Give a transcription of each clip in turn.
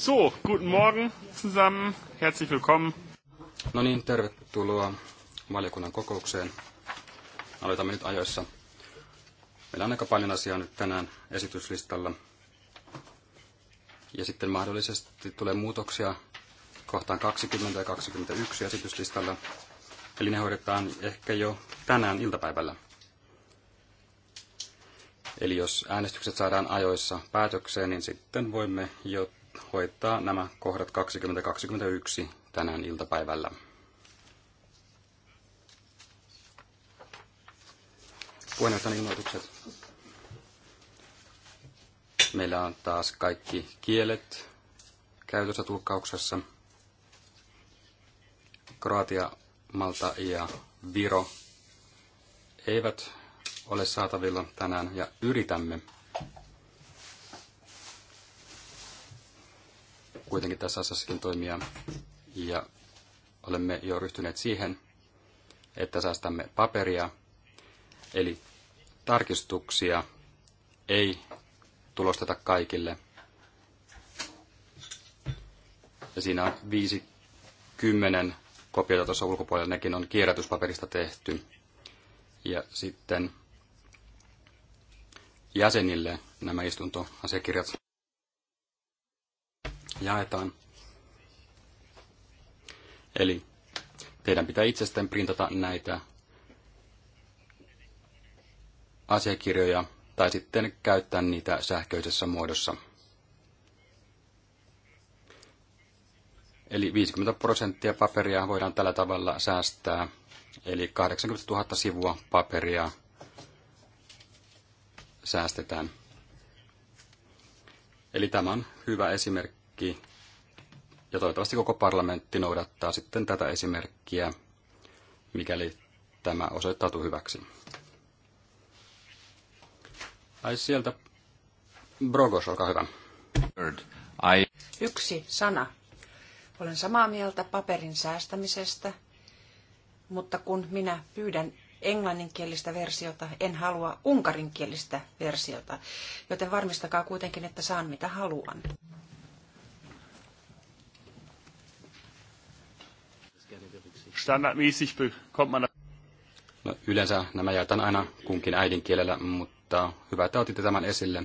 So, guten Morgen zusammen. Herzlich willkommen. No niin, tervetuloa valiokunnan kokoukseen. Aloitamme nyt ajoissa. Meillä on aika paljon asiaa nyt tänään esityslistalla. Ja sitten mahdollisesti tulee muutoksia kohtaan 20 ja 21 esityslistalla. Eli ne hoidetaan ehkä jo tänään iltapäivällä. Eli jos äänestykset saadaan ajoissa päätökseen, niin sitten voimme jo hoitaa nämä kohdat 2021 tänään iltapäivällä. Puheenjohtajan ilmoitukset. Meillä on taas kaikki kielet käytössä tulkkauksessa. Kroatia, Malta ja Viro eivät ole saatavilla tänään ja yritämme kuitenkin tässä asiassakin toimia ja olemme jo ryhtyneet siihen, että säästämme paperia, eli tarkistuksia ei tulosteta kaikille. Ja siinä on 50 kopiota tuossa ulkopuolella, nekin on kierrätyspaperista tehty. Ja sitten jäsenille nämä istuntoasiakirjat jaetaan. Eli teidän pitää itsestään printata näitä asiakirjoja tai sitten käyttää niitä sähköisessä muodossa. Eli 50 prosenttia paperia voidaan tällä tavalla säästää, eli 80 000 sivua paperia säästetään. Eli tämä on hyvä esimerkki esimerkki, ja toivottavasti koko parlamentti noudattaa sitten tätä esimerkkiä, mikäli tämä osoittautuu hyväksi. Ai sieltä. Brogos, olkaa hyvä. Yksi sana. Olen samaa mieltä paperin säästämisestä, mutta kun minä pyydän englanninkielistä versiota, en halua unkarinkielistä versiota, joten varmistakaa kuitenkin, että saan mitä haluan. standardmäßig bekommt man No, yleensä nämä jaetaan aina kunkin äidinkielellä, mutta hyvä, että otitte tämän esille.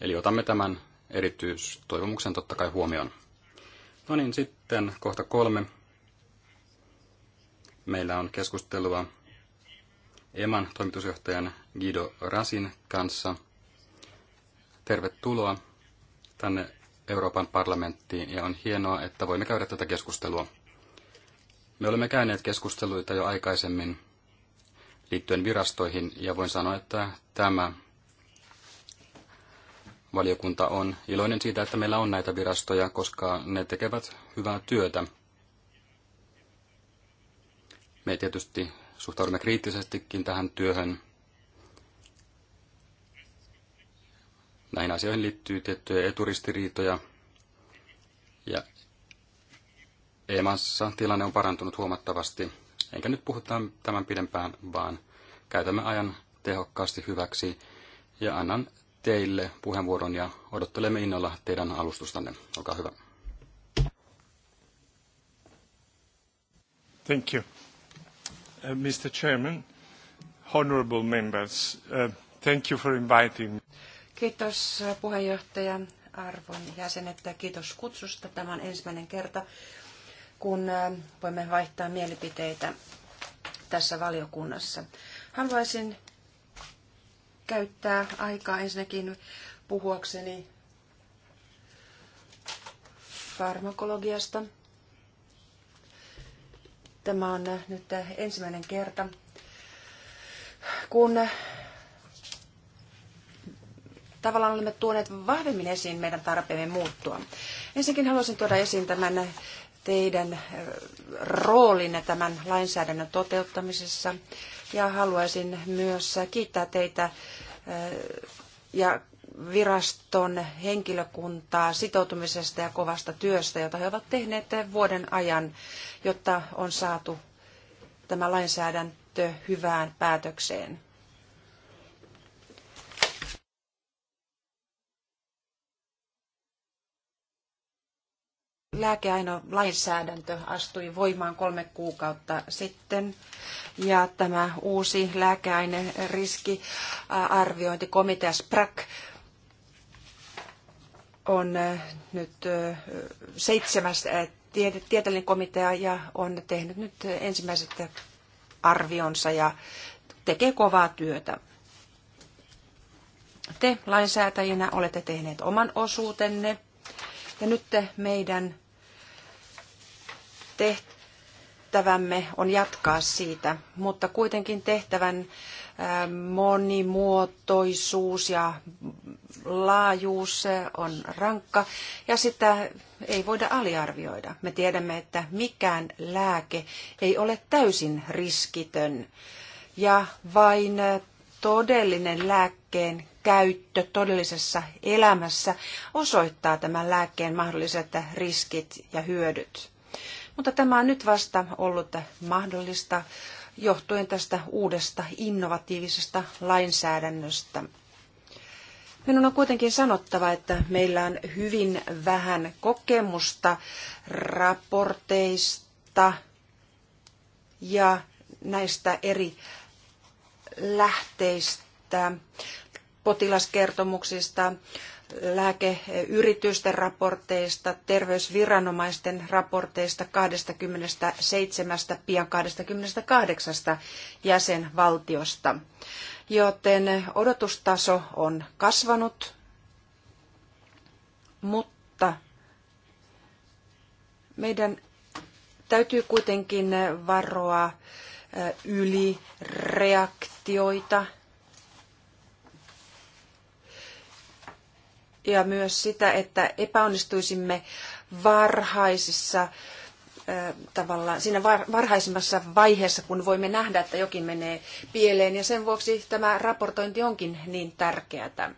Eli otamme tämän erityistoivomuksen totta kai huomioon. No niin, sitten kohta kolme. Meillä on keskustelua EMAN toimitusjohtajan Guido Rasin kanssa. Tervetuloa tänne Euroopan parlamenttiin ja on hienoa, että voimme käydä tätä keskustelua. Me olemme käyneet keskusteluita jo aikaisemmin liittyen virastoihin, ja voin sanoa, että tämä valiokunta on iloinen siitä, että meillä on näitä virastoja, koska ne tekevät hyvää työtä. Me tietysti suhtaudumme kriittisestikin tähän työhön. Näihin asioihin liittyy tiettyjä eturistiriitoja, ja EMassa tilanne on parantunut huomattavasti, enkä nyt puhuta tämän pidempään, vaan käytämme ajan tehokkaasti hyväksi ja annan teille puheenvuoron ja odottelemme innolla teidän alustustanne. Olkaa hyvä. Thank you. Uh, Mr. Chairman, honorable members, uh, thank you for inviting me. Kiitos uh, puheenjohtaja, arvon jäsenet ja kiitos kutsusta. Tämä on ensimmäinen kerta, kun voimme vaihtaa mielipiteitä tässä valiokunnassa. Haluaisin käyttää aikaa ensinnäkin puhuakseni farmakologiasta. Tämä on nyt ensimmäinen kerta, kun tavallaan olemme tuoneet vahvemmin esiin meidän tarpeemme muuttua. Ensinnäkin haluaisin tuoda esiin tämän teidän roolinne tämän lainsäädännön toteuttamisessa. Ja haluaisin myös kiittää teitä ja viraston henkilökuntaa sitoutumisesta ja kovasta työstä, jota he ovat tehneet vuoden ajan, jotta on saatu tämä lainsäädäntö hyvään päätökseen. lääkeaino lainsäädäntö astui voimaan kolme kuukautta sitten ja tämä uusi lääkeaine riskiarviointikomitea SPRAC on nyt seitsemäs tieteellinen komitea ja on tehnyt nyt ensimmäiset arvionsa ja tekee kovaa työtä. Te lainsäätäjinä olette tehneet oman osuutenne ja nyt meidän tehtävämme on jatkaa siitä, mutta kuitenkin tehtävän monimuotoisuus ja laajuus on rankka ja sitä ei voida aliarvioida. Me tiedämme, että mikään lääke ei ole täysin riskitön ja vain todellinen lääkkeen käyttö todellisessa elämässä osoittaa tämän lääkkeen mahdolliset riskit ja hyödyt mutta tämä on nyt vasta ollut mahdollista johtuen tästä uudesta innovatiivisesta lainsäädännöstä. Minun on kuitenkin sanottava, että meillä on hyvin vähän kokemusta raporteista ja näistä eri lähteistä, potilaskertomuksista, lääkeyritysten raporteista, terveysviranomaisten raporteista 27, pian 28 jäsenvaltiosta. Joten odotustaso on kasvanut, mutta meidän täytyy kuitenkin varoa ylireaktioita ja myös sitä, että epäonnistuisimme varhaisissa tavallaan siinä varhaisimmassa vaiheessa, kun voimme nähdä, että jokin menee pieleen. Ja sen vuoksi tämä raportointi onkin niin tärkeää.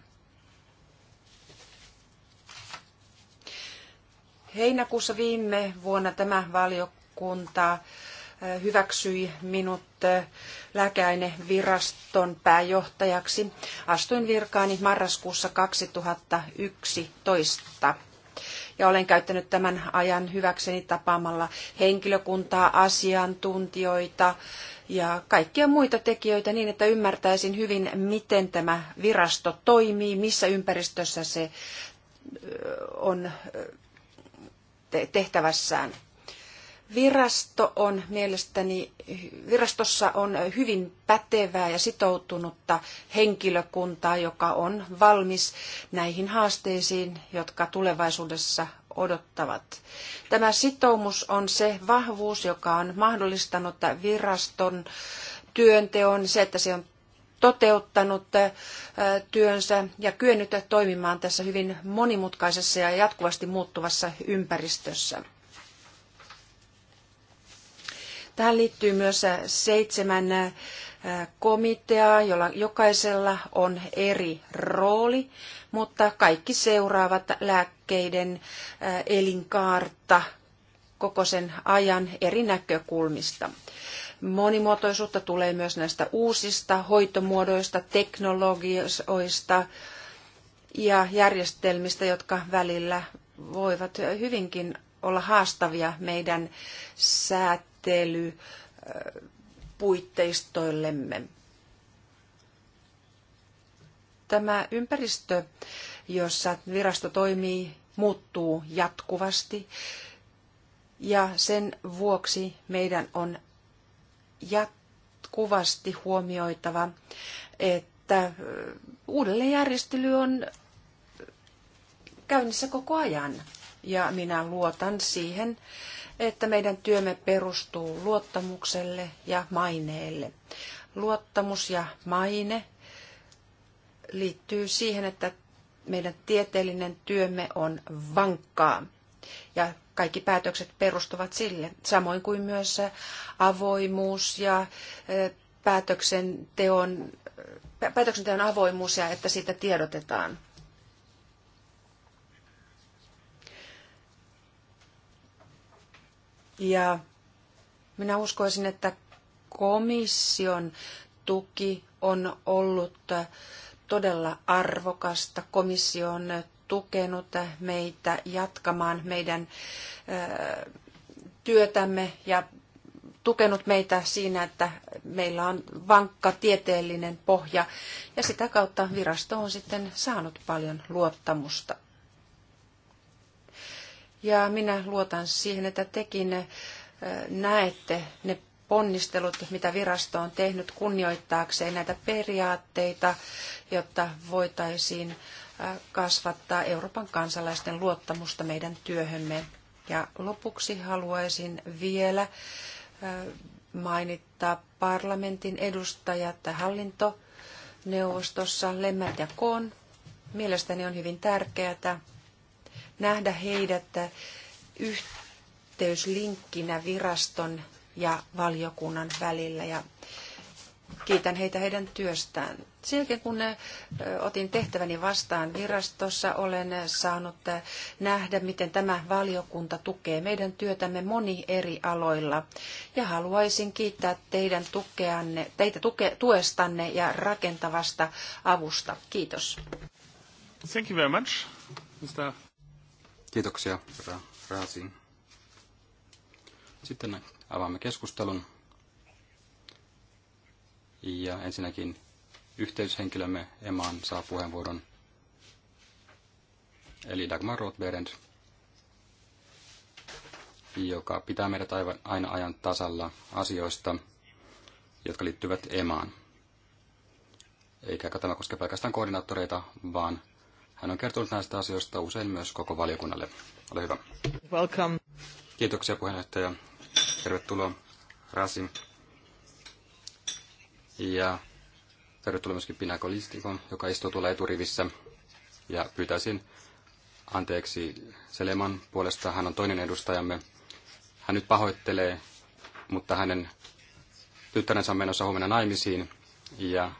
Heinäkuussa viime vuonna tämä valiokunta hyväksyi minut lääkeaineviraston pääjohtajaksi. Astuin virkaani marraskuussa 2011 ja olen käyttänyt tämän ajan hyväkseni tapaamalla henkilökuntaa, asiantuntijoita ja kaikkia muita tekijöitä niin, että ymmärtäisin hyvin, miten tämä virasto toimii, missä ympäristössä se on tehtävässään. Virasto on mielestäni, virastossa on hyvin pätevää ja sitoutunutta henkilökuntaa, joka on valmis näihin haasteisiin, jotka tulevaisuudessa odottavat. Tämä sitoumus on se vahvuus, joka on mahdollistanut viraston työnteon, se, että se on toteuttanut äh, työnsä ja kyennyt toimimaan tässä hyvin monimutkaisessa ja jatkuvasti muuttuvassa ympäristössä. Tähän liittyy myös seitsemän komiteaa, jolla jokaisella on eri rooli, mutta kaikki seuraavat lääkkeiden elinkaarta koko sen ajan eri näkökulmista. Monimuotoisuutta tulee myös näistä uusista hoitomuodoista, teknologioista ja järjestelmistä, jotka välillä voivat hyvinkin olla haastavia meidän säät käsittely puitteistoillemme. Tämä ympäristö, jossa virasto toimii, muuttuu jatkuvasti ja sen vuoksi meidän on jatkuvasti huomioitava, että uudelleenjärjestely on käynnissä koko ajan ja minä luotan siihen, että meidän työmme perustuu luottamukselle ja maineelle. Luottamus ja maine liittyy siihen, että meidän tieteellinen työmme on vankkaa ja kaikki päätökset perustuvat sille, samoin kuin myös avoimuus ja päätöksenteon, päätöksenteon avoimuus ja että siitä tiedotetaan. Ja minä uskoisin, että komission tuki on ollut todella arvokasta. Komissio on tukenut meitä jatkamaan meidän työtämme ja tukenut meitä siinä, että meillä on vankka tieteellinen pohja ja sitä kautta virasto on sitten saanut paljon luottamusta. Ja minä luotan siihen, että tekin näette ne ponnistelut, mitä virasto on tehnyt kunnioittaakseen näitä periaatteita, jotta voitaisiin kasvattaa Euroopan kansalaisten luottamusta meidän työhömme. Ja lopuksi haluaisin vielä mainittaa parlamentin edustajat hallintoneuvostossa Lemmät ja Koon. Mielestäni on hyvin tärkeää, nähdä heidät yhteyslinkkinä viraston ja valiokunnan välillä ja kiitän heitä heidän työstään. Sen jälkeen kun otin tehtäväni vastaan virastossa, olen saanut nähdä, miten tämä valiokunta tukee meidän työtämme moni eri aloilla. Ja haluaisin kiittää teidän tukeanne, teitä tuke, tuestanne ja rakentavasta avusta. Kiitos. Thank you very much, Mr. Kiitoksia, herra Raasi. Sitten avaamme keskustelun. Ja ensinnäkin yhteyshenkilömme Emaan saa puheenvuoron. Eli Dagmar Rothberend, joka pitää meidät aivan, aina ajan tasalla asioista, jotka liittyvät Emaan. Eikä tämä koske pelkästään koordinaattoreita, vaan hän on kertonut näistä asioista usein myös koko valiokunnalle. Ole hyvä. Welcome. Kiitoksia puheenjohtaja. Tervetuloa Rasim. Ja tervetuloa myöskin Pinakolistikon, joka istuu tuolla eturivissä. Ja pyytäisin anteeksi Seleman puolesta. Hän on toinen edustajamme. Hän nyt pahoittelee, mutta hänen tyttärensä on menossa huomenna naimisiin. Ja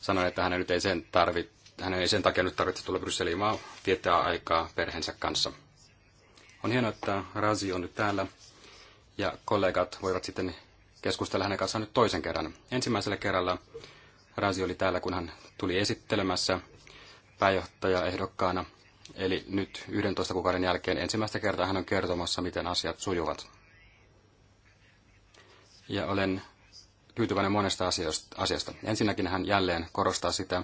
sanoin, että hänen nyt ei sen tarvitse hän ei sen takia nyt tarvitse tulla Brysseliin, vaan viettää aikaa perheensä kanssa. On hienoa, että Razi on nyt täällä ja kollegat voivat sitten keskustella hänen kanssaan nyt toisen kerran. Ensimmäisellä kerralla Razi oli täällä, kun hän tuli esittelemässä ehdokkaana. Eli nyt 11 kuukauden jälkeen ensimmäistä kertaa hän on kertomassa, miten asiat sujuvat. Ja olen tyytyväinen monesta asiasta. Ensinnäkin hän jälleen korostaa sitä,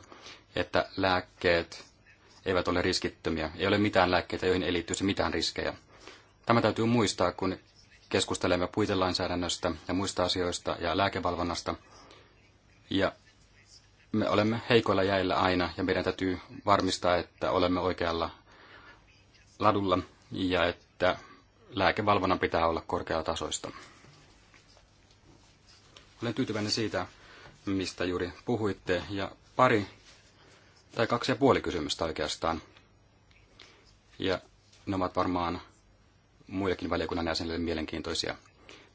että lääkkeet eivät ole riskittömiä. Ei ole mitään lääkkeitä, joihin ei liittyisi mitään riskejä. Tämä täytyy muistaa, kun keskustelemme puitelainsäädännöstä ja muista asioista ja lääkevalvonnasta. Ja me olemme heikoilla jäillä aina ja meidän täytyy varmistaa, että olemme oikealla ladulla ja että lääkevalvonnan pitää olla tasoista. Olen tyytyväinen siitä, mistä juuri puhuitte ja pari tai kaksi ja puoli kysymystä oikeastaan. Ja ne ovat varmaan muillekin valiokunnan jäsenille mielenkiintoisia.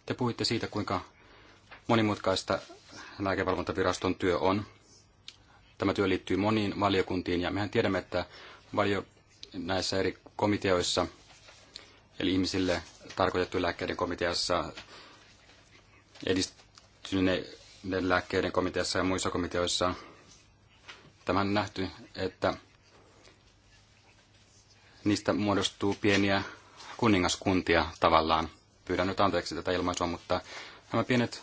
Te puhuitte siitä, kuinka monimutkaista lääkevalvontaviraston työ on. Tämä työ liittyy moniin valiokuntiin ja mehän tiedämme, että valio näissä eri komiteoissa, eli ihmisille tarkoitettu lääkkeiden komiteassa, edistyneiden lääkkeiden komiteassa ja muissa komiteoissa Tämän nähty, että niistä muodostuu pieniä kuningaskuntia tavallaan. Pyydän nyt anteeksi tätä ilmaisua, mutta nämä pienet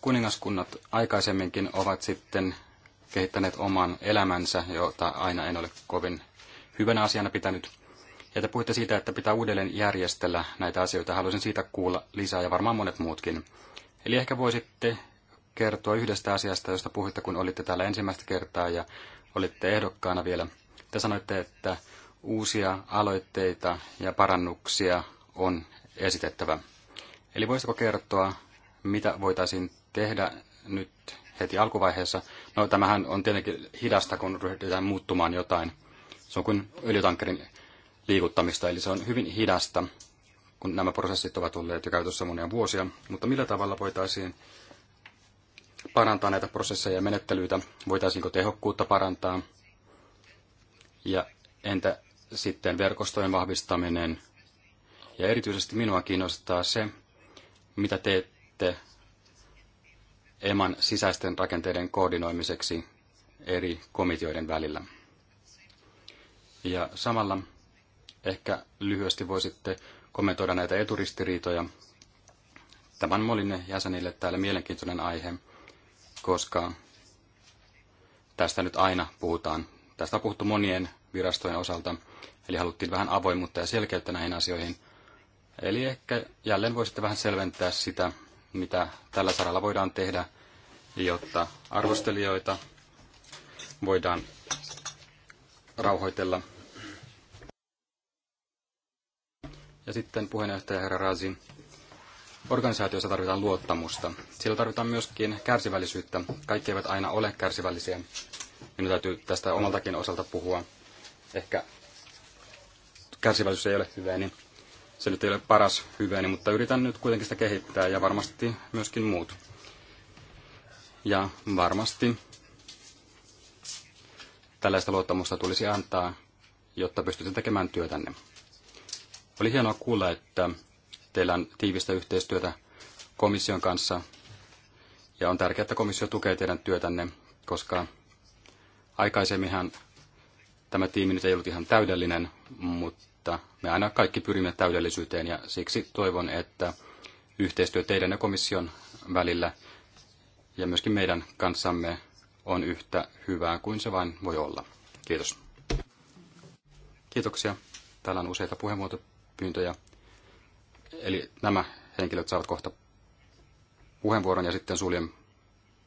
kuningaskunnat aikaisemminkin ovat sitten kehittäneet oman elämänsä, jota aina en ole kovin hyvänä asiana pitänyt. Ja te puhuitte siitä, että pitää uudelleen järjestellä näitä asioita. Haluaisin siitä kuulla lisää ja varmaan monet muutkin. Eli ehkä voisitte kertoa yhdestä asiasta, josta puhuitte, kun olitte täällä ensimmäistä kertaa ja olitte ehdokkaana vielä. Te sanoitte, että uusia aloitteita ja parannuksia on esitettävä. Eli voisitko kertoa, mitä voitaisiin tehdä nyt heti alkuvaiheessa? No tämähän on tietenkin hidasta, kun ryhdytään muuttumaan jotain. Se on kuin öljytankkerin liikuttamista, eli se on hyvin hidasta, kun nämä prosessit ovat olleet jo käytössä monia vuosia. Mutta millä tavalla voitaisiin parantaa näitä prosesseja ja menettelyitä? Voitaisiinko tehokkuutta parantaa? Ja entä sitten verkostojen vahvistaminen? Ja erityisesti minua kiinnostaa se, mitä teette EMAN sisäisten rakenteiden koordinoimiseksi eri komitioiden välillä. Ja samalla ehkä lyhyesti voisitte kommentoida näitä eturistiriitoja. Tämän molinne jäsenille täällä mielenkiintoinen aihe, koska tästä nyt aina puhutaan. Tästä on puhuttu monien virastojen osalta, eli haluttiin vähän avoimuutta ja selkeyttä näihin asioihin. Eli ehkä jälleen voisitte vähän selventää sitä, mitä tällä saralla voidaan tehdä, jotta arvostelijoita voidaan rauhoitella. Ja sitten puheenjohtaja herra Razi Organisaatiossa tarvitaan luottamusta. Sillä tarvitaan myöskin kärsivällisyyttä. Kaikki eivät aina ole kärsivällisiä. Minun täytyy tästä omaltakin osalta puhua. Ehkä kärsivällisyys ei ole niin, Se nyt ei ole paras niin, mutta yritän nyt kuitenkin sitä kehittää ja varmasti myöskin muut. Ja varmasti tällaista luottamusta tulisi antaa, jotta pystytte tekemään työtänne. Oli hienoa kuulla, että teillä on tiivistä yhteistyötä komission kanssa. Ja on tärkeää, että komissio tukee teidän työtänne, koska aikaisemminhan tämä tiimi nyt ei ollut ihan täydellinen, mutta me aina kaikki pyrimme täydellisyyteen ja siksi toivon, että yhteistyö teidän ja komission välillä ja myöskin meidän kanssamme on yhtä hyvää kuin se vain voi olla. Kiitos. Kiitoksia. Täällä on useita puheenvuoropyyntöjä. Eli nämä henkilöt saavat kohta puheenvuoron ja sitten suljen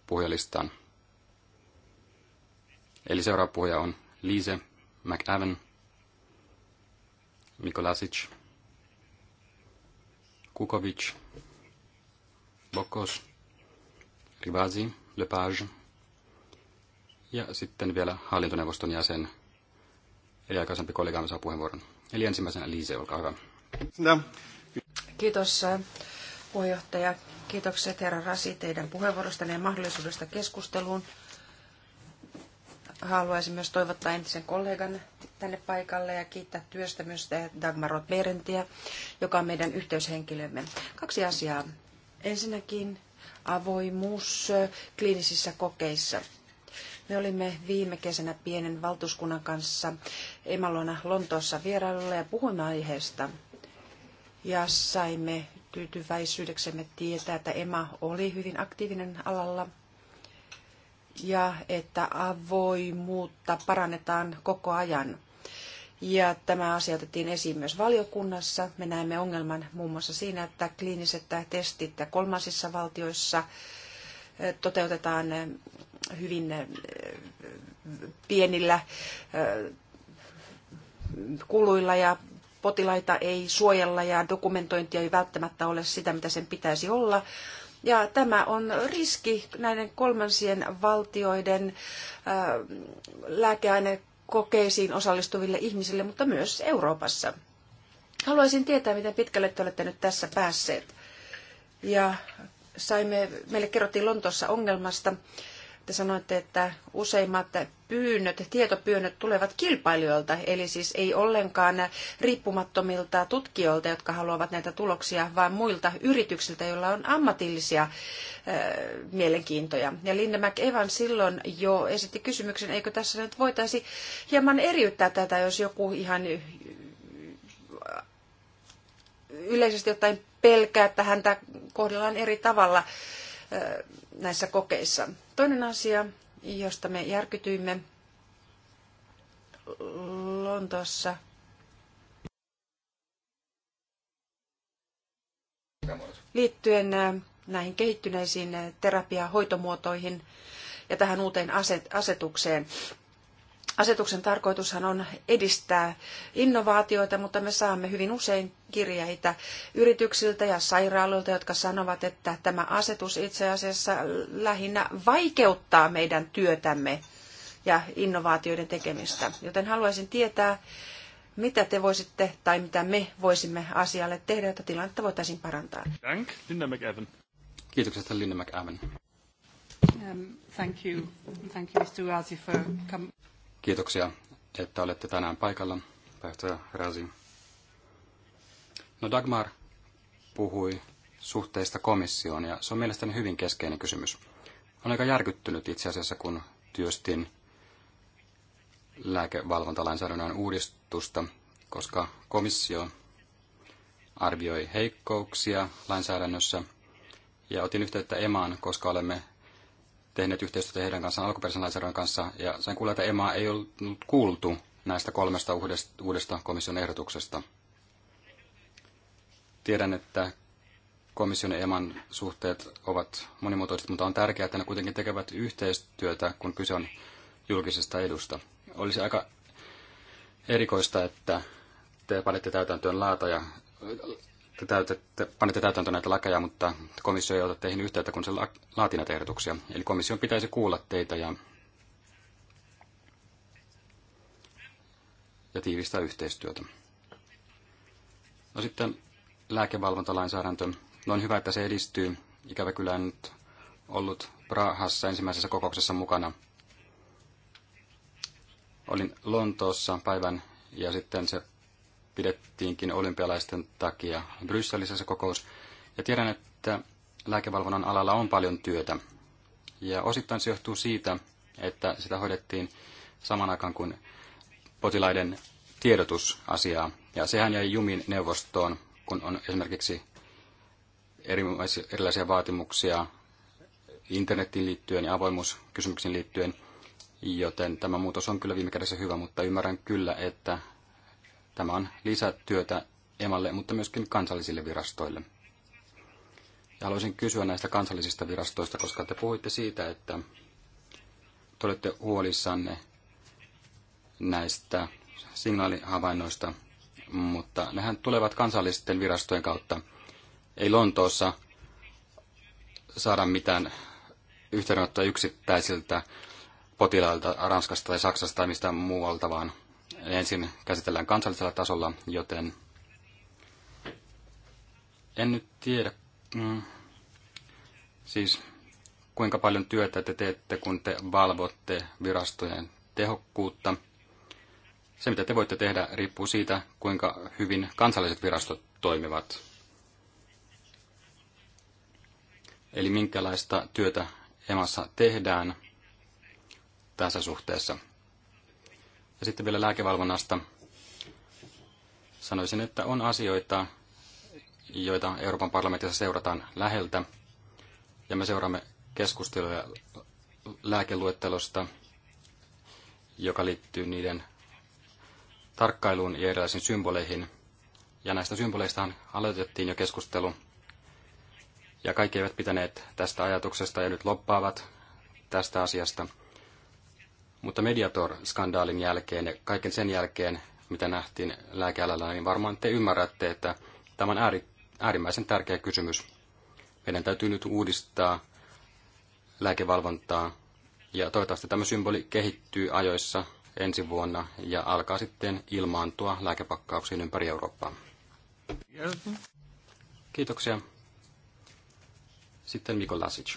puhujalistaan. Eli seuraava puhuja on Lise McAven, Mikolasic, Kukovic, Bokos, Rivasi, Lepage ja sitten vielä hallintoneuvoston jäsen, eli aikaisempi kollegaamme saa puheenvuoron. Eli ensimmäisenä Liise, olkaa hyvä. No. Kiitos eh, puheenjohtaja. Kiitokset herra Rasi teidän puheenvuorostanne ja mahdollisuudesta keskusteluun. Haluaisin myös toivottaa entisen kollegan tänne paikalle ja kiittää työstä myös eh, Dagmar Rothberentiä, joka on meidän yhteyshenkilömme. Kaksi asiaa. Ensinnäkin avoimuus eh, kliinisissä kokeissa. Me olimme viime kesänä pienen valtuuskunnan kanssa Emalona Lontoossa vierailulla ja puhuimme aiheesta – ja saimme tyytyväisyydeksemme tietää, että EMA oli hyvin aktiivinen alalla ja että avoimuutta parannetaan koko ajan. Ja tämä asia otettiin esiin myös valiokunnassa. Me näemme ongelman muun muassa siinä, että kliiniset testit kolmansissa valtioissa eh, toteutetaan eh, hyvin eh, pienillä kuluilla ja potilaita ei suojella ja dokumentointia ei välttämättä ole sitä, mitä sen pitäisi olla. Ja tämä on riski näiden kolmansien valtioiden äh, lääkeainekokeisiin osallistuville ihmisille, mutta myös Euroopassa. Haluaisin tietää, miten pitkälle te olette nyt tässä päässeet. Ja saimme, meille kerrottiin Lontoossa ongelmasta, te sanoitte, että useimmat pyynnöt, tietopyynnöt tulevat kilpailijoilta, eli siis ei ollenkaan riippumattomilta tutkijoilta, jotka haluavat näitä tuloksia, vaan muilta yrityksiltä, joilla on ammatillisia äh, mielenkiintoja. Ja Linda McEvan silloin jo esitti kysymyksen, eikö tässä nyt voitaisi hieman eriyttää tätä, jos joku ihan yleisesti ottaen pelkää, että häntä kohdellaan eri tavalla näissä kokeissa. Toinen asia, josta me järkytyimme Lontoossa, liittyen äh, näihin kehittyneisiin äh, terapiahoitomuotoihin ja tähän uuteen asetukseen. Asetuksen tarkoitushan on edistää innovaatioita, mutta me saamme hyvin usein kirjeitä yrityksiltä ja sairaaloilta, jotka sanovat, että tämä asetus itse asiassa lähinnä vaikeuttaa meidän työtämme ja innovaatioiden tekemistä. Joten haluaisin tietää, mitä te voisitte tai mitä me voisimme asialle tehdä, jotta tilannetta voitaisiin parantaa. Thank, Linda Kiitoksia, Linda Um, thank you. Thank you, Mr. Uazi, for coming. Kiitoksia, että olette tänään paikalla, pääjohtaja Rasi. No Dagmar puhui suhteista komissioon, ja se on mielestäni hyvin keskeinen kysymys. On aika järkyttynyt itse asiassa, kun työstin lääkevalvontalainsäädännön uudistusta, koska komissio arvioi heikkouksia lainsäädännössä, ja otin yhteyttä EMAan, koska olemme tehneet yhteistyötä heidän kanssaan alkuperäisen kanssa, ja sain kuulla, että EMA ei ollut kuultu näistä kolmesta uudesta, uudesta komission ehdotuksesta. Tiedän, että komission ja EMAn suhteet ovat monimuotoiset, mutta on tärkeää, että ne kuitenkin tekevät yhteistyötä, kun kyse on julkisesta edusta. Olisi aika erikoista, että te panette täytäntöön laata ja te täytätte, panette täytäntöön näitä lakeja, mutta komissio ei ota teihin yhteyttä, kun se laatii näitä ehdotuksia. Eli komissio pitäisi kuulla teitä ja, ja tiivistää yhteistyötä. No sitten lääkevalvontalainsäädäntö. No on hyvä, että se edistyy. Ikävä kyllä en nyt ollut Prahassa ensimmäisessä kokouksessa mukana. Olin Lontoossa päivän ja sitten se pidettiinkin olympialaisten takia Brysselissä se kokous. Ja tiedän, että lääkevalvonnan alalla on paljon työtä. Ja osittain se johtuu siitä, että sitä hoidettiin saman aikaan kuin potilaiden tiedotusasiaa. Ja sehän jäi jumin neuvostoon, kun on esimerkiksi erilaisia vaatimuksia internetin liittyen ja avoimuuskysymyksiin liittyen, joten tämä muutos on kyllä viime kädessä hyvä, mutta ymmärrän kyllä, että Tämä on lisätyötä EMAlle, mutta myöskin kansallisille virastoille. Ja haluaisin kysyä näistä kansallisista virastoista, koska te puhuitte siitä, että te olette huolissanne näistä signaalihavainnoista, mutta nehän tulevat kansallisten virastojen kautta. Ei Lontoossa saada mitään yhteydenottoa yksittäisiltä potilailta Ranskasta tai Saksasta tai mistään muualta, vaan ensin käsitellään kansallisella tasolla, joten en nyt tiedä, mm, siis kuinka paljon työtä te teette, kun te valvotte virastojen tehokkuutta. Se, mitä te voitte tehdä, riippuu siitä, kuinka hyvin kansalliset virastot toimivat. Eli minkälaista työtä emassa tehdään tässä suhteessa. Ja sitten vielä lääkevalvonnasta. Sanoisin, että on asioita, joita Euroopan parlamentissa seurataan läheltä. Ja me seuraamme keskusteluja lääkeluettelosta, joka liittyy niiden tarkkailuun ja erilaisiin symboleihin. Ja näistä symboleista aloitettiin jo keskustelu. Ja kaikki eivät pitäneet tästä ajatuksesta ja nyt loppaavat tästä asiasta. Mutta Mediator-skandaalin jälkeen ja kaiken sen jälkeen, mitä nähtiin lääkealalla, niin varmaan te ymmärrätte, että tämä on ääri, äärimmäisen tärkeä kysymys. Meidän täytyy nyt uudistaa lääkevalvontaa ja toivottavasti tämä symboli kehittyy ajoissa ensi vuonna ja alkaa sitten ilmaantua lääkepakkauksiin ympäri Eurooppaa. Kiitoksia. Sitten Mikko Lasic.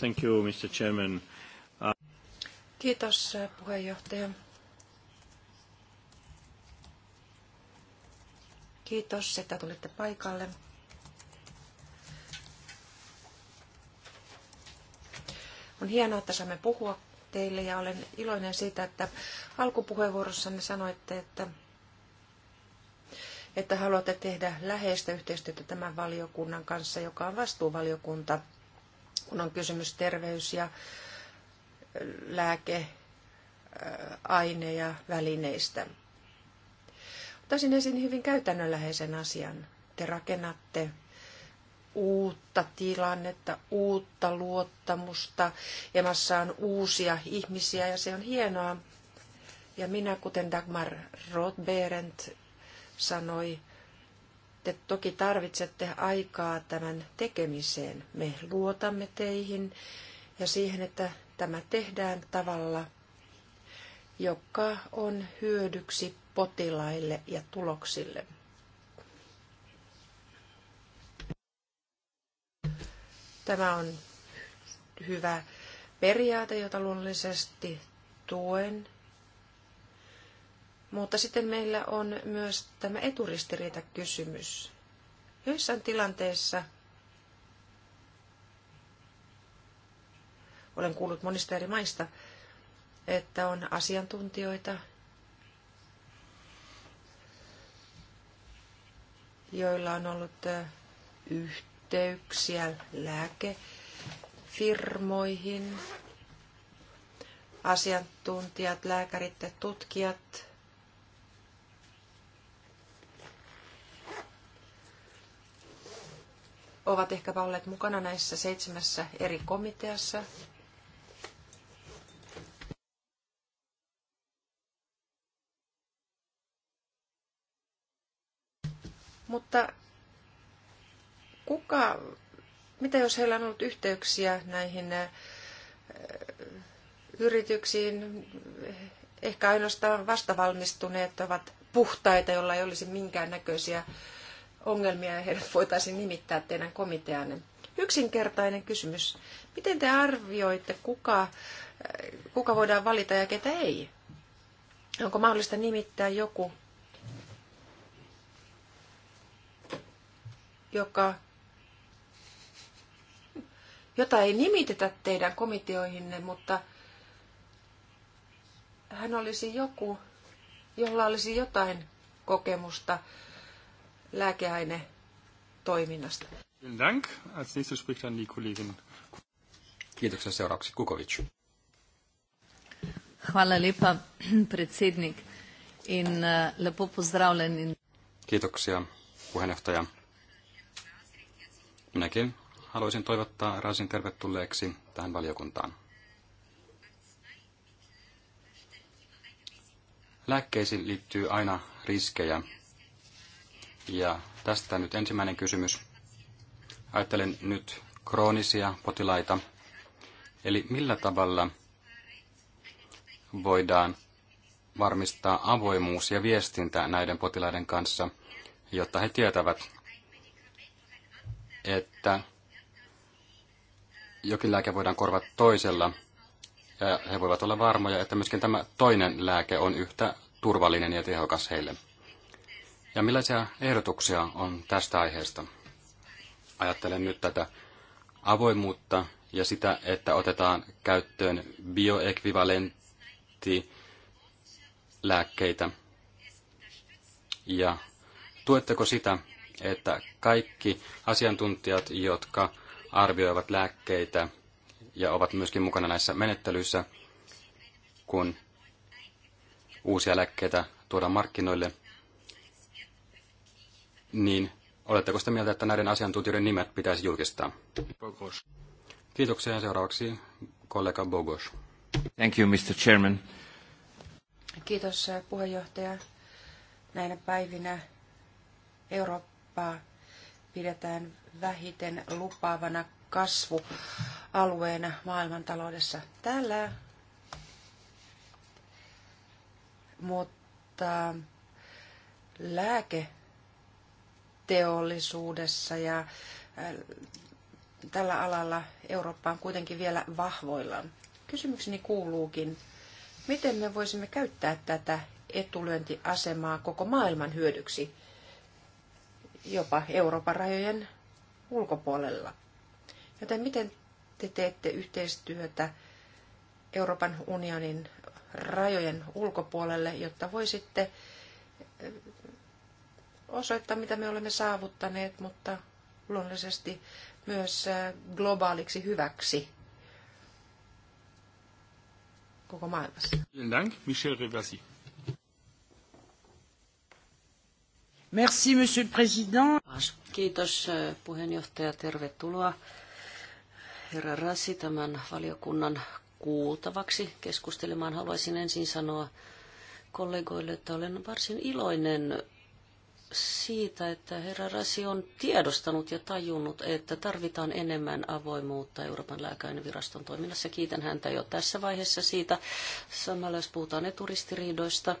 Thank you, Mr. Chairman. Kiitos puheenjohtaja. Kiitos, että tulitte paikalle. On hienoa, että saamme puhua teille ja olen iloinen siitä, että alkupuheenvuorossanne sanoitte, että, että haluatte tehdä läheistä yhteistyötä tämän valiokunnan kanssa, joka on vastuuvaliokunta, kun on kysymys terveys- ja lääkeaine- äh, ja välineistä. Otaisin esiin hyvin käytännönläheisen asian. Te rakennatte uutta tilannetta, uutta luottamusta. Emassa on uusia ihmisiä ja se on hienoa. Ja minä, kuten Dagmar Rothberent sanoi, te toki tarvitsette aikaa tämän tekemiseen. Me luotamme teihin ja siihen, että tämä tehdään tavalla, joka on hyödyksi potilaille ja tuloksille. Tämä on hyvä periaate, jota luonnollisesti tuen. Mutta sitten meillä on myös tämä eturistiriitakysymys. Joissain tilanteissa – olen kuullut monista eri maista, että on asiantuntijoita, joilla on ollut äh, yhteyksiä lääkefirmoihin, asiantuntijat, lääkärit ja tutkijat. ovat ehkä olleet mukana näissä seitsemässä eri komiteassa, Mutta kuka, mitä jos heillä on ollut yhteyksiä näihin äh, yrityksiin, ehkä ainoastaan vastavalmistuneet ovat puhtaita, joilla ei olisi minkäännäköisiä ongelmia ja heidät voitaisiin nimittää teidän komiteanne. Yksinkertainen kysymys. Miten te arvioitte, kuka, äh, kuka voidaan valita ja ketä ei? Onko mahdollista nimittää joku, joka, jota ei nimitetä teidän komiteoihinne, mutta hän olisi joku, jolla olisi jotain kokemusta lääkeaine toiminnasta. Dank. Als nächstes spricht dann die Kollegin. Kiitoksia seuraavaksi Kukovic. Hvala lepa, predsednik, in uh, lepo pozdravljen. Kiitoksia, puheenjohtaja. Minäkin haluaisin toivottaa Rasin tervetulleeksi tähän valiokuntaan. Lääkkeisiin liittyy aina riskejä. Ja tästä nyt ensimmäinen kysymys. Ajattelen nyt kroonisia potilaita. Eli millä tavalla voidaan varmistaa avoimuus ja viestintä näiden potilaiden kanssa, jotta he tietävät, että jokin lääke voidaan korvata toisella, ja he voivat olla varmoja, että myöskin tämä toinen lääke on yhtä turvallinen ja tehokas heille. Ja millaisia ehdotuksia on tästä aiheesta? Ajattelen nyt tätä avoimuutta ja sitä, että otetaan käyttöön bioekvivalentti lääkkeitä. Ja tuetteko sitä, että kaikki asiantuntijat, jotka arvioivat lääkkeitä ja ovat myöskin mukana näissä menettelyissä, kun uusia lääkkeitä tuodaan markkinoille, niin oletteko sitä mieltä, että näiden asiantuntijoiden nimet pitäisi julkistaa? Bogos. Kiitoksia seuraavaksi kollega Bogos. Thank you, Mr. Chairman. Kiitos äh, puheenjohtaja. Näinä päivinä Eurooppa kauppaa pidetään vähiten lupaavana kasvualueena maailmantaloudessa tällä. Mutta lääketeollisuudessa ja äh, tällä alalla Eurooppa on kuitenkin vielä vahvoilla. Kysymykseni kuuluukin, miten me voisimme käyttää tätä etulyöntiasemaa koko maailman hyödyksi? jopa Euroopan rajojen ulkopuolella. Joten miten te teette yhteistyötä Euroopan unionin rajojen ulkopuolelle, jotta voisitte eh, osoittaa, mitä me olemme saavuttaneet, mutta luonnollisesti myös eh, globaaliksi hyväksi koko maailmassa. Kiitos. Michel Rivasi. Merci, monsieur le président. Kiitos äh, puheenjohtaja, tervetuloa herra Rassi tämän valiokunnan kuultavaksi keskustelemaan. Haluaisin ensin sanoa kollegoille, että olen varsin iloinen siitä, että herra Rasi on tiedostanut ja tajunnut, että tarvitaan enemmän avoimuutta Euroopan lääkäinviraston toiminnassa. Kiitän häntä jo tässä vaiheessa siitä. Samalla jos puhutaan eturistiriidoista,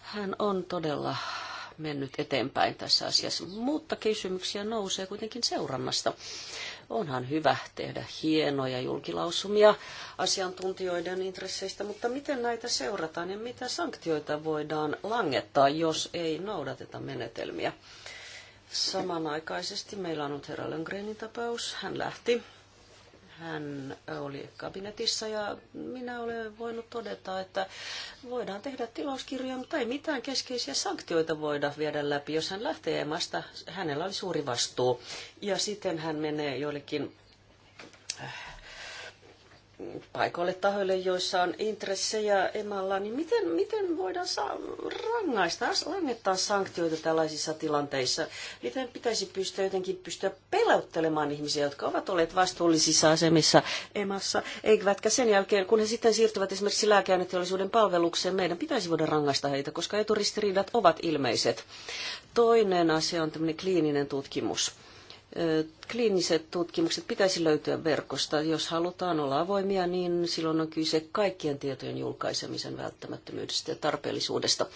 hän on todella mennyt eteenpäin tässä asiassa. Mutta kysymyksiä nousee kuitenkin seurannasta. Onhan hyvä tehdä hienoja julkilausumia asiantuntijoiden intresseistä, mutta miten näitä seurataan ja mitä sanktioita voidaan langettaa, jos ei noudateta menetelmiä? Samanaikaisesti meillä on nyt herra Löngrenin tapaus. Hän lähti hän oli kabinetissa ja minä olen voinut todeta, että voidaan tehdä tilauskirjoja, mutta ei mitään keskeisiä sanktioita voida viedä läpi. Jos hän lähtee emasta, hänellä oli suuri vastuu. Ja sitten hän menee joillekin paikoille tahoille, joissa on intressejä emalla, niin miten, miten voidaan saa, rangaista, langettaa sanktioita tällaisissa tilanteissa? Miten pitäisi pystyä jotenkin pystyä pelottelemaan ihmisiä, jotka ovat olleet vastuullisissa asemissa emassa, eivätkä sen jälkeen, kun he sitten siirtyvät esimerkiksi lääkeaineteollisuuden palvelukseen, meidän pitäisi voida rangaista heitä, koska eturistiriidat ovat ilmeiset. Toinen asia on tämmöinen kliininen tutkimus kliiniset tutkimukset pitäisi löytyä verkosta. Jos halutaan olla avoimia, niin silloin on kyse kaikkien tietojen julkaisemisen välttämättömyydestä ja tarpeellisuudesta.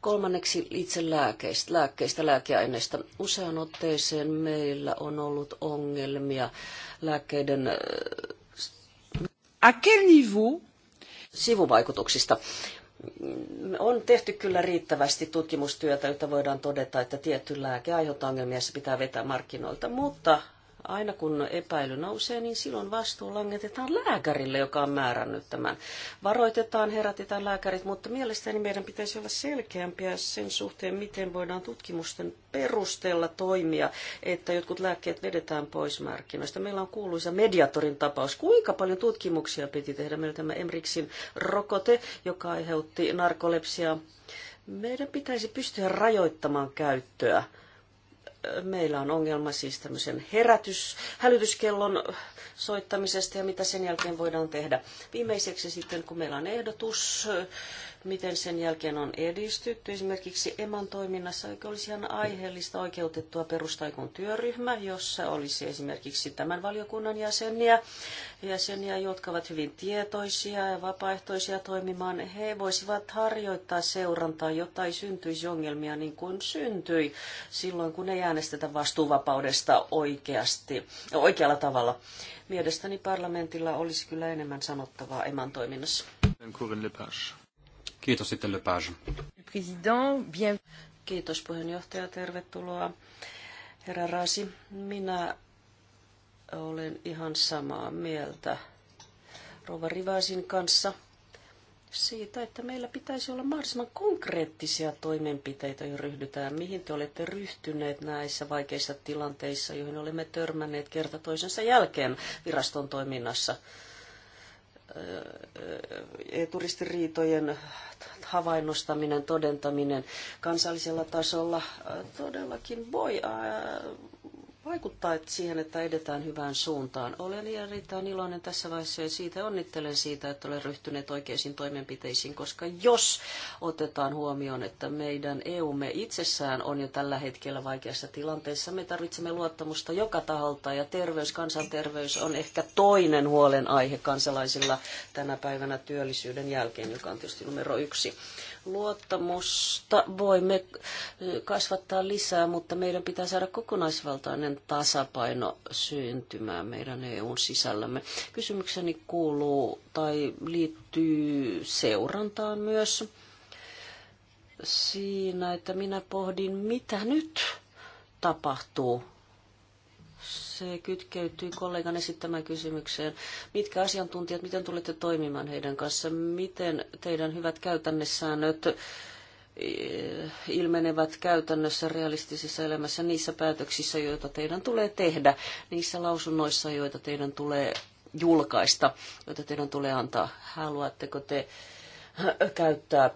Kolmanneksi itse lääkeistä, lääkkeistä, lääkeaineista. Usean otteeseen meillä on ollut ongelmia lääkkeiden A quel niveau? sivuvaikutuksista on tehty kyllä riittävästi tutkimustyötä, jotta voidaan todeta, että tietty lääke aiheuttaa ongelmia ja se pitää vetää markkinoilta, mutta aina kun epäily nousee, niin silloin vastuu langetetaan lääkärille, joka on määrännyt tämän. Varoitetaan, herätetään lääkärit, mutta mielestäni meidän pitäisi olla selkeämpiä sen suhteen, miten voidaan tutkimusten perusteella toimia, että jotkut lääkkeet vedetään pois markkinoista. Meillä on kuuluisa mediatorin tapaus. Kuinka paljon tutkimuksia piti tehdä? Meillä tämä Emriksin rokote, joka aiheutti narkolepsiaa. Meidän pitäisi pystyä rajoittamaan käyttöä meillä on ongelma siis tämmöisen herätys, hälytyskellon soittamisesta ja mitä sen jälkeen voidaan tehdä. Viimeiseksi sitten, kun meillä on ehdotus miten sen jälkeen on edistytty. Esimerkiksi EMAN toiminnassa eikö olisi ihan aiheellista oikeutettua perustaa joku työryhmä, jossa olisi esimerkiksi tämän valiokunnan jäseniä, jäseniä, jotka ovat hyvin tietoisia ja vapaaehtoisia toimimaan. He voisivat harjoittaa seurantaa, jotta ei syntyisi ongelmia niin kuin syntyi silloin, kun ei äänestetä vastuuvapaudesta oikeasti, oikealla tavalla. Mielestäni parlamentilla olisi kyllä enemmän sanottavaa eman toiminnassa. Lepage. Kiitos sitten Lepage. Kiitos puheenjohtaja, tervetuloa. Herra Rasi, minä olen ihan samaa mieltä Rova Rivasin kanssa siitä, että meillä pitäisi olla mahdollisimman konkreettisia toimenpiteitä, joihin ryhdytään. Mihin te olette ryhtyneet näissä vaikeissa tilanteissa, joihin olemme törmänneet kerta toisensa jälkeen viraston toiminnassa? turistiriitojen havainnostaminen, todentaminen kansallisella tasolla todellakin voi Vaikuttaa että siihen, että edetään hyvään suuntaan. Olen erittäin iloinen tässä vaiheessa ja siitä onnittelen siitä, että olen ryhtynyt oikeisiin toimenpiteisiin, koska jos otetaan huomioon, että meidän EUmme itsessään on jo tällä hetkellä vaikeassa tilanteessa, me tarvitsemme luottamusta joka taholta ja terveys, kansanterveys on ehkä toinen huolenaihe kansalaisilla tänä päivänä työllisyyden jälkeen, joka on tietysti numero yksi. Luottamusta voimme kasvattaa lisää, mutta meidän pitää saada kokonaisvaltainen tasapaino syntymään meidän EUn sisällämme. Kysymykseni kuuluu tai liittyy seurantaan myös siinä, että minä pohdin, mitä nyt tapahtuu se kytkeytyy kollegan esittämään kysymykseen. Mitkä asiantuntijat, miten tulette toimimaan heidän kanssa? Miten teidän hyvät käytännessäännöt eh, ilmenevät käytännössä realistisessa elämässä niissä päätöksissä, joita teidän tulee tehdä, niissä lausunnoissa, joita teidän tulee julkaista, joita teidän tulee antaa. Haluatteko te eh, käyttää eh,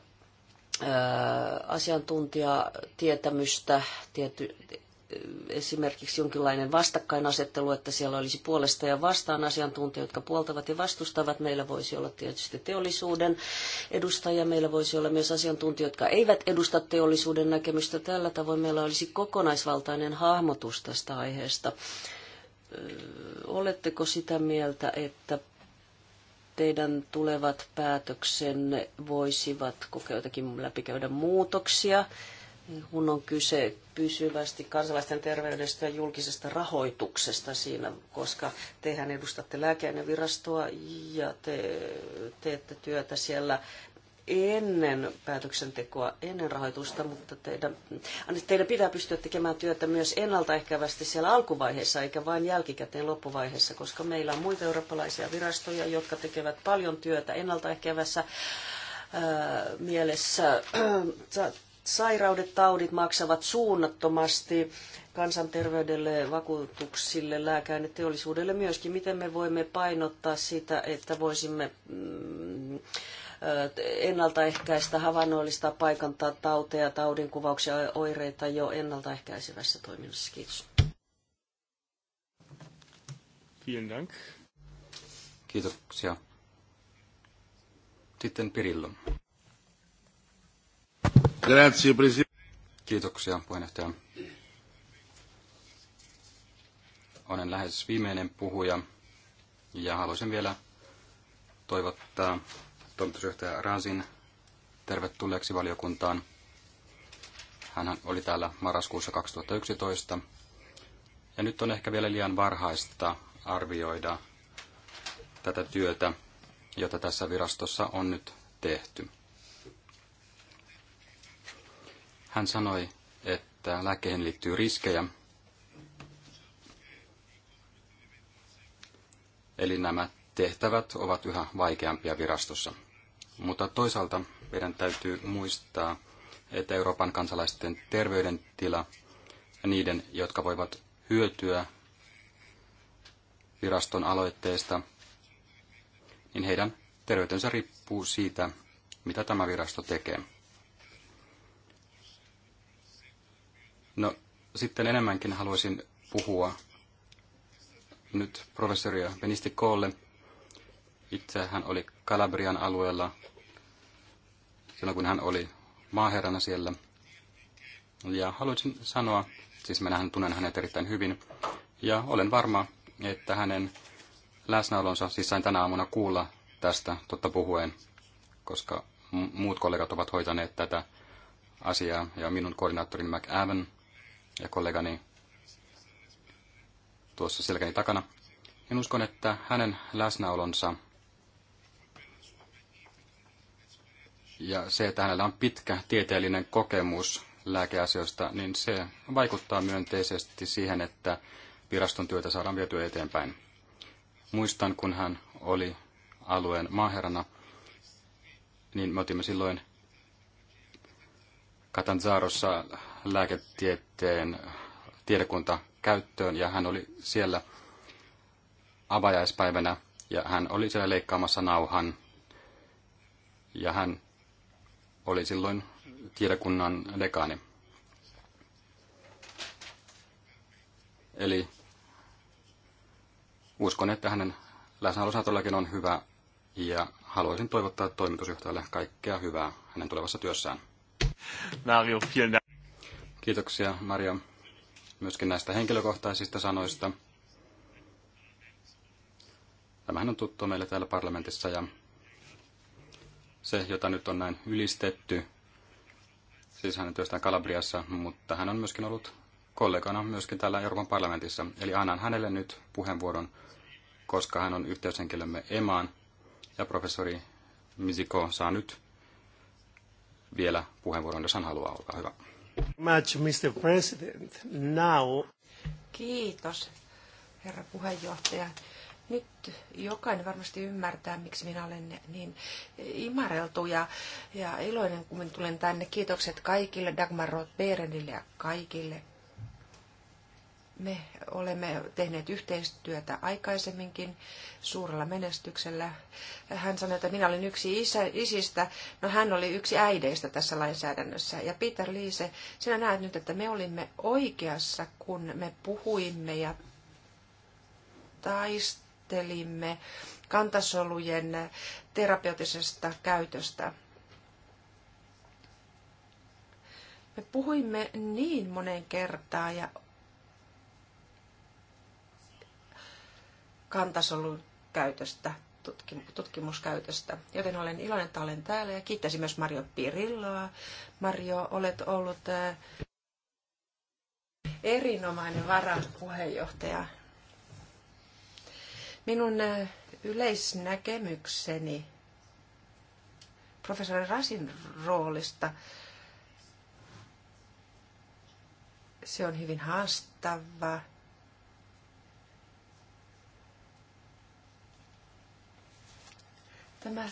asiantuntijatietämystä, tiety, esimerkiksi jonkinlainen vastakkainasettelu, että siellä olisi puolesta ja vastaan asiantuntijoita, jotka puoltavat ja vastustavat. Meillä voisi olla tietysti teollisuuden edustajia, meillä voisi olla myös asiantuntijoita, jotka eivät edusta teollisuuden näkemystä. Tällä tavoin meillä olisi kokonaisvaltainen hahmotus tästä aiheesta. Oletteko sitä mieltä, että teidän tulevat päätöksenne voisivat jotakin läpikäydä muutoksia? kun on kyse pysyvästi kansalaisten terveydestä ja julkisesta rahoituksesta siinä, koska tehän edustatte lääkeainevirastoa ja te teette työtä siellä ennen päätöksentekoa, ennen rahoitusta, mutta teidän, teidän pitää pystyä tekemään työtä myös ennaltaehkävästi siellä alkuvaiheessa, eikä vain jälkikäteen loppuvaiheessa, koska meillä on muita eurooppalaisia virastoja, jotka tekevät paljon työtä ennaltaehkävässä mielessä sairaudet, taudit maksavat suunnattomasti kansanterveydelle, vakuutuksille, teollisuudelle myöskin. Miten me voimme painottaa sitä, että voisimme mm, ennaltaehkäistä, havainnollista, paikantaa tauteja, taudinkuvauksia ja oireita jo ennaltaehkäisevässä toiminnassa. Kiitos. Vielen Dank. Kiitoksia. Sitten Pirillon. Grazie, presidente. Kiitoksia, puheenjohtaja. Olen lähes viimeinen puhuja ja haluaisin vielä toivottaa toimitusjohtaja Rasin tervetulleeksi valiokuntaan. Hän oli täällä marraskuussa 2011 ja nyt on ehkä vielä liian varhaista arvioida tätä työtä, jota tässä virastossa on nyt tehty. Hän sanoi, että lääkkeihin liittyy riskejä. Eli nämä tehtävät ovat yhä vaikeampia virastossa. Mutta toisaalta meidän täytyy muistaa, että Euroopan kansalaisten terveydentila ja niiden, jotka voivat hyötyä viraston aloitteesta, niin heidän terveytensä riippuu siitä, mitä tämä virasto tekee. No sitten enemmänkin haluaisin puhua nyt professoria Benisti Koolle. Itse hän oli Kalabrian alueella silloin, kun hän oli maaherrana siellä. Ja haluaisin sanoa, siis minähän tunnen hänet erittäin hyvin, ja olen varma, että hänen läsnäolonsa, siis sain tänä aamuna kuulla tästä totta puhuen, koska muut kollegat ovat hoitaneet tätä asiaa, ja minun koordinaattorini McAvan ja kollegani tuossa selkäni takana, En uskon, että hänen läsnäolonsa ja se, että hänellä on pitkä tieteellinen kokemus lääkeasioista, niin se vaikuttaa myönteisesti siihen, että viraston työtä saadaan vietyä eteenpäin. Muistan, kun hän oli alueen maaherrana, niin me otimme silloin Katanzaarossa lääketieteen tiedekunta käyttöön ja hän oli siellä avajaispäivänä ja hän oli siellä leikkaamassa nauhan ja hän oli silloin tiedekunnan dekaani. Eli uskon, että hänen läsnäolonsa todellakin on hyvä ja haluaisin toivottaa toimitusjohtajalle kaikkea hyvää hänen tulevassa työssään. Mario, vielen Kiitoksia Maria myöskin näistä henkilökohtaisista sanoista. Tämähän on tuttu meille täällä parlamentissa ja se, jota nyt on näin ylistetty, siis hänen työstään Kalabriassa, mutta hän on myöskin ollut kollegana myöskin täällä Euroopan parlamentissa. Eli annan hänelle nyt puheenvuoron, koska hän on yhteyshenkilömme Emaan ja professori Misiko saa nyt vielä puheenvuoron, jos hän haluaa. Olkaa hyvä. Much, Mr. President. Now... Kiitos, herra puheenjohtaja. Nyt jokainen varmasti ymmärtää, miksi minä olen niin imareltu ja, ja iloinen, kun minä tulen tänne. Kiitokset kaikille, Dagmar Roth-Berendille ja kaikille me olemme tehneet yhteistyötä aikaisemminkin suurella menestyksellä. Hän sanoi, että minä olin yksi isä, isistä, no hän oli yksi äideistä tässä lainsäädännössä. Ja Peter Liise, sinä näet nyt, että me olimme oikeassa, kun me puhuimme ja taistelimme kantasolujen terapeutisesta käytöstä. Me puhuimme niin monen kertaa ja kantasolun käytöstä, tutkimuskäytöstä. Joten olen iloinen, että olen täällä ja kiittäisin myös Mario Pirilloa. Mario, olet ollut äh, erinomainen varapuheenjohtaja. Minun äh, yleisnäkemykseni professori Rasin roolista, se on hyvin haastava Tämä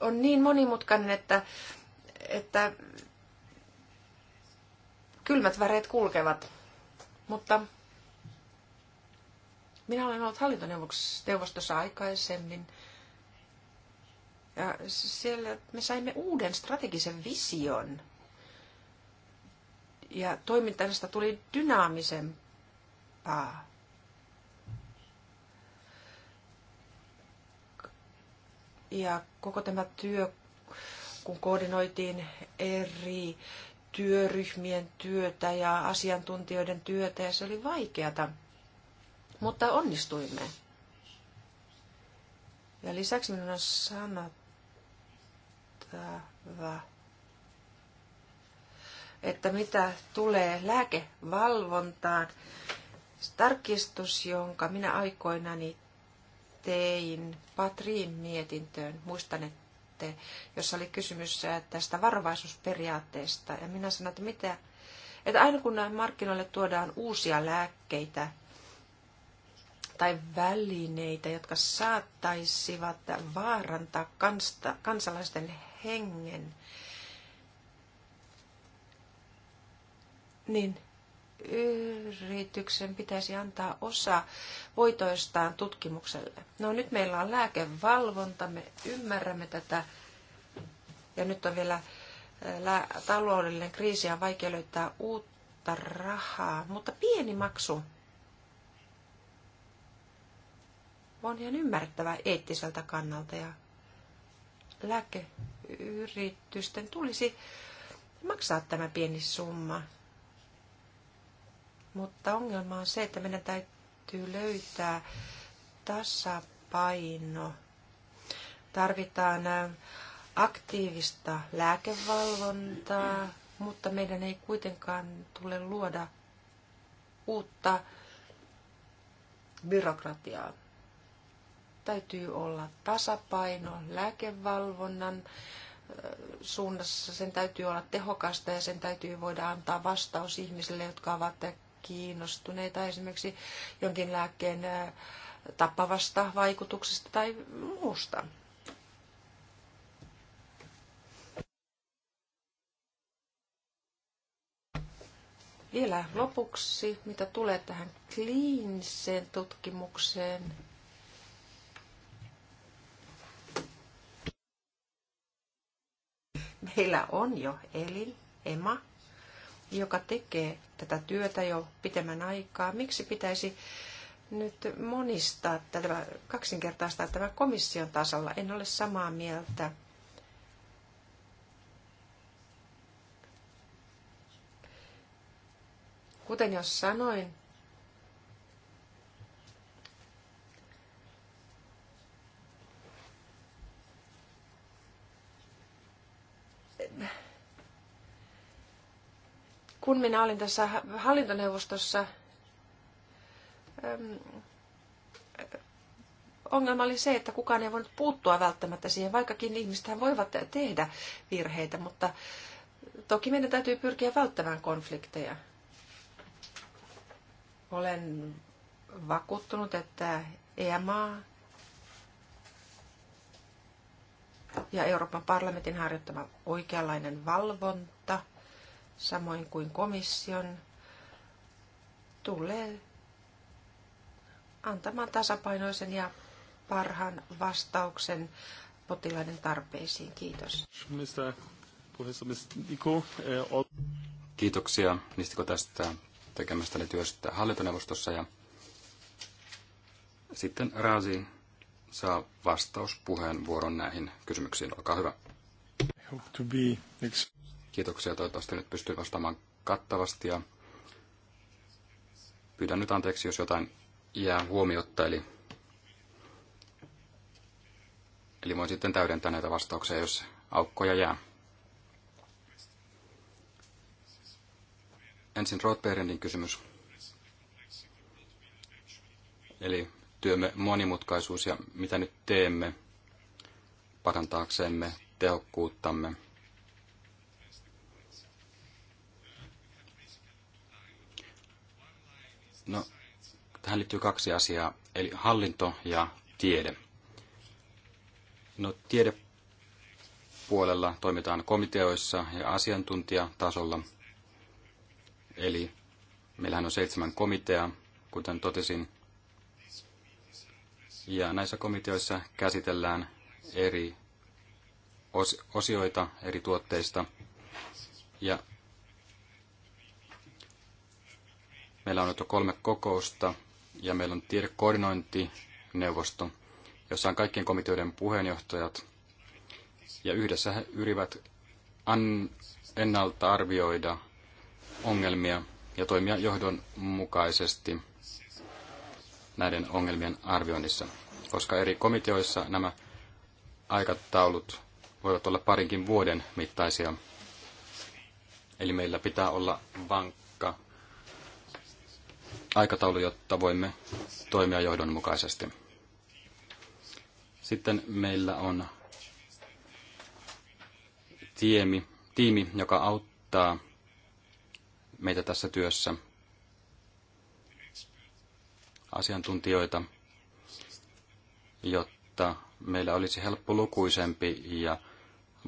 on niin monimutkainen, että, että kylmät väreet kulkevat. Mutta minä olen ollut hallintoneuvostossa aikaisemmin. Ja siellä me saimme uuden strategisen vision. Ja toimintaista tuli dynaamisempaa. Ja koko tämä työ, kun koordinoitiin eri työryhmien työtä ja asiantuntijoiden työtä, ja se oli vaikeata, mutta onnistuimme. Ja lisäksi minun on sanottava, että mitä tulee lääkevalvontaan, tarkistus, jonka minä aikoinani tein Patriin mietintöön, muistan, että jossa oli kysymys äh, tästä varovaisuusperiaatteesta. Ja minä sanoin, että, mitä, että aina kun markkinoille tuodaan uusia lääkkeitä tai välineitä, jotka saattaisivat vaarantaa kansta, kansalaisten hengen, niin yrityksen pitäisi antaa osa voitoistaan tutkimukselle. No nyt meillä on lääkevalvonta, me ymmärrämme tätä ja nyt on vielä taloudellinen kriisi ja vaikea löytää uutta rahaa, mutta pieni maksu on ihan ymmärrettävä eettiseltä kannalta ja lääkeyritysten tulisi maksaa tämä pieni summa mutta ongelma on se, että meidän täytyy löytää tasapaino. Tarvitaan aktiivista lääkevalvontaa, mutta meidän ei kuitenkaan tule luoda uutta byrokratiaa. Täytyy olla tasapaino lääkevalvonnan suunnassa. Sen täytyy olla tehokasta ja sen täytyy voida antaa vastaus ihmisille, jotka ovat kiinnostuneita esimerkiksi jonkin lääkkeen tappavasta vaikutuksesta tai muusta. Vielä lopuksi, mitä tulee tähän kliiniseen tutkimukseen, meillä on jo elin, ema, joka tekee tätä työtä jo pitemmän aikaa, miksi pitäisi nyt monistaa tätä, kaksinkertaistaa tämä komission tasolla. En ole samaa mieltä. Kuten jos sanoin, kun minä olin tässä hallintoneuvostossa, ongelma oli se, että kukaan ei voinut puuttua välttämättä siihen, vaikkakin ihmistähän voivat tehdä virheitä, mutta toki meidän täytyy pyrkiä välttämään konflikteja. Olen vakuuttunut, että EMA ja Euroopan parlamentin harjoittama oikeanlainen valvonta samoin kuin komission, tulee antamaan tasapainoisen ja parhaan vastauksen potilaiden tarpeisiin. Kiitos. Kiitoksia Nistiko tästä tekemästäni työstä hallintoneuvostossa ja sitten Raasi saa vastauspuheenvuoron näihin kysymyksiin. Olkaa hyvä. Kiitoksia, toivottavasti nyt pystyy vastaamaan kattavasti ja pyydän nyt anteeksi, jos jotain jää huomiotta, eli, eli voin sitten täydentää näitä vastauksia, jos aukkoja jää. Ensin Rothbergin kysymys. Eli työmme monimutkaisuus ja mitä nyt teemme parantaaksemme tehokkuuttamme No, tähän liittyy kaksi asiaa, eli hallinto ja tiede. No, tiedepuolella toimitaan komiteoissa ja asiantuntijatasolla. Eli meillähän on seitsemän komiteaa, kuten totesin. Ja näissä komiteoissa käsitellään eri osioita eri tuotteista. Ja Meillä on nyt jo kolme kokousta ja meillä on tiedekoordinointineuvosto, jossa on kaikkien komiteoiden puheenjohtajat. Ja yhdessä he yrivät ennalta arvioida ongelmia ja toimia johdonmukaisesti näiden ongelmien arvioinnissa, koska eri komiteoissa nämä aikataulut voivat olla parinkin vuoden mittaisia. Eli meillä pitää olla vankka aikataulu, jotta voimme toimia johdonmukaisesti. Sitten meillä on tiemi, tiimi, joka auttaa meitä tässä työssä, asiantuntijoita, jotta meillä olisi lukuisempi ja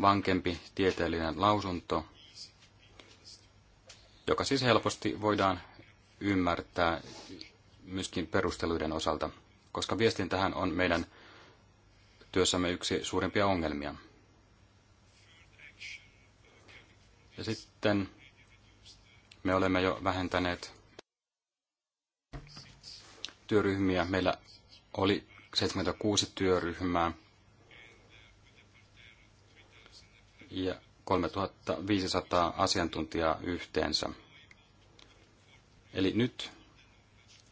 vankempi tieteellinen lausunto, joka siis helposti voidaan ymmärtää myöskin perusteluiden osalta, koska viestintähän on meidän työssämme yksi suurimpia ongelmia. Ja sitten me olemme jo vähentäneet työryhmiä. Meillä oli 76 työryhmää ja 3500 asiantuntijaa yhteensä. Eli nyt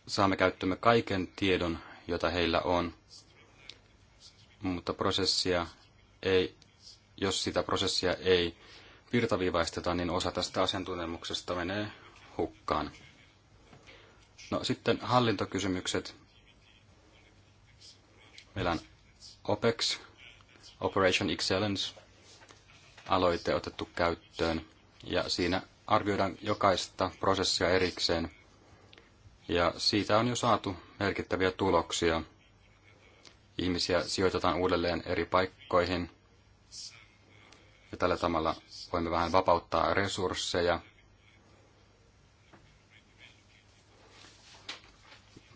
saamme käyttömme kaiken tiedon, jota heillä on, mutta prosessia ei, jos sitä prosessia ei virtaviivaisteta, niin osa tästä asiantuntemuksesta menee hukkaan. No sitten hallintokysymykset. Meillä on OPEX, Operation Excellence, aloite otettu käyttöön, ja siinä arvioidaan jokaista prosessia erikseen. Ja siitä on jo saatu merkittäviä tuloksia. Ihmisiä sijoitetaan uudelleen eri paikkoihin. Ja tällä tavalla voimme vähän vapauttaa resursseja.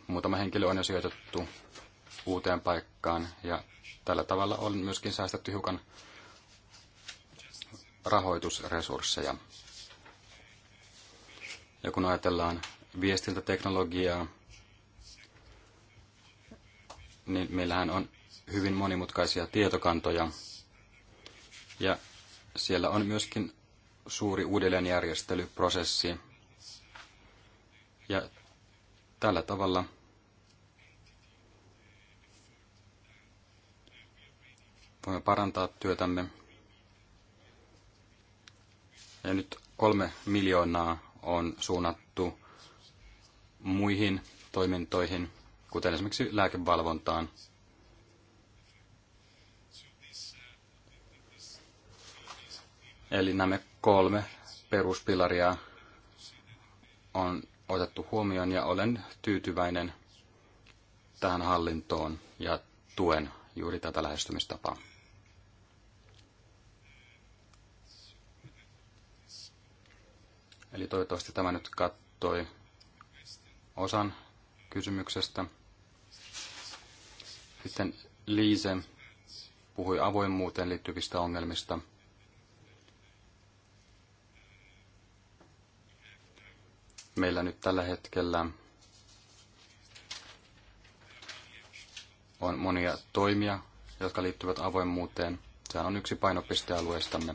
Muutama henkilö on jo sijoitettu uuteen paikkaan ja tällä tavalla on myöskin säästetty hiukan rahoitusresursseja. Ja kun ajatellaan viestintäteknologiaa, niin meillähän on hyvin monimutkaisia tietokantoja. Ja siellä on myöskin suuri uudelleenjärjestelyprosessi. Ja tällä tavalla voimme parantaa työtämme. Ja nyt kolme miljoonaa on suunnattu muihin toimintoihin, kuten esimerkiksi lääkevalvontaan. Eli nämä kolme peruspilaria on otettu huomioon ja olen tyytyväinen tähän hallintoon ja tuen juuri tätä lähestymistapaa. Eli toivottavasti tämä nyt kattoi osan kysymyksestä. Sitten Liise puhui avoimuuteen liittyvistä ongelmista. Meillä nyt tällä hetkellä on monia toimia, jotka liittyvät avoimuuteen. Sehän on yksi painopistealueistamme.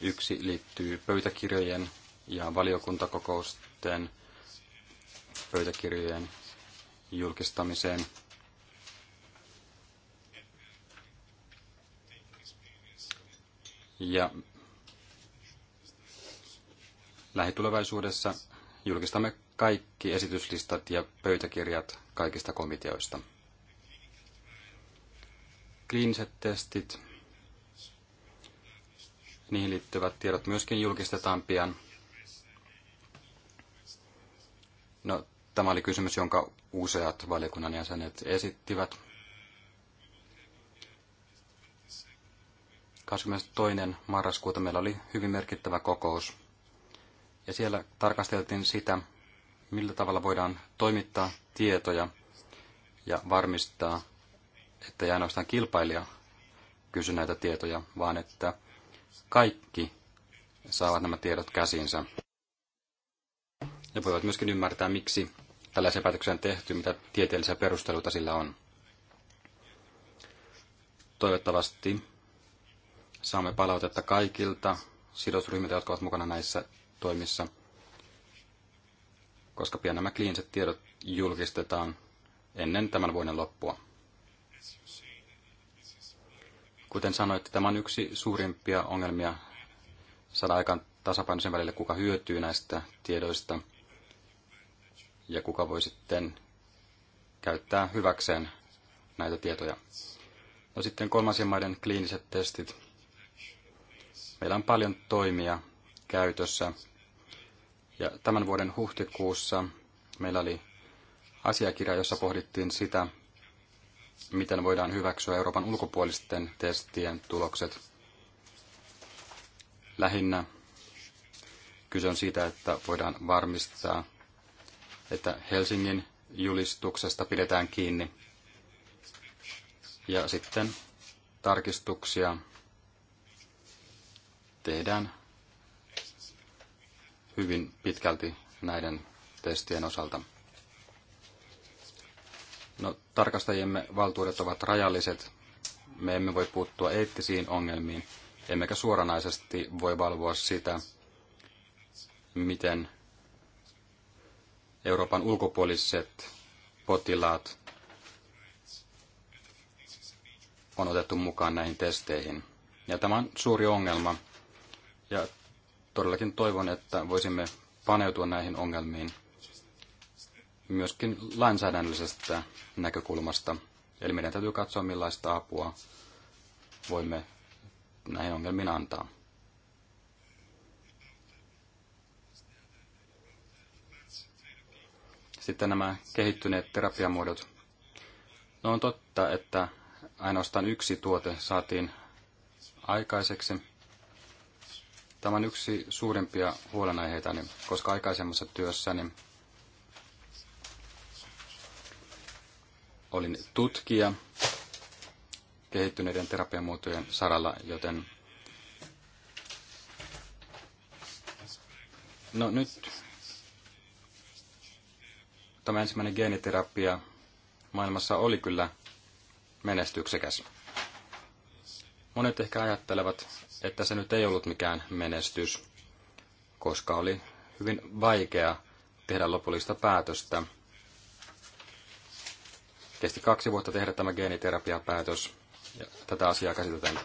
Yksi liittyy pöytäkirjojen ja valiokuntakokousten pöytäkirjojen julkistamiseen. Ja lähitulevaisuudessa julkistamme kaikki esityslistat ja pöytäkirjat kaikista komiteoista. Kliiniset testit Niihin liittyvät tiedot myöskin julkistetaan pian. No, tämä oli kysymys, jonka useat valiokunnan jäsenet esittivät. 22. marraskuuta meillä oli hyvin merkittävä kokous. Ja siellä tarkasteltiin sitä, millä tavalla voidaan toimittaa tietoja ja varmistaa, että ei ainoastaan kilpailija kysy näitä tietoja, vaan että kaikki saavat nämä tiedot käsinsä. Ja voivat myöskin ymmärtää, miksi tällaisen päätöksen on tehty, mitä tieteellisiä perusteluita sillä on. Toivottavasti saamme palautetta kaikilta sidosryhmiltä, jotka ovat mukana näissä toimissa, koska pian nämä kliiniset tiedot julkistetaan ennen tämän vuoden loppua. Kuten sanoitte, tämä on yksi suurimpia ongelmia saada aikaan tasapaino sen välille, kuka hyötyy näistä tiedoista ja kuka voi sitten käyttää hyväkseen näitä tietoja. No sitten kolmansien maiden kliiniset testit. Meillä on paljon toimia käytössä. Ja tämän vuoden huhtikuussa meillä oli asiakirja, jossa pohdittiin sitä, miten voidaan hyväksyä Euroopan ulkopuolisten testien tulokset. Lähinnä kyse on siitä, että voidaan varmistaa, että Helsingin julistuksesta pidetään kiinni. Ja sitten tarkistuksia tehdään hyvin pitkälti näiden testien osalta. No, tarkastajiemme valtuudet ovat rajalliset. Me emme voi puuttua eettisiin ongelmiin, emmekä suoranaisesti voi valvoa sitä, miten Euroopan ulkopuoliset potilaat on otettu mukaan näihin testeihin. Ja tämä on suuri ongelma. Ja todellakin toivon, että voisimme paneutua näihin ongelmiin myöskin lainsäädännöllisestä näkökulmasta. Eli meidän täytyy katsoa, millaista apua voimme näihin ongelmiin antaa. Sitten nämä kehittyneet terapiamuodot. No on totta, että ainoastaan yksi tuote saatiin aikaiseksi. Tämä on yksi suurimpia huolenaiheitani, koska aikaisemmassa työssäni olin tutkija kehittyneiden terapiamuotojen saralla, joten no nyt tämä ensimmäinen geeniterapia maailmassa oli kyllä menestyksekäs. Monet ehkä ajattelevat, että se nyt ei ollut mikään menestys, koska oli hyvin vaikea tehdä lopullista päätöstä – Kesti kaksi vuotta tehdä tämä geeniterapiapäätös. Ja tätä asiaa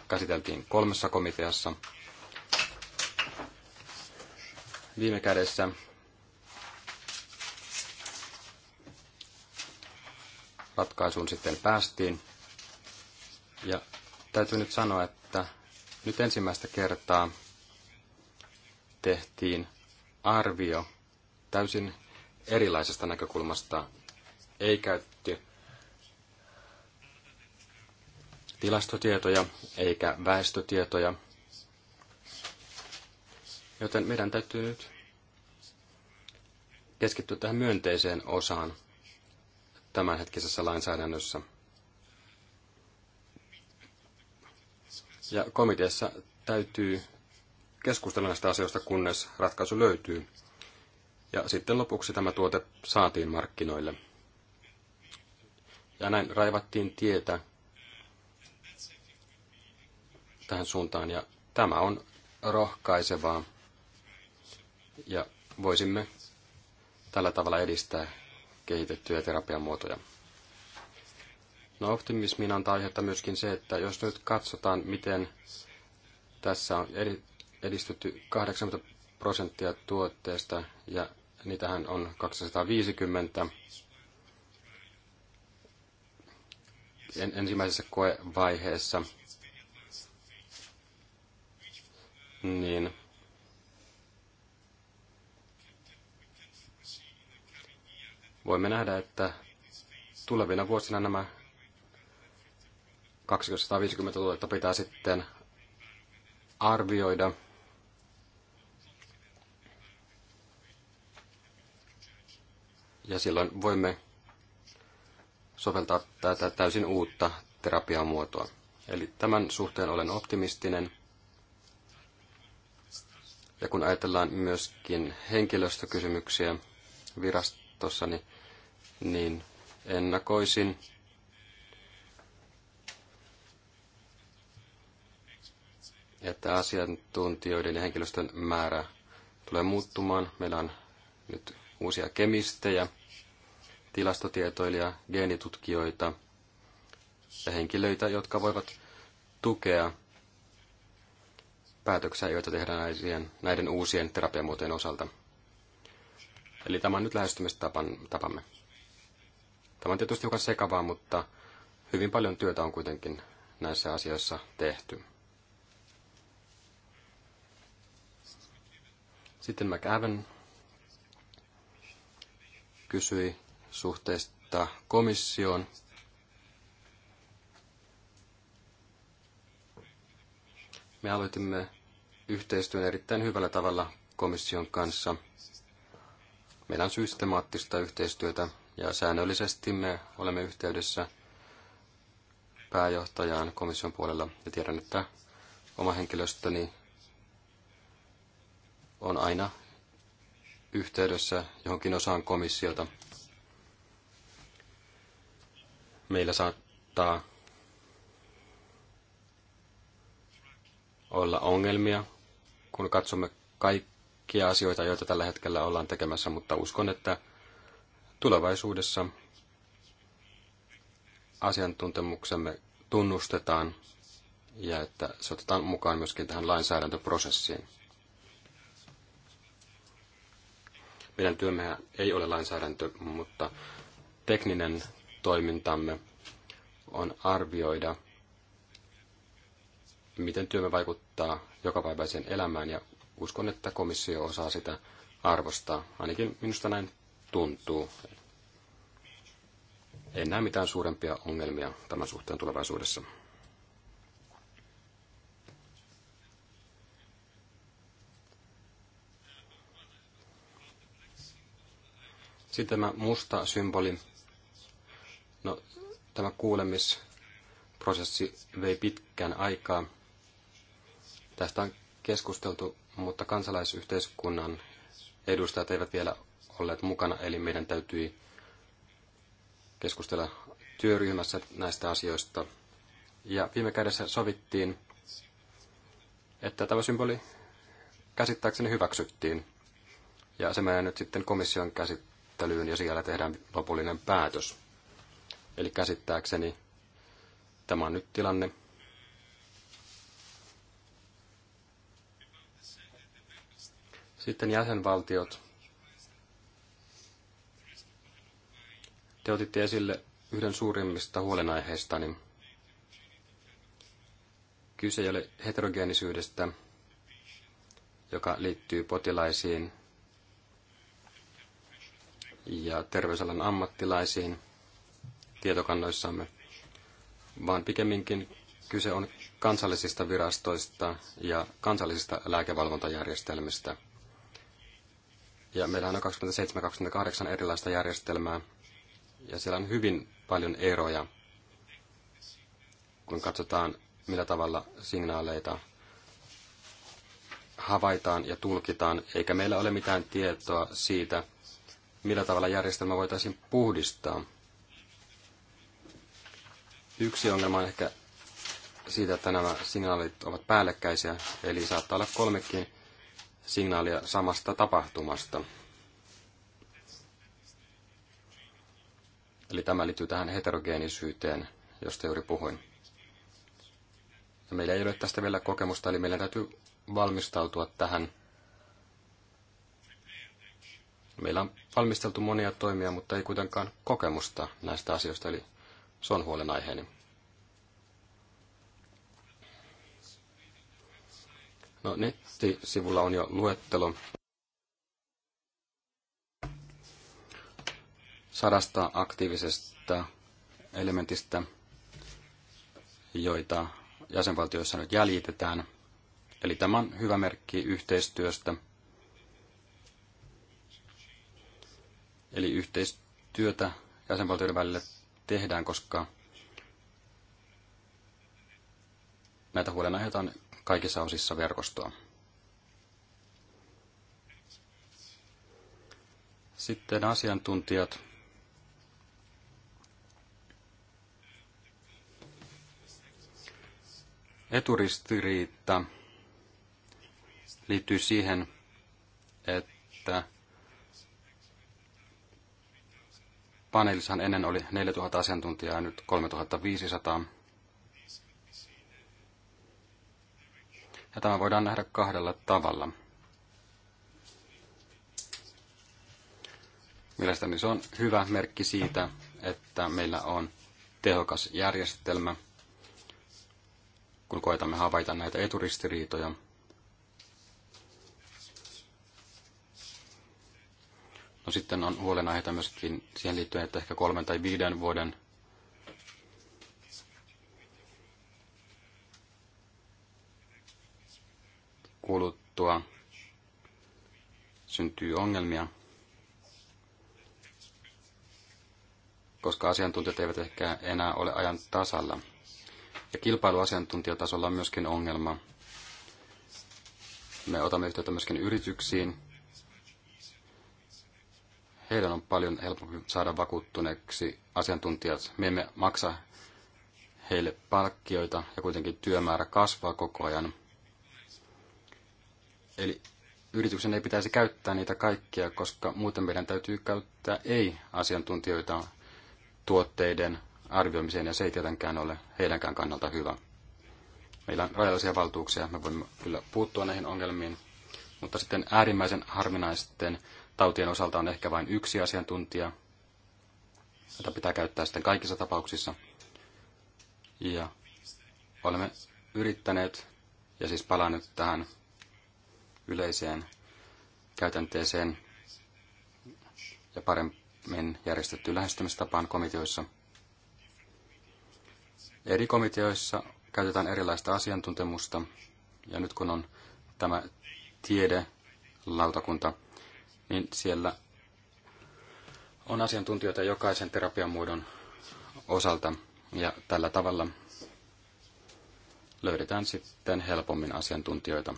käsiteltiin kolmessa komiteassa. Viime kädessä ratkaisuun sitten päästiin. Ja täytyy nyt sanoa, että nyt ensimmäistä kertaa tehtiin arvio täysin erilaisesta näkökulmasta. Ei käytetty tilastotietoja eikä väestötietoja. Joten meidän täytyy nyt keskittyä tähän myönteiseen osaan tämänhetkisessä lainsäädännössä. Ja komiteassa täytyy keskustella näistä asioista, kunnes ratkaisu löytyy. Ja sitten lopuksi tämä tuote saatiin markkinoille. Ja näin raivattiin tietä tähän suuntaan ja tämä on rohkaisevaa ja voisimme tällä tavalla edistää kehitettyjä terapian muotoja. No optimismiin antaa aihetta myöskin se, että jos nyt katsotaan, miten tässä on edistytty 80 prosenttia tuotteesta ja niitähän on 250 ensimmäisessä koevaiheessa – niin voimme nähdä, että tulevina vuosina nämä 250 tuotetta pitää sitten arvioida. Ja silloin voimme soveltaa tätä täysin uutta terapiamuotoa. Eli tämän suhteen olen optimistinen – ja kun ajatellaan myöskin henkilöstökysymyksiä virastossani, niin ennakoisin että asiantuntijoiden ja henkilöstön määrä tulee muuttumaan. Meillä on nyt uusia kemistejä, tilastotietoilija, geenitutkijoita ja henkilöitä, jotka voivat tukea päätöksiä, joita tehdään näiden, näiden uusien terapiamuotojen osalta. Eli tämä on nyt lähestymistapamme. Tämä on tietysti hiukan sekavaa, mutta hyvin paljon työtä on kuitenkin näissä asioissa tehty. Sitten McAven kysyi suhteesta komissioon Me aloitimme yhteistyön erittäin hyvällä tavalla komission kanssa. Meillä on systemaattista yhteistyötä ja säännöllisesti me olemme yhteydessä pääjohtajaan komission puolella ja tiedän, että oma henkilöstöni on aina yhteydessä johonkin osaan komissiota. Meillä saattaa olla ongelmia, kun katsomme kaikkia asioita, joita tällä hetkellä ollaan tekemässä, mutta uskon, että tulevaisuudessa asiantuntemuksemme tunnustetaan ja että se otetaan mukaan myöskin tähän lainsäädäntöprosessiin. Meidän työmme ei ole lainsäädäntö, mutta tekninen toimintamme on arvioida miten työmme vaikuttaa jokapäiväiseen elämään ja uskon, että komissio osaa sitä arvostaa. Ainakin minusta näin tuntuu. En näe mitään suurempia ongelmia tämän suhteen tulevaisuudessa. Sitten tämä musta symboli. No, tämä kuulemisprosessi vei pitkään aikaa. Tästä on keskusteltu, mutta kansalaisyhteiskunnan edustajat eivät vielä olleet mukana, eli meidän täytyi keskustella työryhmässä näistä asioista. Ja viime kädessä sovittiin, että tämä symboli käsittääkseni hyväksyttiin. Ja se menee nyt sitten komission käsittelyyn ja siellä tehdään lopullinen päätös. Eli käsittääkseni tämä on nyt tilanne, Sitten jäsenvaltiot. Te otitte esille yhden suurimmista huolenaiheista niin Kyse ei ole heterogeenisyydestä, joka liittyy potilaisiin ja terveysalan ammattilaisiin tietokannoissamme, vaan pikemminkin kyse on kansallisista virastoista ja kansallisista lääkevalvontajärjestelmistä – ja meillä on 27-28 erilaista järjestelmää, ja siellä on hyvin paljon eroja, kun katsotaan, millä tavalla signaaleita havaitaan ja tulkitaan, eikä meillä ole mitään tietoa siitä, millä tavalla järjestelmä voitaisiin puhdistaa. Yksi ongelma on ehkä siitä, että nämä signaalit ovat päällekkäisiä, eli saattaa olla kolmekin signaalia samasta tapahtumasta. Eli tämä liittyy tähän heterogeenisyyteen, josta juuri puhuin. Ja meillä ei ole tästä vielä kokemusta, eli meidän täytyy valmistautua tähän. Meillä on valmisteltu monia toimia, mutta ei kuitenkaan kokemusta näistä asioista, eli se on huolenaiheeni. No nettisivulla on jo luettelo sadasta aktiivisesta elementistä, joita jäsenvaltioissa nyt jäljitetään. Eli tämä on hyvä merkki yhteistyöstä. Eli yhteistyötä jäsenvaltioiden välillä tehdään, koska näitä huolenaiheita on kaikissa osissa verkostoa. Sitten asiantuntijat. Eturistiriitta liittyy siihen, että paneelissahan ennen oli 4000 asiantuntijaa ja nyt 3500. Ja tämä voidaan nähdä kahdella tavalla. Mielestäni se on hyvä merkki siitä, että meillä on tehokas järjestelmä, kun koetamme havaita näitä eturistiriitoja. No sitten on huolenaiheita myöskin siihen liittyen, että ehkä kolmen tai viiden vuoden kuluttua syntyy ongelmia, koska asiantuntijat eivät ehkä enää ole ajan tasalla. Ja kilpailuasiantuntijatasolla on myöskin ongelma. Me otamme yhteyttä myöskin yrityksiin. Heidän on paljon helpompi saada vakuuttuneeksi asiantuntijat. Me emme maksa heille palkkioita ja kuitenkin työmäärä kasvaa koko ajan – Eli yrityksen ei pitäisi käyttää niitä kaikkia, koska muuten meidän täytyy käyttää ei-asiantuntijoita tuotteiden arvioimiseen, ja se ei tietenkään ole heidänkään kannalta hyvä. Meillä on rajallisia valtuuksia, me voimme kyllä puuttua näihin ongelmiin, mutta sitten äärimmäisen harminaisten tautien osalta on ehkä vain yksi asiantuntija, jota pitää käyttää sitten kaikissa tapauksissa. Ja olemme yrittäneet, ja siis palaan nyt tähän yleiseen käytänteeseen ja paremmin järjestettyyn lähestymistapaan komiteoissa. Eri komiteoissa käytetään erilaista asiantuntemusta, ja nyt kun on tämä tiedelautakunta, niin siellä on asiantuntijoita jokaisen terapian muodon osalta, ja tällä tavalla löydetään sitten helpommin asiantuntijoita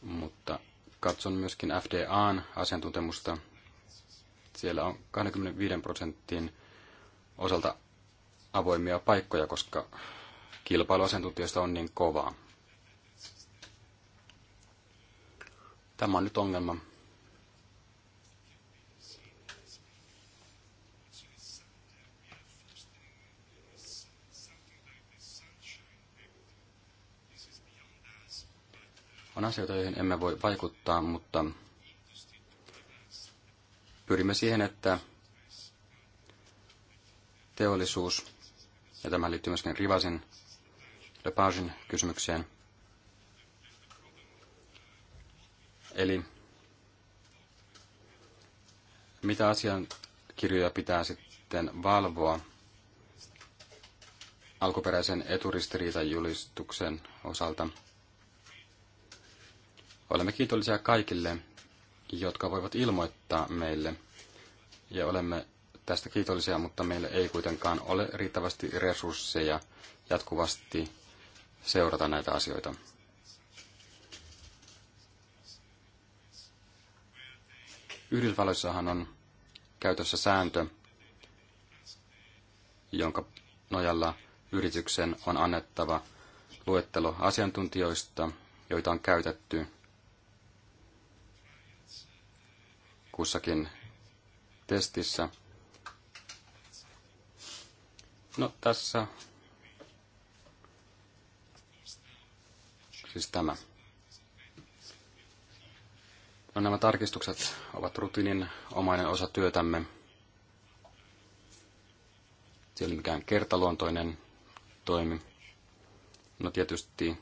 mutta katson myöskin FDAn asiantuntemusta. Siellä on 25 prosentin osalta avoimia paikkoja, koska kilpailu asiantuntijoista on niin kovaa. Tämä on nyt ongelma. On asioita, joihin emme voi vaikuttaa, mutta pyrimme siihen, että teollisuus, ja tämä liittyy myöskin Rivasin Lepagin kysymykseen, Eli mitä kirjoja pitää sitten valvoa alkuperäisen eturistiriitajulistuksen osalta – Olemme kiitollisia kaikille, jotka voivat ilmoittaa meille, ja olemme tästä kiitollisia, mutta meillä ei kuitenkaan ole riittävästi resursseja jatkuvasti seurata näitä asioita. Yhdysvalloissahan on käytössä sääntö, jonka nojalla yrityksen on annettava luettelo asiantuntijoista, joita on käytetty kussakin testissä. No tässä, siis tämä. No, nämä tarkistukset ovat rutiinin omainen osa työtämme. Se ei ole mikään kertaluontoinen toimi. No tietysti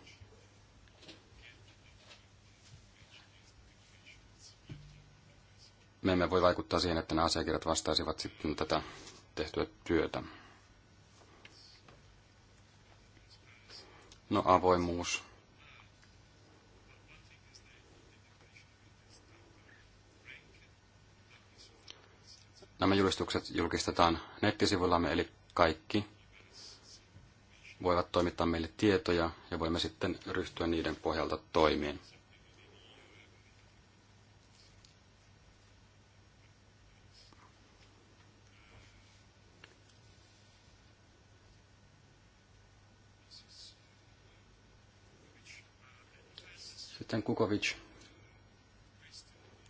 me emme voi vaikuttaa siihen, että nämä asiakirjat vastaisivat sitten tätä tehtyä työtä. No avoimuus. Nämä julistukset julkistetaan nettisivuillamme, eli kaikki voivat toimittaa meille tietoja ja voimme sitten ryhtyä niiden pohjalta toimiin. Sitten Kukovic.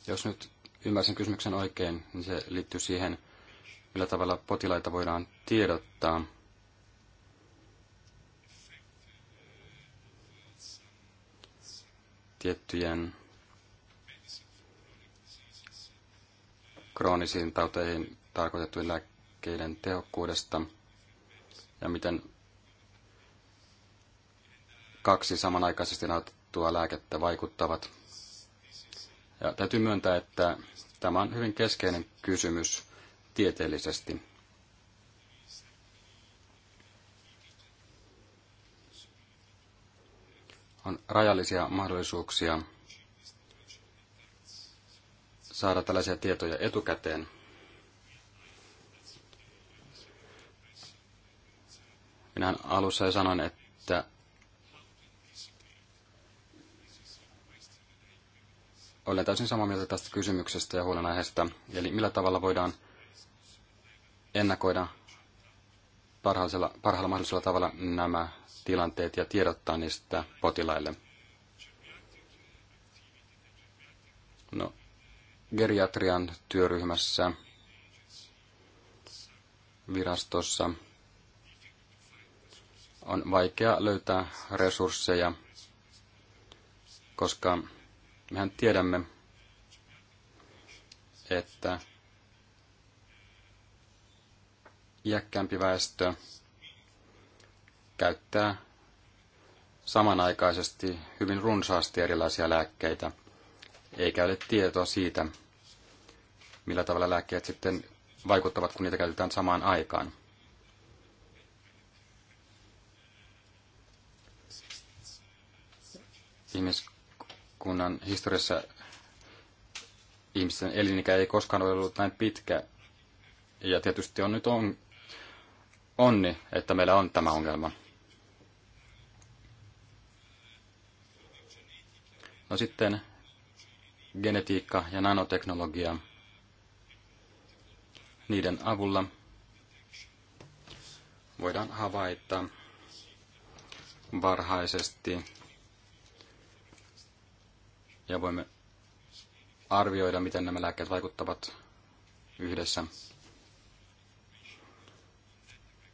Jos nyt ymmärsin kysymyksen oikein, niin se liittyy siihen, millä tavalla potilaita voidaan tiedottaa. tiettyjen kroonisiin tauteihin tarkoitettujen lääkkeiden tehokkuudesta ja miten kaksi samanaikaisesti tutkittua lääkettä vaikuttavat. Ja täytyy myöntää, että tämä on hyvin keskeinen kysymys tieteellisesti. On rajallisia mahdollisuuksia saada tällaisia tietoja etukäteen. Minähän alussa jo sanoin, että olen täysin samaa mieltä tästä kysymyksestä ja huolenaiheesta. Eli millä tavalla voidaan ennakoida parhaalla, parhaalla mahdollisella tavalla nämä tilanteet ja tiedottaa niistä potilaille. No, geriatrian työryhmässä virastossa on vaikea löytää resursseja, koska Mehän tiedämme, että iäkkäämpi väestö käyttää samanaikaisesti hyvin runsaasti erilaisia lääkkeitä, eikä ole tietoa siitä, millä tavalla lääkkeet sitten vaikuttavat, kun niitä käytetään samaan aikaan. Ihmiskunnan ihmiskunnan historiassa ihmisten elinikä ei koskaan ole ollut näin pitkä. Ja tietysti on nyt on, onni, että meillä on tämä ongelma. No sitten genetiikka ja nanoteknologia. Niiden avulla voidaan havaita varhaisesti ja voimme arvioida, miten nämä lääkkeet vaikuttavat yhdessä.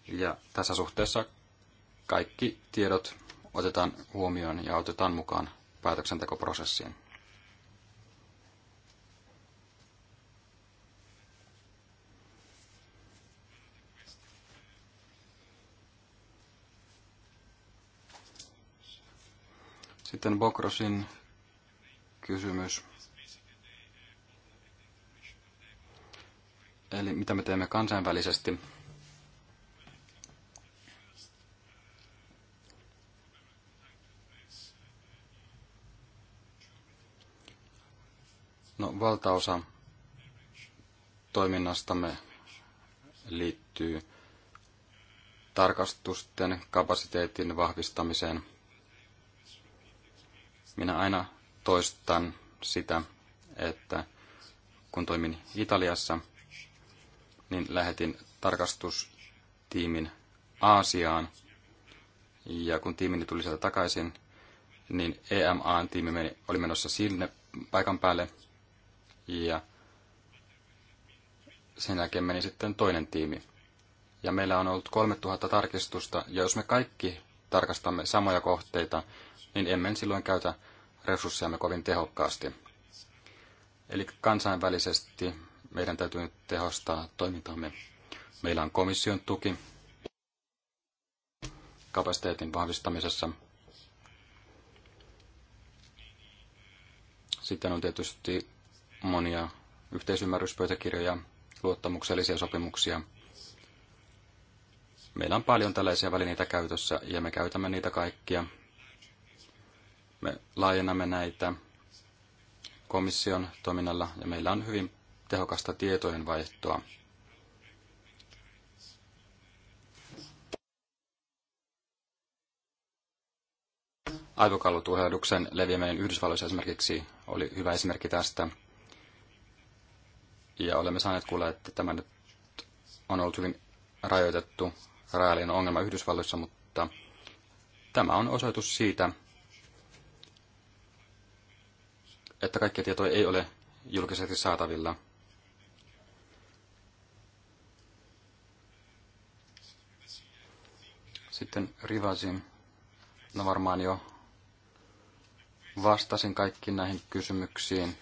Ja tässä suhteessa kaikki tiedot otetaan huomioon ja otetaan mukaan päätöksentekoprosessiin. Sitten Bokrosin kysymys. Eli mitä me teemme kansainvälisesti? No, valtaosa toiminnastamme liittyy tarkastusten kapasiteetin vahvistamiseen. Minä aina toistan sitä, että kun toimin Italiassa, niin lähetin tarkastustiimin Aasiaan. Ja kun tiimini tuli sieltä takaisin, niin EMA-tiimi oli menossa sinne paikan päälle. Ja sen jälkeen meni sitten toinen tiimi. Ja meillä on ollut 3000 tarkistusta, ja jos me kaikki tarkastamme samoja kohteita, niin emme silloin käytä resurssejamme kovin tehokkaasti. Eli kansainvälisesti meidän täytyy nyt tehostaa toimintaamme. Meillä on komission tuki kapasiteetin vahvistamisessa. Sitten on tietysti monia yhteisymmärryspöytäkirjoja, luottamuksellisia sopimuksia. Meillä on paljon tällaisia välineitä käytössä ja me käytämme niitä kaikkia me laajennamme näitä komission toiminnalla ja meillä on hyvin tehokasta tietojenvaihtoa. Aivokallotulehduksen leviäminen Yhdysvalloissa esimerkiksi oli hyvä esimerkki tästä. Ja olemme saaneet kuulla, että tämä nyt on ollut hyvin rajoitettu rajallinen ongelma Yhdysvalloissa, mutta tämä on osoitus siitä, että kaikkia tietoja ei ole julkisesti saatavilla. Sitten rivasin, No varmaan jo vastasin kaikkiin näihin kysymyksiin,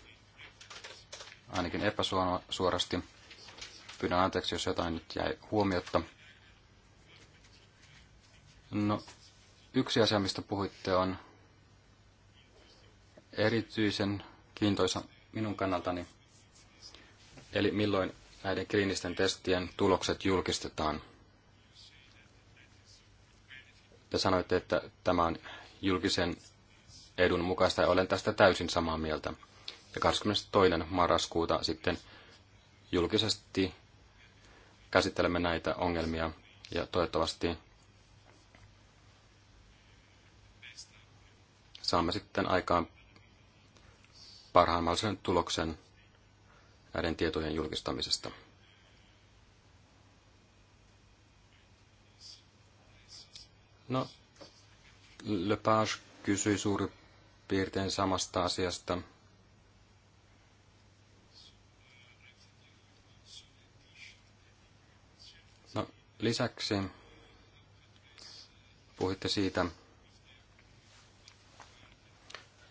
ainakin epäsuorasti. Pyydän anteeksi, jos jotain nyt jäi huomiotta. No, yksi asia, mistä puhuitte, on erityisen kiintoisa minun kannaltani, eli milloin näiden kliinisten testien tulokset julkistetaan. Te sanoitte, että tämä on julkisen edun mukaista ja olen tästä täysin samaa mieltä. Ja 22. marraskuuta sitten julkisesti käsittelemme näitä ongelmia ja toivottavasti saamme sitten aikaan parhaan mahdollisen tuloksen näiden tietojen julkistamisesta. No, Lepage kysyi suurin piirtein samasta asiasta. No, lisäksi puhuitte siitä,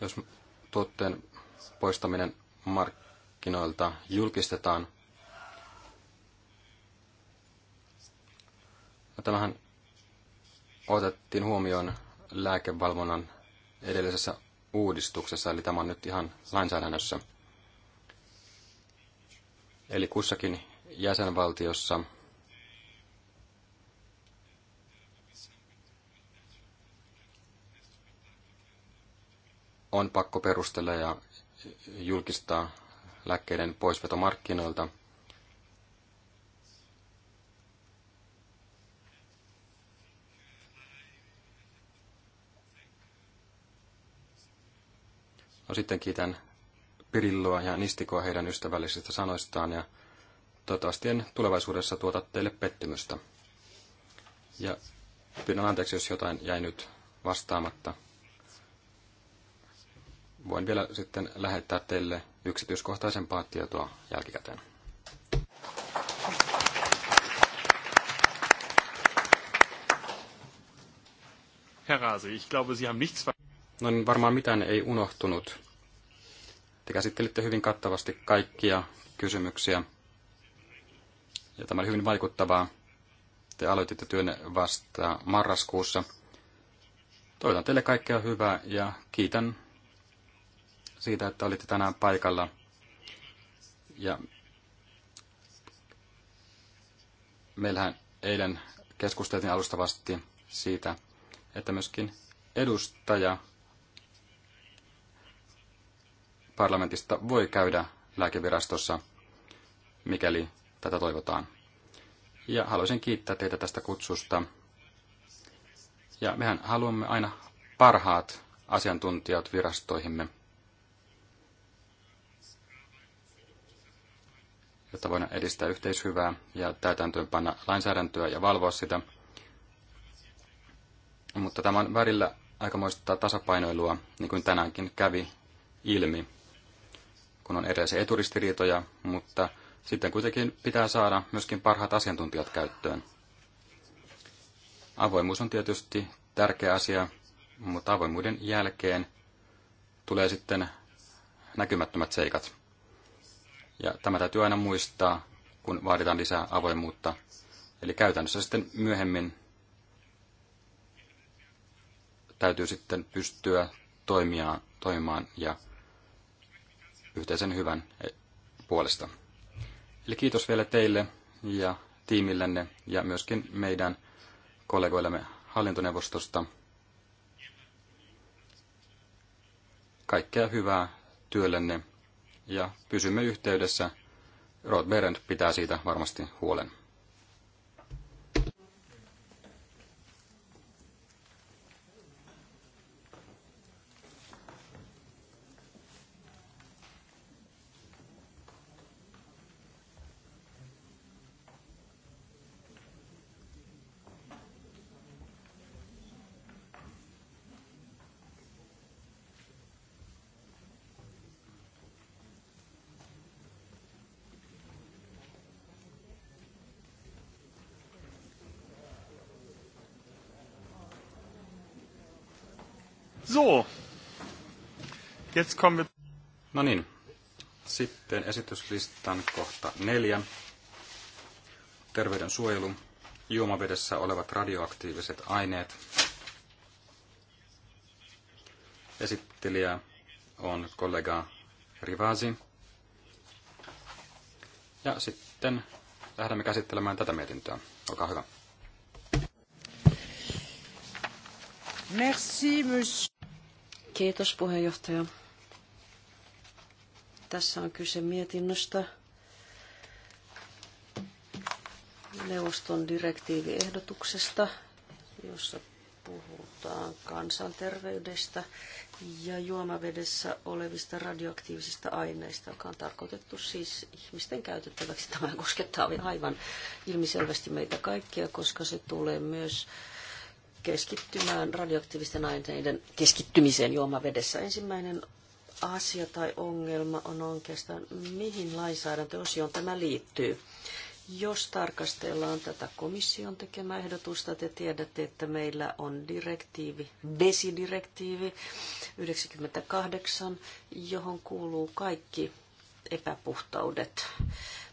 jos tuotteen poistaminen markkinoilta julkistetaan. No, tämähän otettiin huomioon lääkevalvonnan edellisessä uudistuksessa, eli tämä on nyt ihan lainsäädännössä. Eli kussakin jäsenvaltiossa on pakko perustella ja julkistaa lääkkeiden poisveto markkinoilta. No sitten kiitän Pirilloa ja Nistikoa heidän ystävällisistä sanoistaan ja toivottavasti en tulevaisuudessa tuota teille pettymystä. Ja pyydän anteeksi, jos jotain jäi nyt vastaamatta voin vielä sitten lähettää teille yksityiskohtaisempaa tietoa jälkikäteen. Herr Rase, ich glaube, Sie haben nichts No niin, varmaan mitään ei unohtunut. Te käsittelitte hyvin kattavasti kaikkia kysymyksiä. Ja tämä oli hyvin vaikuttavaa. Te aloititte työn vasta marraskuussa. Toivotan teille kaikkea hyvää ja kiitän siitä, että olitte tänään paikalla. Ja meillähän eilen keskusteltiin alustavasti siitä, että myöskin edustaja parlamentista voi käydä lääkevirastossa, mikäli tätä toivotaan. Ja haluaisin kiittää teitä tästä kutsusta. Ja mehän haluamme aina parhaat asiantuntijat virastoihimme. jotta voidaan edistää yhteishyvää ja täytäntöönpanna lainsäädäntöä ja valvoa sitä. Mutta tämän välillä aikamoista tasapainoilua, niin kuin tänäänkin kävi ilmi, kun on erilaisia eturistiriitoja, mutta sitten kuitenkin pitää saada myöskin parhaat asiantuntijat käyttöön. Avoimuus on tietysti tärkeä asia, mutta avoimuuden jälkeen tulee sitten näkymättömät seikat. Ja tämä täytyy aina muistaa, kun vaaditaan lisää avoimuutta. Eli käytännössä sitten myöhemmin täytyy sitten pystyä toimiaan toimimaan ja yhteisen hyvän puolesta. Eli kiitos vielä teille ja tiimillenne ja myöskin meidän kollegoillemme hallintoneuvostosta. Kaikkea hyvää työllenne ja pysymme yhteydessä. Rod Berend pitää siitä varmasti huolen. Jetzt kommen No niin, sitten esityslistan kohta neljä. Terveydensuojelu, juomavedessä olevat radioaktiiviset aineet. Esittelijä on kollega Rivasi. Ja sitten lähdemme käsittelemään tätä mietintöä. Olkaa hyvä. Merci, monsieur. Kiitos puheenjohtaja. Tässä on kyse mietinnöstä neuvoston direktiiviehdotuksesta, jossa puhutaan kansanterveydestä ja juomavedessä olevista radioaktiivisista aineista, joka on tarkoitettu siis ihmisten käytettäväksi. Tämä koskettaa aivan ilmiselvästi meitä kaikkia, koska se tulee myös keskittymään radioaktiivisten aineiden keskittymiseen juomavedessä. Ensimmäinen asia tai ongelma on oikeastaan, mihin lainsäädäntöosioon tämä liittyy. Jos tarkastellaan tätä komission tekemää ehdotusta, te tiedätte, että meillä on direktiivi, vesidirektiivi 98, johon kuuluu kaikki epäpuhtaudet,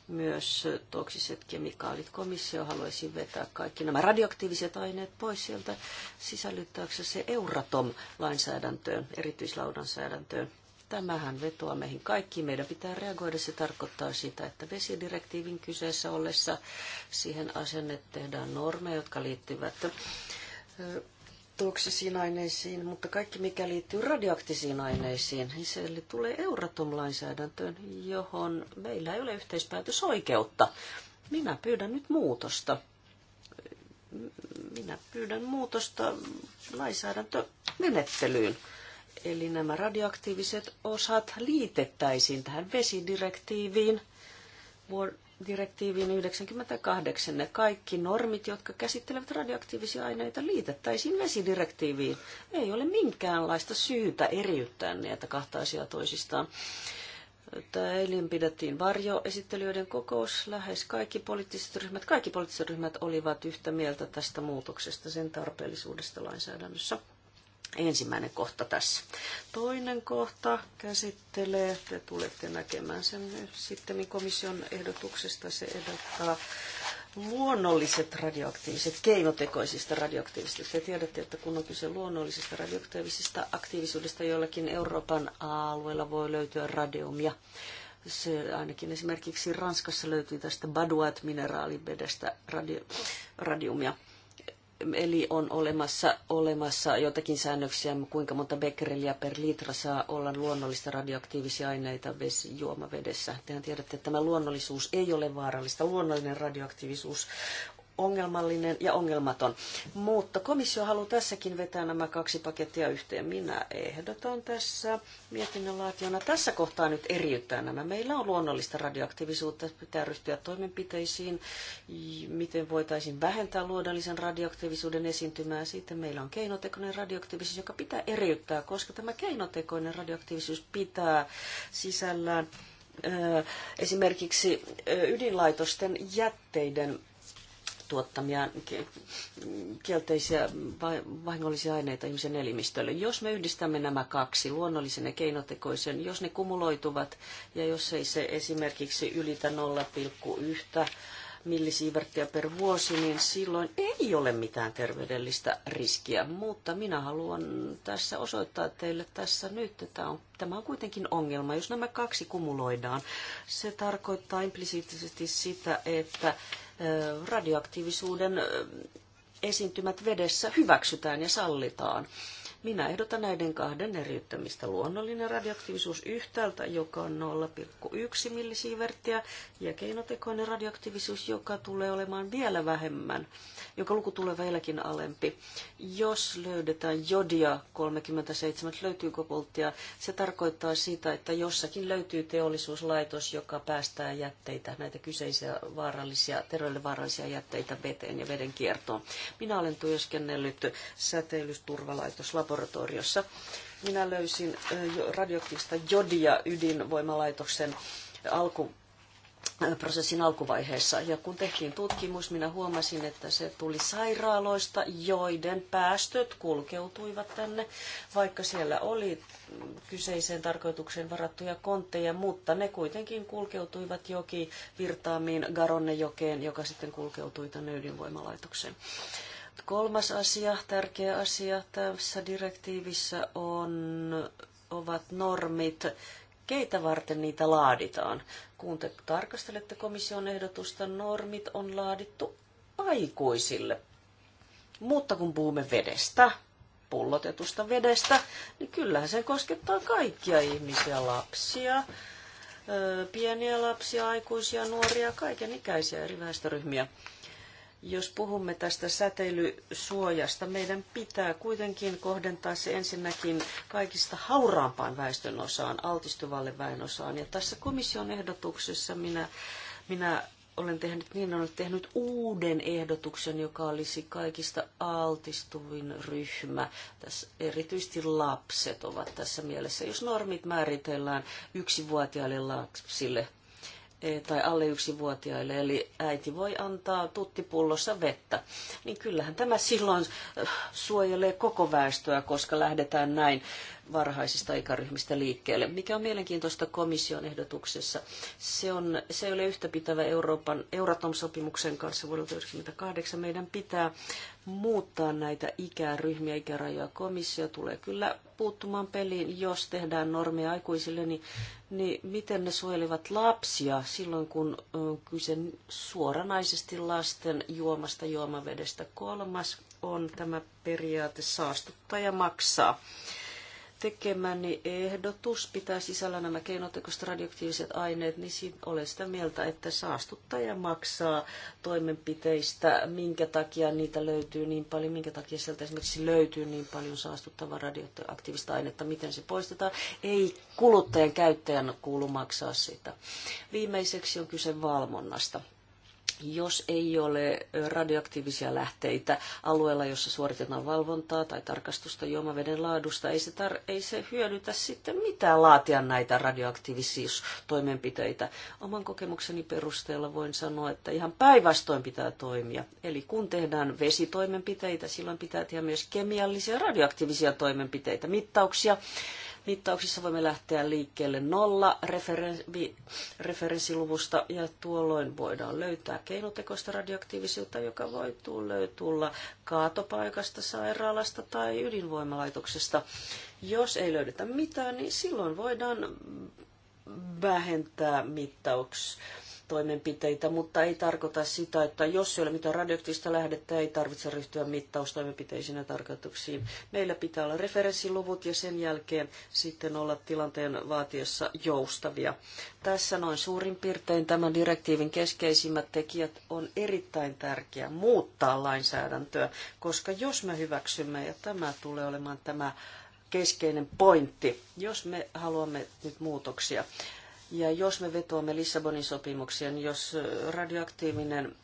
myös toksiset kemikaalit. Komissio haluaisi vetää kaikki nämä radioaktiiviset aineet pois sieltä Sisällyttääkö se Euratom-lainsäädäntöön, erityislaudansäädäntöön. Tämähän vetoaa meihin kaikkiin. Meidän pitää reagoida. Se tarkoittaa sitä, että vesidirektiivin kyseessä ollessa siihen asenne tehdään normeja, jotka liittyvät toksisiin aineisiin, mutta kaikki mikä liittyy radioaktisiin aineisiin, niin se tulee Euratom-lainsäädäntöön, johon meillä ei ole yhteispäätösoikeutta. Minä pyydän nyt muutosta. Minä pyydän muutosta lainsäädäntömenettelyyn. menettelyyn Eli nämä radioaktiiviset osat liitettäisiin tähän vesidirektiiviin, direktiiviin 98. Ne kaikki normit, jotka käsittelevät radioaktiivisia aineita, liitettäisiin vesidirektiiviin. Ei ole minkäänlaista syytä eriyttää näitä kahta asiaa toisistaan. Tämä eilen pidettiin varjoesittelijöiden kokous. Lähes kaikki poliittiset ryhmät, kaikki poliittiset ryhmät olivat yhtä mieltä tästä muutoksesta, sen tarpeellisuudesta lainsäädännössä ensimmäinen kohta tässä. Toinen kohta käsittelee, te tulette näkemään sen sitten komission ehdotuksesta, se ehdottaa luonnolliset radioaktiiviset, keinotekoisista radioaktiivisista. Te tiedätte, että kun on kyse luonnollisista radioaktiivisista aktiivisuudesta, jollakin Euroopan alueella voi löytyä radiumia. Se ainakin esimerkiksi Ranskassa löytyy tästä baduat mineraalivedestä radio, radiumia. Eli on olemassa, olemassa jotakin säännöksiä, kuinka monta becquerelia per litra saa olla luonnollista radioaktiivisia aineita vesi, juomavedessä. Tehän tiedätte, että tämä luonnollisuus ei ole vaarallista. Luonnollinen radioaktiivisuus ongelmallinen ja ongelmaton. Mutta komissio haluaa tässäkin vetää nämä kaksi pakettia yhteen. Minä ehdotan tässä mietinnön laationa tässä kohtaa nyt eriyttää nämä. Meillä on luonnollista radioaktiivisuutta, pitää ryhtyä toimenpiteisiin, miten voitaisiin vähentää luonnollisen radioaktiivisuuden esiintymää. Sitten meillä on keinotekoinen radioaktiivisuus, joka pitää eriyttää, koska tämä keinotekoinen radioaktiivisuus pitää sisällään esimerkiksi ydinlaitosten jätteiden tuottamia kielteisiä vahingollisia aineita ihmisen elimistölle. Jos me yhdistämme nämä kaksi, luonnollisen ja keinotekoisen, jos ne kumuloituvat ja jos ei se esimerkiksi ylitä 0,1 millisiiverttiä per vuosi, niin silloin ei ole mitään terveydellistä riskiä. Mutta minä haluan tässä osoittaa teille tässä nyt, että on, tämä on kuitenkin ongelma. Jos nämä kaksi kumuloidaan, se tarkoittaa implisiittisesti sitä, että radioaktiivisuuden esiintymät vedessä hyväksytään ja sallitaan. Minä ehdotan näiden kahden eriyttämistä. Luonnollinen radioaktiivisuus yhtäältä, joka on 0,1 millisiiverttiä, ja keinotekoinen radioaktiivisuus, joka tulee olemaan vielä vähemmän, joka luku tulee vieläkin alempi. Jos löydetään jodia 37, löytyy kopolttia, se tarkoittaa sitä, että jossakin löytyy teollisuuslaitos, joka päästää jätteitä, näitä kyseisiä vaarallisia, terveydelle vaarallisia jätteitä veteen ja veden kiertoon. Minä olen työskennellyt säteilysturvalaitos laboratoriossa. Minä löysin radioaktiivista jodia ydinvoimalaitoksen alku, prosessin alkuvaiheessa. Ja kun tehtiin tutkimus, minä huomasin, että se tuli sairaaloista, joiden päästöt kulkeutuivat tänne, vaikka siellä oli kyseiseen tarkoitukseen varattuja kontteja, mutta ne kuitenkin kulkeutuivat joki virtaamiin Garonnejokeen, joka sitten kulkeutui tänne ydinvoimalaitokseen. Kolmas asia, tärkeä asia tässä direktiivissä on, ovat normit, keitä varten niitä laaditaan. Kun te tarkastelette komission ehdotusta, normit on laadittu aikuisille. Mutta kun puhumme vedestä, pullotetusta vedestä, niin kyllähän se koskettaa kaikkia ihmisiä, lapsia, pieniä lapsia, aikuisia, nuoria, kaiken ikäisiä eri väestöryhmiä. Jos puhumme tästä säteilysuojasta, meidän pitää kuitenkin kohdentaa se ensinnäkin kaikista hauraampaan väestön osaan, altistuvalle väen osaan. Ja tässä komission ehdotuksessa minä, minä olen tehnyt niin, olen tehnyt uuden ehdotuksen, joka olisi kaikista altistuvin ryhmä. Tässä erityisesti lapset ovat tässä mielessä. Jos normit määritellään yksivuotiaille lapsille, E, tai alle yksivuotiaille, eli äiti voi antaa tuttipullossa vettä, niin kyllähän tämä silloin äh, suojelee koko väestöä, koska lähdetään näin varhaisista ikäryhmistä liikkeelle. Mikä on mielenkiintoista komission ehdotuksessa? Se, on, se ei ole yhtäpitävä Euroopan Euratom-sopimuksen kanssa vuodelta 1998. Meidän pitää muuttaa näitä ikäryhmiä, ikärajoja. Komissio tulee kyllä puuttumaan peliin, jos tehdään normeja aikuisille, niin, niin miten ne suojelevat lapsia silloin, kun on kyse suoranaisesti lasten juomasta juomavedestä. Kolmas on tämä periaate saastuttaja maksaa tekemäni ehdotus pitää sisällä nämä keinotekoiset radioaktiiviset aineet, niin siinä olen sitä mieltä, että saastuttaja maksaa toimenpiteistä, minkä takia niitä löytyy niin paljon, minkä takia sieltä esimerkiksi löytyy niin paljon saastuttavaa radioaktiivista ainetta, miten se poistetaan. Ei kuluttajan käyttäjän kuulu maksaa sitä. Viimeiseksi on kyse valvonnasta jos ei ole radioaktiivisia lähteitä alueella, jossa suoritetaan valvontaa tai tarkastusta juomaveden laadusta, ei se, tar- ei se hyödytä sitten mitään laatia näitä toimenpiteitä. Oman kokemukseni perusteella voin sanoa, että ihan päinvastoin pitää toimia. Eli kun tehdään vesitoimenpiteitä, silloin pitää tehdä myös kemiallisia radioaktiivisia toimenpiteitä, mittauksia, mittauksissa voimme lähteä liikkeelle nolla referenssiluvusta ja tuolloin voidaan löytää keinotekoista radioaktiivisuutta, joka voi tulla kaatopaikasta, sairaalasta tai ydinvoimalaitoksesta. Jos ei löydetä mitään, niin silloin voidaan vähentää mittauksia toimenpiteitä, mutta ei tarkoita sitä, että jos ei ole mitään radioaktiivista lähdettä, ei tarvitse ryhtyä mittaustoimenpiteisiin ja tarkoituksiin. Meillä pitää olla referenssiluvut ja sen jälkeen sitten olla tilanteen vaatiessa joustavia. Tässä noin suurin piirtein tämän direktiivin keskeisimmät tekijät on erittäin tärkeää muuttaa lainsäädäntöä, koska jos me hyväksymme, ja tämä tulee olemaan tämä keskeinen pointti, jos me haluamme nyt muutoksia, ja jos me vetoamme Lissabonin sopimukseen, jos radioaktiivinen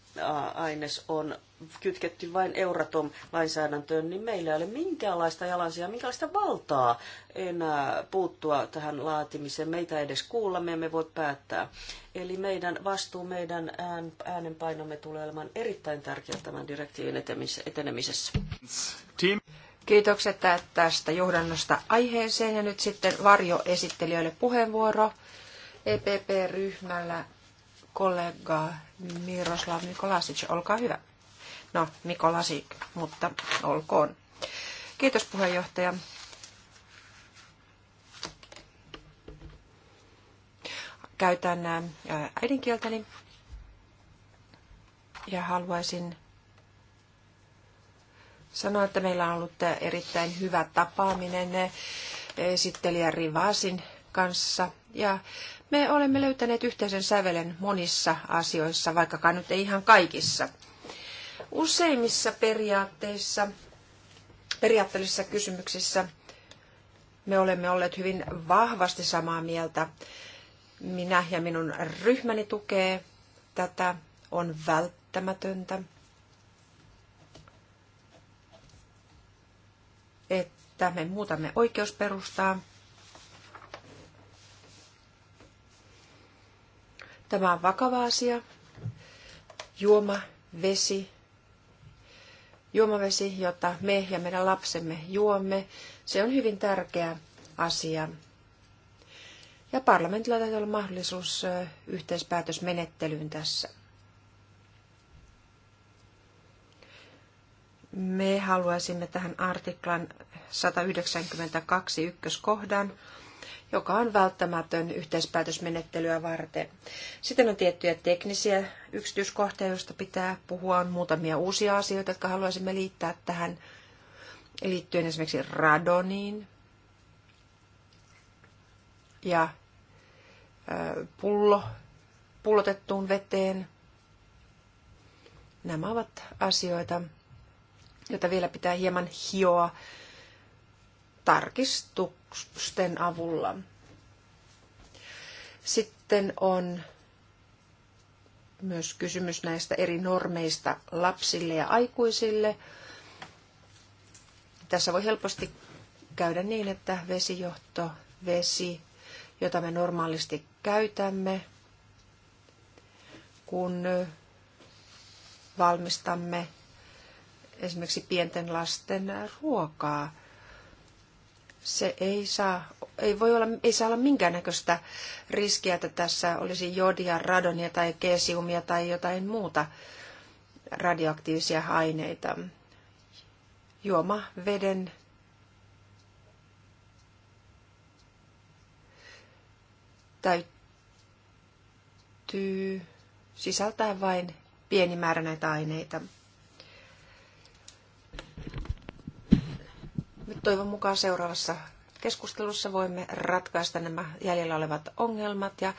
aines on kytketty vain Euratom-lainsäädäntöön, niin meillä ei ole minkäänlaista jalansia, minkäänlaista valtaa enää puuttua tähän laatimiseen. Meitä edes kuulla, me emme voi päättää. Eli meidän vastuu, meidän äänenpainomme tulee olemaan erittäin tärkeä tämän direktiivin etenemisessä. Team. Kiitokset tästä johdannosta aiheeseen ja nyt sitten varjoesittelijöille puheenvuoro. EPP-ryhmällä kollega Miroslav Mikolasic. Olkaa hyvä. No, Mikolasic, mutta olkoon. Kiitos puheenjohtaja. Käytän äidinkieltäni ja haluaisin sanoa, että meillä on ollut erittäin hyvä tapaaminen esittelijä Rivasin kanssa ja me olemme löytäneet yhteisen sävelen monissa asioissa, vaikkakaan nyt ei ihan kaikissa. Useimmissa periaatteissa, periaatteellisissa kysymyksissä me olemme olleet hyvin vahvasti samaa mieltä. Minä ja minun ryhmäni tukee tätä, on välttämätöntä. että me muutamme oikeusperustaa Tämä on vakava asia. Juoma, vesi, juomavesi, jota me ja meidän lapsemme juomme, se on hyvin tärkeä asia. Ja parlamentilla täytyy olla mahdollisuus yhteispäätösmenettelyyn tässä. Me haluaisimme tähän artiklan 192 kohdan joka on välttämätön yhteispäätösmenettelyä varten. Sitten on tiettyjä teknisiä yksityiskohtia, joista pitää puhua. On muutamia uusia asioita, jotka haluaisimme liittää tähän liittyen esimerkiksi radoniin ja pullo, pullotettuun veteen. Nämä ovat asioita, joita vielä pitää hieman hioa tarkistuu tarkistusten avulla. Sitten on myös kysymys näistä eri normeista lapsille ja aikuisille. Tässä voi helposti käydä niin, että vesijohto, vesi, jota me normaalisti käytämme, kun valmistamme esimerkiksi pienten lasten ruokaa, se ei saa, ei voi olla, ei saa olla minkäännäköistä riskiä, että tässä olisi jodia, radonia tai kesiumia tai jotain muuta radioaktiivisia aineita. Juoma veden täytyy sisältää vain pieni määrä näitä aineita. Nyt toivon mukaan seuraavassa keskustelussa voimme ratkaista nämä jäljellä olevat ongelmat ja eh,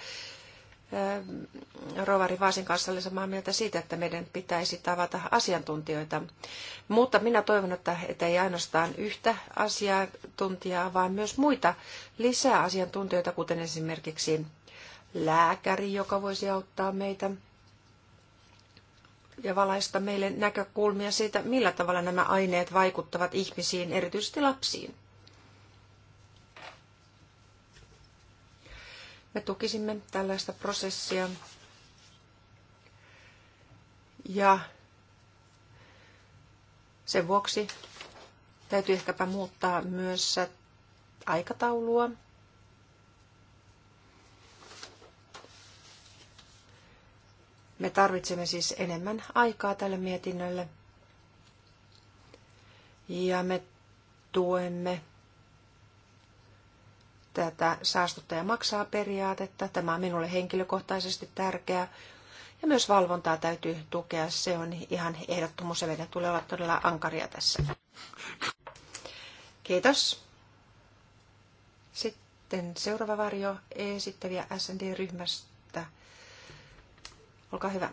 Rovari Vaasin kanssa olen samaa mieltä siitä, että meidän pitäisi tavata asiantuntijoita. Mutta minä toivon, että, että ei ainoastaan yhtä asiantuntijaa, vaan myös muita lisää asiantuntijoita, kuten esimerkiksi lääkäri, joka voisi auttaa meitä – ja valaista meille näkökulmia siitä, millä tavalla nämä aineet vaikuttavat ihmisiin, erityisesti lapsiin. Me tukisimme tällaista prosessia ja sen vuoksi täytyy ehkäpä muuttaa myös aikataulua Me tarvitsemme siis enemmän aikaa tälle mietinnölle. Ja me tuemme tätä saastuttaja maksaa periaatetta. Tämä on minulle henkilökohtaisesti tärkeää. Ja myös valvontaa täytyy tukea. Se on ihan ehdottomuus ja meidän tulee olla todella ankaria tässä. Kiitos. Sitten seuraava varjo esittäviä SND-ryhmästä Olkaa hyvä.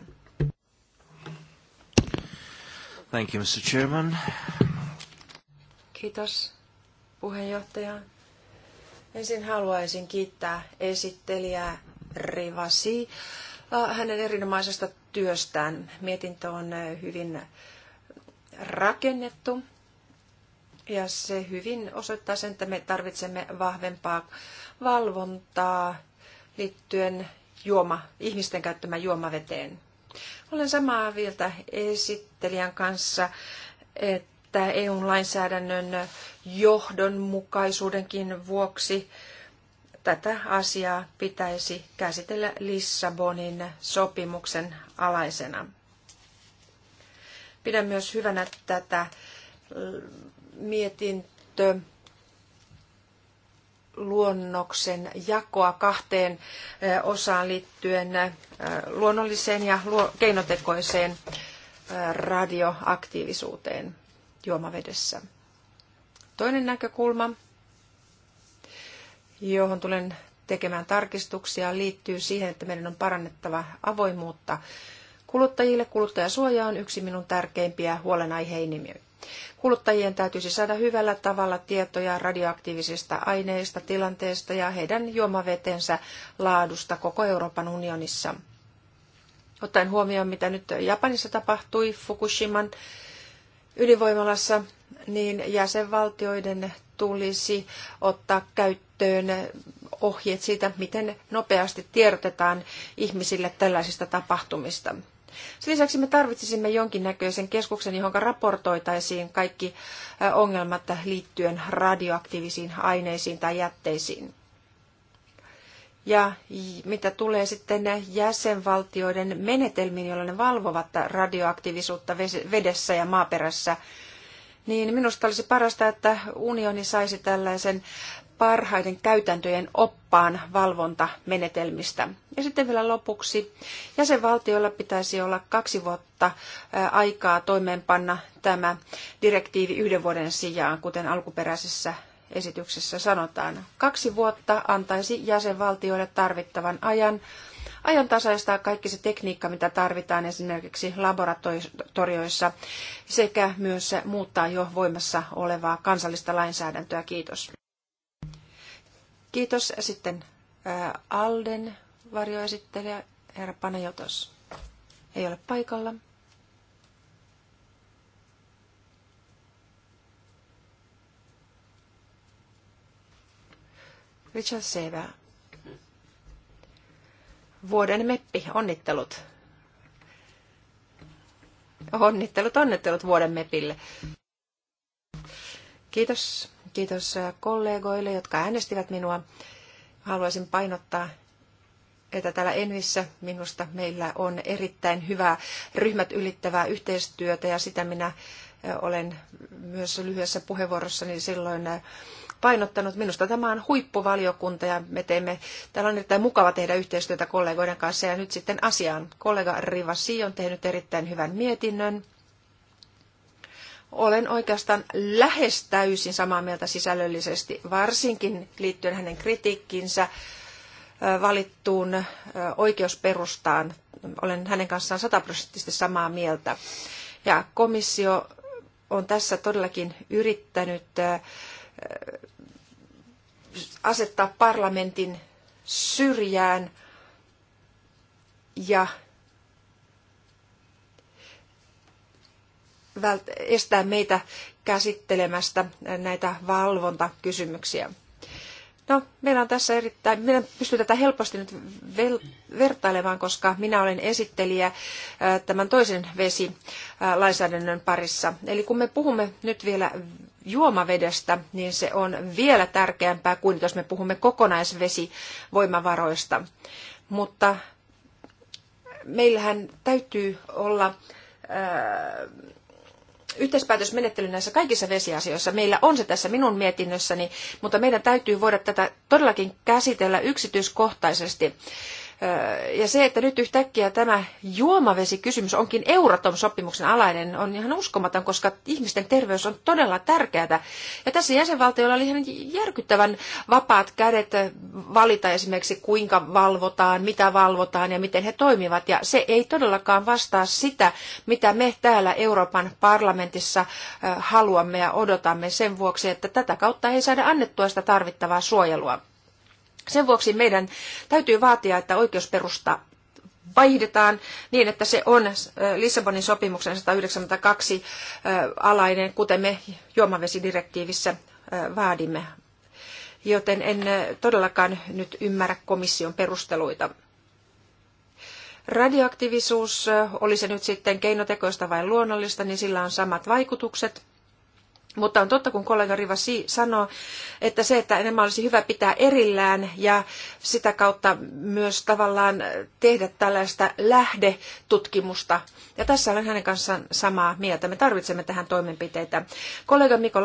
Thank you, Mr. Chairman. Kiitos, puheenjohtaja. Ensin haluaisin kiittää esittelijää Rivasi hänen erinomaisesta työstään. Mietintö on hyvin rakennettu ja se hyvin osoittaa sen, että me tarvitsemme vahvempaa valvontaa liittyen juoma, ihmisten käyttämään juomaveteen. Olen samaa mieltä esittelijän kanssa, että EU-lainsäädännön johdonmukaisuudenkin vuoksi tätä asiaa pitäisi käsitellä Lissabonin sopimuksen alaisena. Pidän myös hyvänä tätä mietintöä luonnoksen jakoa kahteen osaan liittyen luonnolliseen ja keinotekoiseen radioaktiivisuuteen juomavedessä. Toinen näkökulma, johon tulen tekemään tarkistuksia, liittyy siihen, että meidän on parannettava avoimuutta kuluttajille. Kuluttajasuoja on yksi minun tärkeimpiä huolenaiheeni Kuluttajien täytyisi saada hyvällä tavalla tietoja radioaktiivisista aineista, tilanteesta ja heidän juomavetensä laadusta koko Euroopan unionissa. Ottaen huomioon, mitä nyt Japanissa tapahtui Fukushiman ydinvoimalassa, niin jäsenvaltioiden tulisi ottaa käyttöön ohjeet siitä, miten nopeasti tiedotetaan ihmisille tällaisista tapahtumista. Sen lisäksi me tarvitsisimme jonkinnäköisen keskuksen, johon raportoitaisiin kaikki ongelmat liittyen radioaktiivisiin aineisiin tai jätteisiin. Ja mitä tulee sitten jäsenvaltioiden menetelmiin, joilla ne valvovat radioaktiivisuutta vedessä ja maaperässä, niin minusta olisi parasta, että unioni saisi tällaisen parhaiden käytäntöjen oppaan valvontamenetelmistä. Ja sitten vielä lopuksi, jäsenvaltioilla pitäisi olla kaksi vuotta aikaa toimeenpanna tämä direktiivi yhden vuoden sijaan, kuten alkuperäisessä esityksessä sanotaan. Kaksi vuotta antaisi jäsenvaltioille tarvittavan ajan tasaistaa kaikki se tekniikka, mitä tarvitaan esimerkiksi laboratorioissa, sekä myös muuttaa jo voimassa olevaa kansallista lainsäädäntöä. Kiitos. Kiitos. Sitten Alden varjoesittelijä, herra Panajotos, ei ole paikalla. Richard Seva. Vuoden meppi, onnittelut. Onnittelut, onnittelut vuoden mepille. Kiitos. Kiitos äh, kollegoille, jotka äänestivät minua. Haluaisin painottaa, että täällä Envissä minusta meillä on erittäin hyvää ryhmät ylittävää yhteistyötä ja sitä minä äh, olen myös lyhyessä puheenvuorossani silloin äh, painottanut. Minusta tämä on huippuvaliokunta ja me teemme, täällä on erittäin mukava tehdä yhteistyötä kollegoiden kanssa ja nyt sitten asiaan. Kollega Riva Rivasi on tehnyt erittäin hyvän mietinnön olen oikeastaan lähes täysin samaa mieltä sisällöllisesti, varsinkin liittyen hänen kritiikkinsä valittuun oikeusperustaan. Olen hänen kanssaan sataprosenttisesti samaa mieltä. Ja komissio on tässä todellakin yrittänyt asettaa parlamentin syrjään ja estää meitä käsittelemästä näitä valvontakysymyksiä. No, meillä on tässä erittäin, meillä pystyy tätä helposti nyt vertailemaan, koska minä olen esittelijä äh, tämän toisen vesilainsäädännön äh, parissa. Eli kun me puhumme nyt vielä juomavedestä, niin se on vielä tärkeämpää kuin jos me puhumme kokonaisvesivoimavaroista. Mutta meillähän täytyy olla äh, yhteispäätösmenettely näissä kaikissa vesiasioissa. Meillä on se tässä minun mietinnössäni, mutta meidän täytyy voida tätä todellakin käsitellä yksityiskohtaisesti ja se, että nyt yhtäkkiä tämä juomavesikysymys onkin Euratom-sopimuksen alainen, on ihan uskomaton, koska ihmisten terveys on todella tärkeää. Ja tässä jäsenvaltioilla oli ihan järkyttävän vapaat kädet valita esimerkiksi, kuinka valvotaan, mitä valvotaan ja miten he toimivat. Ja se ei todellakaan vastaa sitä, mitä me täällä Euroopan parlamentissa haluamme ja odotamme sen vuoksi, että tätä kautta ei saada annettua sitä tarvittavaa suojelua. Sen vuoksi meidän täytyy vaatia, että oikeusperusta vaihdetaan niin, että se on Lissabonin sopimuksen 192 alainen, kuten me juomavesidirektiivissä vaadimme. Joten en todellakaan nyt ymmärrä komission perusteluita. Radioaktiivisuus, oli se nyt sitten keinotekoista vai luonnollista, niin sillä on samat vaikutukset. Mutta on totta, kun kollega Rivasi sanoo, että se, että enemmän olisi hyvä pitää erillään ja sitä kautta myös tavallaan tehdä tällaista lähdetutkimusta. Ja tässä olen hänen kanssaan samaa mieltä. Me tarvitsemme tähän toimenpiteitä. Kollega Miko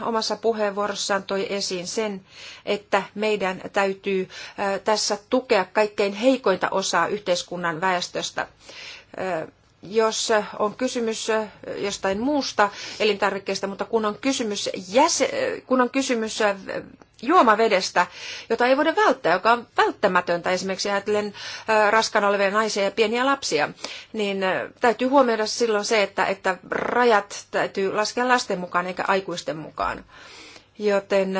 omassa puheenvuorossaan toi esiin sen, että meidän täytyy äh, tässä tukea kaikkein heikointa osaa yhteiskunnan väestöstä äh, jos eh, on kysymys eh, jostain muusta elintarvikkeesta, mutta kun on kysymys, jäse, kun on kysymys eh, juomavedestä, jota ei voida välttää, joka on välttämätöntä esimerkiksi ajatellen raskaana olevia naisia ja pieniä lapsia, niin täytyy huomioida silloin se, että, että rajat täytyy laskea lasten mukaan eikä aikuisten mukaan. Joten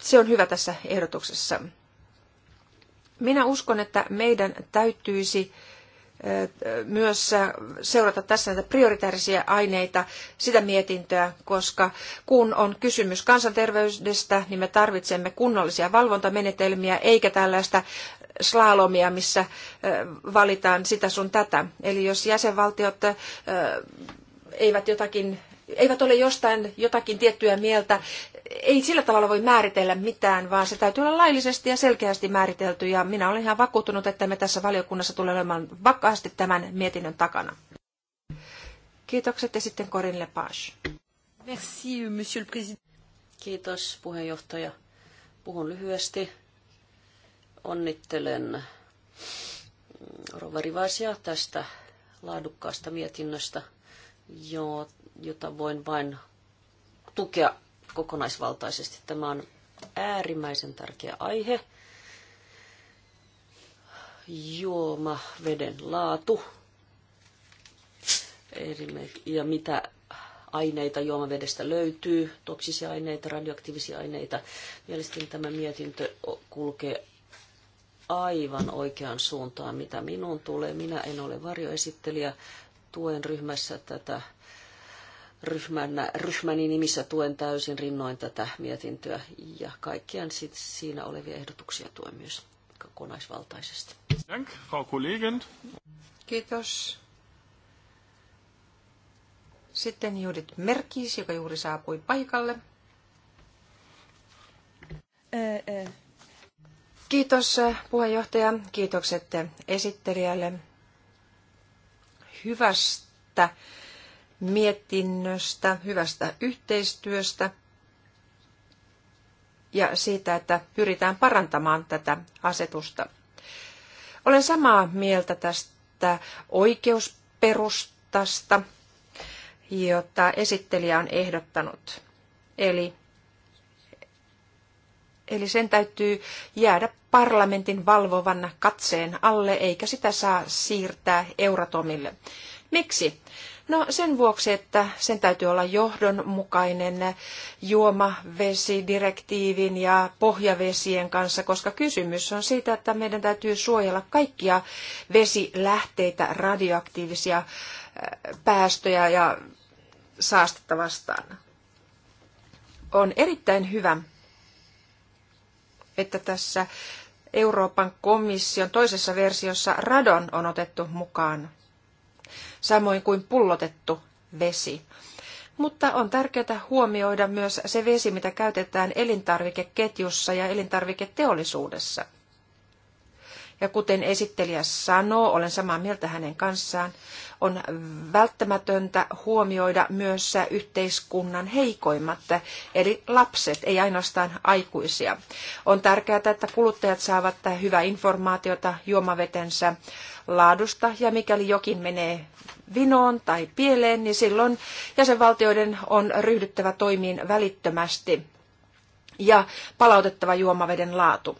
se on hyvä tässä ehdotuksessa. Minä uskon, että meidän täytyisi äh, myös seurata tässä näitä prioritaarisia aineita, sitä mietintöä, koska kun on kysymys kansanterveydestä, niin me tarvitsemme kunnollisia valvontamenetelmiä, eikä tällaista slalomia, missä valitaan sitä sun tätä. Eli jos jäsenvaltiot eivät jotakin eivät ole jostain jotakin tiettyä mieltä. Ei sillä tavalla voi määritellä mitään, vaan se täytyy olla laillisesti ja selkeästi määritelty. Ja minä olen ihan vakuuttunut, että me tässä valiokunnassa tulee olemaan vakaasti tämän mietinnön takana. Kiitokset ja sitten Corinne Lepage. Merci, monsieur le président. Kiitos puheenjohtaja. Puhun lyhyesti. Onnittelen mm, Rova Rivasia tästä laadukkaasta mietinnöstä, jota jota voin vain tukea kokonaisvaltaisesti. Tämä on äärimmäisen tärkeä aihe. Juoma, veden laatu ja mitä aineita juomavedestä löytyy, toksisia aineita, radioaktiivisia aineita. Mielestäni tämä mietintö kulkee aivan oikeaan suuntaan, mitä minun tulee. Minä en ole varjoesittelijä, tuen ryhmässä tätä ryhmän, ryhmäni nimissä tuen täysin rinnoin tätä mietintöä ja kaikkien sit siinä olevia ehdotuksia tuen myös kokonaisvaltaisesti. Dank, Frau Kollegin. Kiitos. Sitten Judith Merkis, joka juuri saapui paikalle. Kiitos eh, puheenjohtaja. Kiitokset eh, esittelijälle hyvästä mietinnöstä, hyvästä yhteistyöstä ja siitä, että pyritään parantamaan tätä asetusta. Olen samaa mieltä tästä oikeusperustasta, jota esittelijä on ehdottanut. Eli, eli sen täytyy jäädä parlamentin valvovan katseen alle, eikä sitä saa siirtää Euratomille. Miksi? No sen vuoksi, että sen täytyy olla johdonmukainen juomavesidirektiivin ja pohjavesien kanssa, koska kysymys on siitä, että meidän täytyy suojella kaikkia vesilähteitä, radioaktiivisia äh, päästöjä ja saastetta vastaan. On erittäin hyvä, että tässä Euroopan komission toisessa versiossa radon on otettu mukaan samoin kuin pullotettu vesi. Mutta on tärkeää huomioida myös se vesi, mitä käytetään elintarvikeketjussa ja elintarviketeollisuudessa – ja kuten esittelijä sanoo, olen samaa mieltä hänen kanssaan, on välttämätöntä huomioida myös yhteiskunnan heikoimmat, eli lapset, ei ainoastaan aikuisia. On tärkeää, että kuluttajat saavat hyvää informaatiota juomavetensä laadusta, ja mikäli jokin menee vinoon tai pieleen, niin silloin jäsenvaltioiden on ryhdyttävä toimiin välittömästi ja palautettava juomaveden laatu.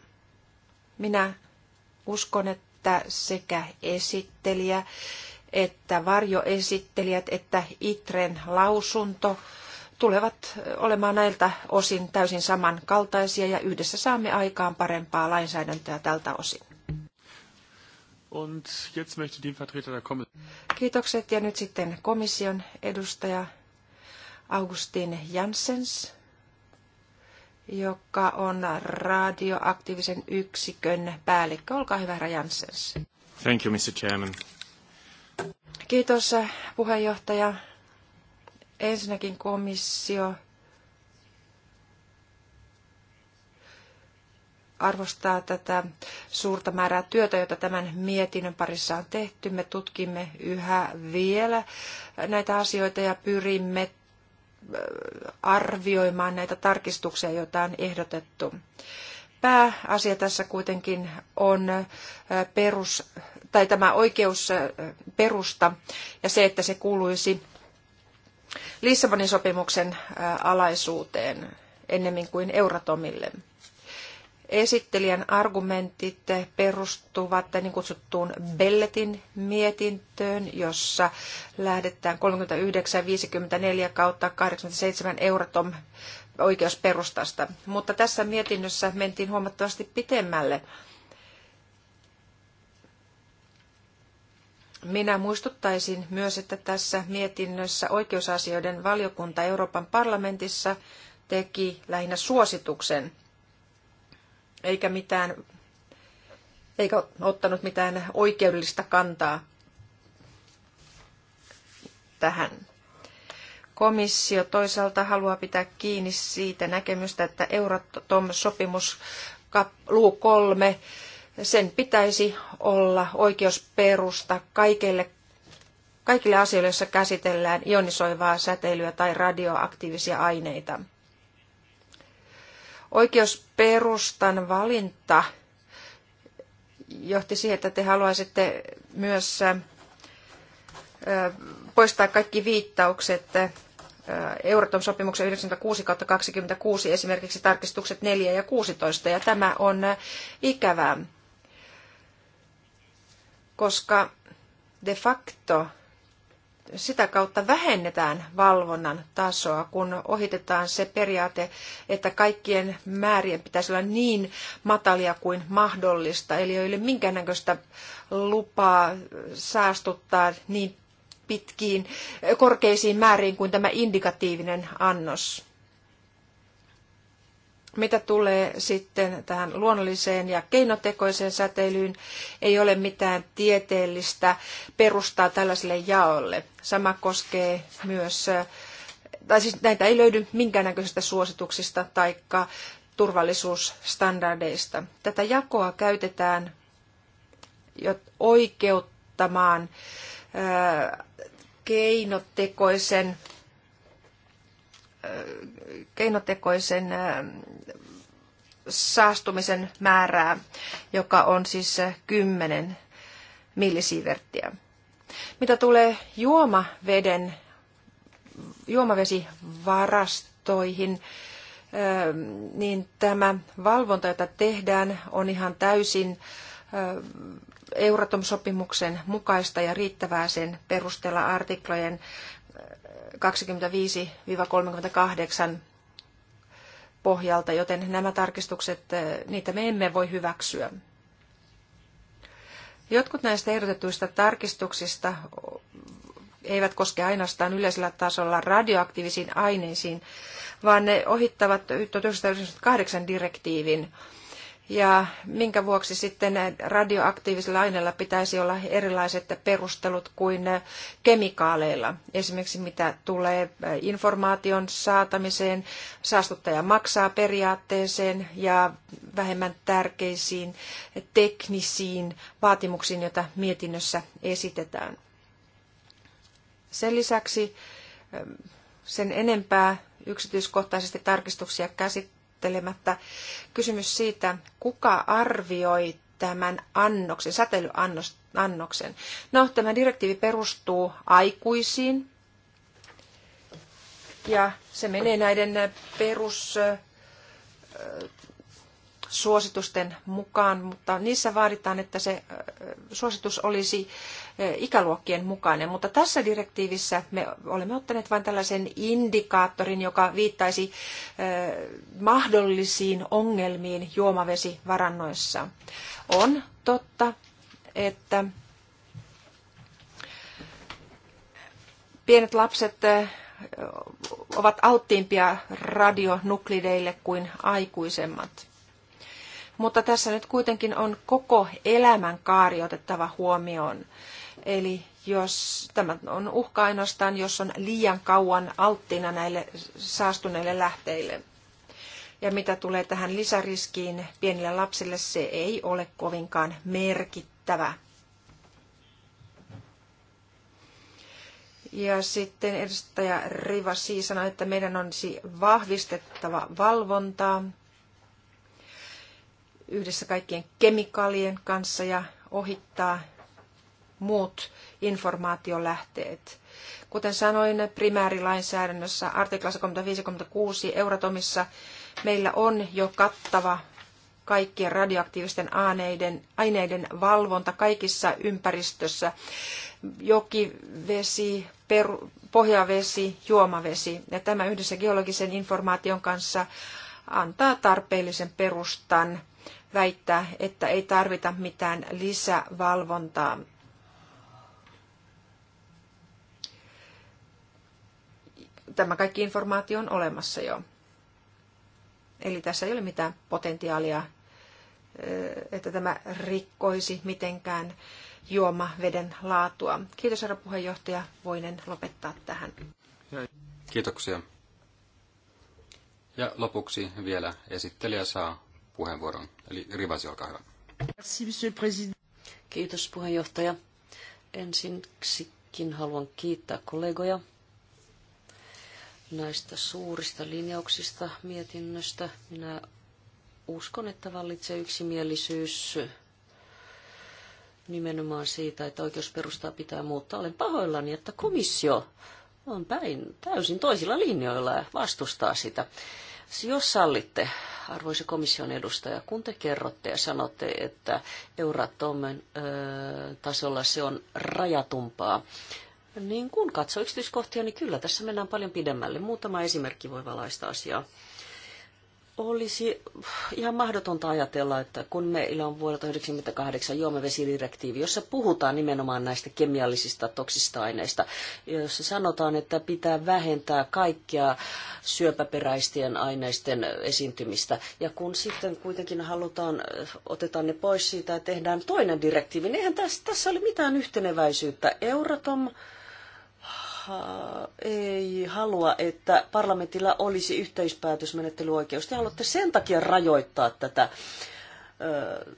Minä uskon, että sekä esittelijä että varjoesittelijät että ITREN lausunto tulevat olemaan näiltä osin täysin samankaltaisia ja yhdessä saamme aikaan parempaa lainsäädäntöä tältä osin. Und jetzt möchte Vertreter der Kommission. Kiitokset ja nyt sitten komission edustaja Augustin Janssens joka on radioaktiivisen yksikön päällikkö. Olkaa hyvä, herra Janssens. Thank you, Mr. Chairman. Kiitos, puheenjohtaja. Ensinnäkin komissio arvostaa tätä suurta määrää työtä, jota tämän mietinnön parissa on tehty. Me tutkimme yhä vielä näitä asioita ja pyrimme arvioimaan näitä tarkistuksia, joita on ehdotettu. Pääasia tässä kuitenkin on perus, tai tämä oikeusperusta ja se, että se kuuluisi Lissabonin sopimuksen alaisuuteen ennemmin kuin Euratomille. Esittelijän argumentit perustuvat niin kutsuttuun Belletin mietintöön, jossa lähdetään 39,54 kautta 87 euroton oikeusperustasta. Mutta tässä mietinnössä mentiin huomattavasti pitemmälle. Minä muistuttaisin myös, että tässä mietinnössä oikeusasioiden valiokunta Euroopan parlamentissa teki lähinnä suosituksen – eikä mitään eikä ottanut mitään oikeudellista kantaa tähän. Komissio toisaalta haluaa pitää kiinni siitä näkemystä, että Euratom-sopimus luu kolme, sen pitäisi olla oikeusperusta kaikille, kaikille asioille, joissa käsitellään ionisoivaa säteilyä tai radioaktiivisia aineita. Oikeus perustan valinta johti siihen, että te haluaisitte myös poistaa kaikki viittaukset Euratom-sopimuksen 96-26 esimerkiksi tarkistukset 4 ja 16, ja tämä on ikävää, koska de facto – sitä kautta vähennetään valvonnan tasoa, kun ohitetaan se periaate, että kaikkien määrien pitäisi olla niin matalia kuin mahdollista, eli ei ole minkäännäköistä lupaa saastuttaa niin pitkiin, korkeisiin määriin kuin tämä indikatiivinen annos. Mitä tulee sitten tähän luonnolliseen ja keinotekoiseen säteilyyn, ei ole mitään tieteellistä perustaa tällaiselle jaolle. Sama koskee myös, äh, tai siis näitä ei löydy minkäännäköisistä suosituksista tai turvallisuusstandardeista. Tätä jakoa käytetään oikeuttamaan äh, keinotekoisen keinotekoisen äh, saastumisen määrää, joka on siis 10 äh, millisiiverttiä. Mitä tulee juomaveden, juomavesivarastoihin, äh, niin tämä valvonta, jota tehdään, on ihan täysin Euratom-sopimuksen mukaista ja riittävää sen perusteella artiklojen 25-38 pohjalta, joten nämä tarkistukset, eh, niitä me emme voi hyväksyä. Jotkut näistä ehdotetuista tarkistuksista eivät koske ainoastaan yleisellä tasolla radioaktiivisiin aineisiin, vaan ne ohittavat 1998 direktiivin, ja minkä vuoksi sitten radioaktiivisilla aineilla pitäisi olla erilaiset perustelut kuin kemikaaleilla. Esimerkiksi mitä tulee informaation saatamiseen, saastuttaja maksaa periaatteeseen ja vähemmän tärkeisiin teknisiin vaatimuksiin, joita mietinnössä esitetään. Sen lisäksi sen enempää yksityiskohtaisesti tarkistuksia käsittää vähättelemättä kysymys siitä, kuka arvioi tämän annoksen, säteilyannoksen. No, tämä direktiivi perustuu aikuisiin ja se menee näiden perus suositusten mukaan, mutta niissä vaaditaan, että se suositus olisi ikäluokkien mukainen. Mutta tässä direktiivissä me olemme ottaneet vain tällaisen indikaattorin, joka viittaisi mahdollisiin ongelmiin juomavesivarannoissa. On totta, että pienet lapset ovat alttiimpia radionuklideille kuin aikuisemmat. Mutta tässä nyt kuitenkin on koko kaari otettava huomioon. Eli jos tämä on uhka ainoastaan, jos on liian kauan alttiina näille saastuneille lähteille. Ja mitä tulee tähän lisäriskiin pienille lapsille, se ei ole kovinkaan merkittävä. Ja sitten edustaja Riva Sii sanoi, että meidän on vahvistettava valvontaa yhdessä kaikkien kemikaalien kanssa ja ohittaa muut informaatiolähteet. Kuten sanoin, primäärilainsäädännössä artiklassa 356 Euratomissa meillä on jo kattava kaikkien radioaktiivisten aineiden, aineiden valvonta kaikissa ympäristössä. Jokivesi, peru, pohjavesi, juomavesi. Ja tämä yhdessä geologisen informaation kanssa antaa tarpeellisen perustan väittää, että ei tarvita mitään lisävalvontaa. Tämä kaikki informaatio on olemassa jo. Eli tässä ei ole mitään potentiaalia, että tämä rikkoisi mitenkään veden laatua. Kiitos herra puheenjohtaja. Voinen lopettaa tähän. Kiitoksia. Ja lopuksi vielä esittelijä saa puheenvuoron. Eli Rivasi, olkaa hyvä. Kiitos puheenjohtaja. Ensiksikin haluan kiittää kollegoja näistä suurista linjauksista mietinnöstä. Minä uskon, että vallitsee yksimielisyys nimenomaan siitä, että oikeusperustaa pitää muuttaa. Olen pahoillani, että komissio on päin täysin toisilla linjoilla ja vastustaa sitä. Jos sallitte, arvoisa komission edustaja, kun te kerrotte ja sanotte, että Euratomen ö, tasolla se on rajatumpaa, niin kun katsoo yksityiskohtia, niin kyllä tässä mennään paljon pidemmälle. Muutama esimerkki voi valaista asiaa olisi ihan mahdotonta ajatella, että kun meillä on vuodelta 1998 juomavesidirektiivi, jossa puhutaan nimenomaan näistä kemiallisista toksista aineista, jossa sanotaan, että pitää vähentää kaikkia syöpäperäisten aineisten esiintymistä. Ja kun sitten kuitenkin halutaan, otetaan ne pois siitä ja tehdään toinen direktiivi, niin eihän tässä, tässä ole mitään yhteneväisyyttä. Euratom ha, ei halua, että parlamentilla olisi yhteispäätösmenettelyoikeus. Te haluatte sen takia rajoittaa tätä ö,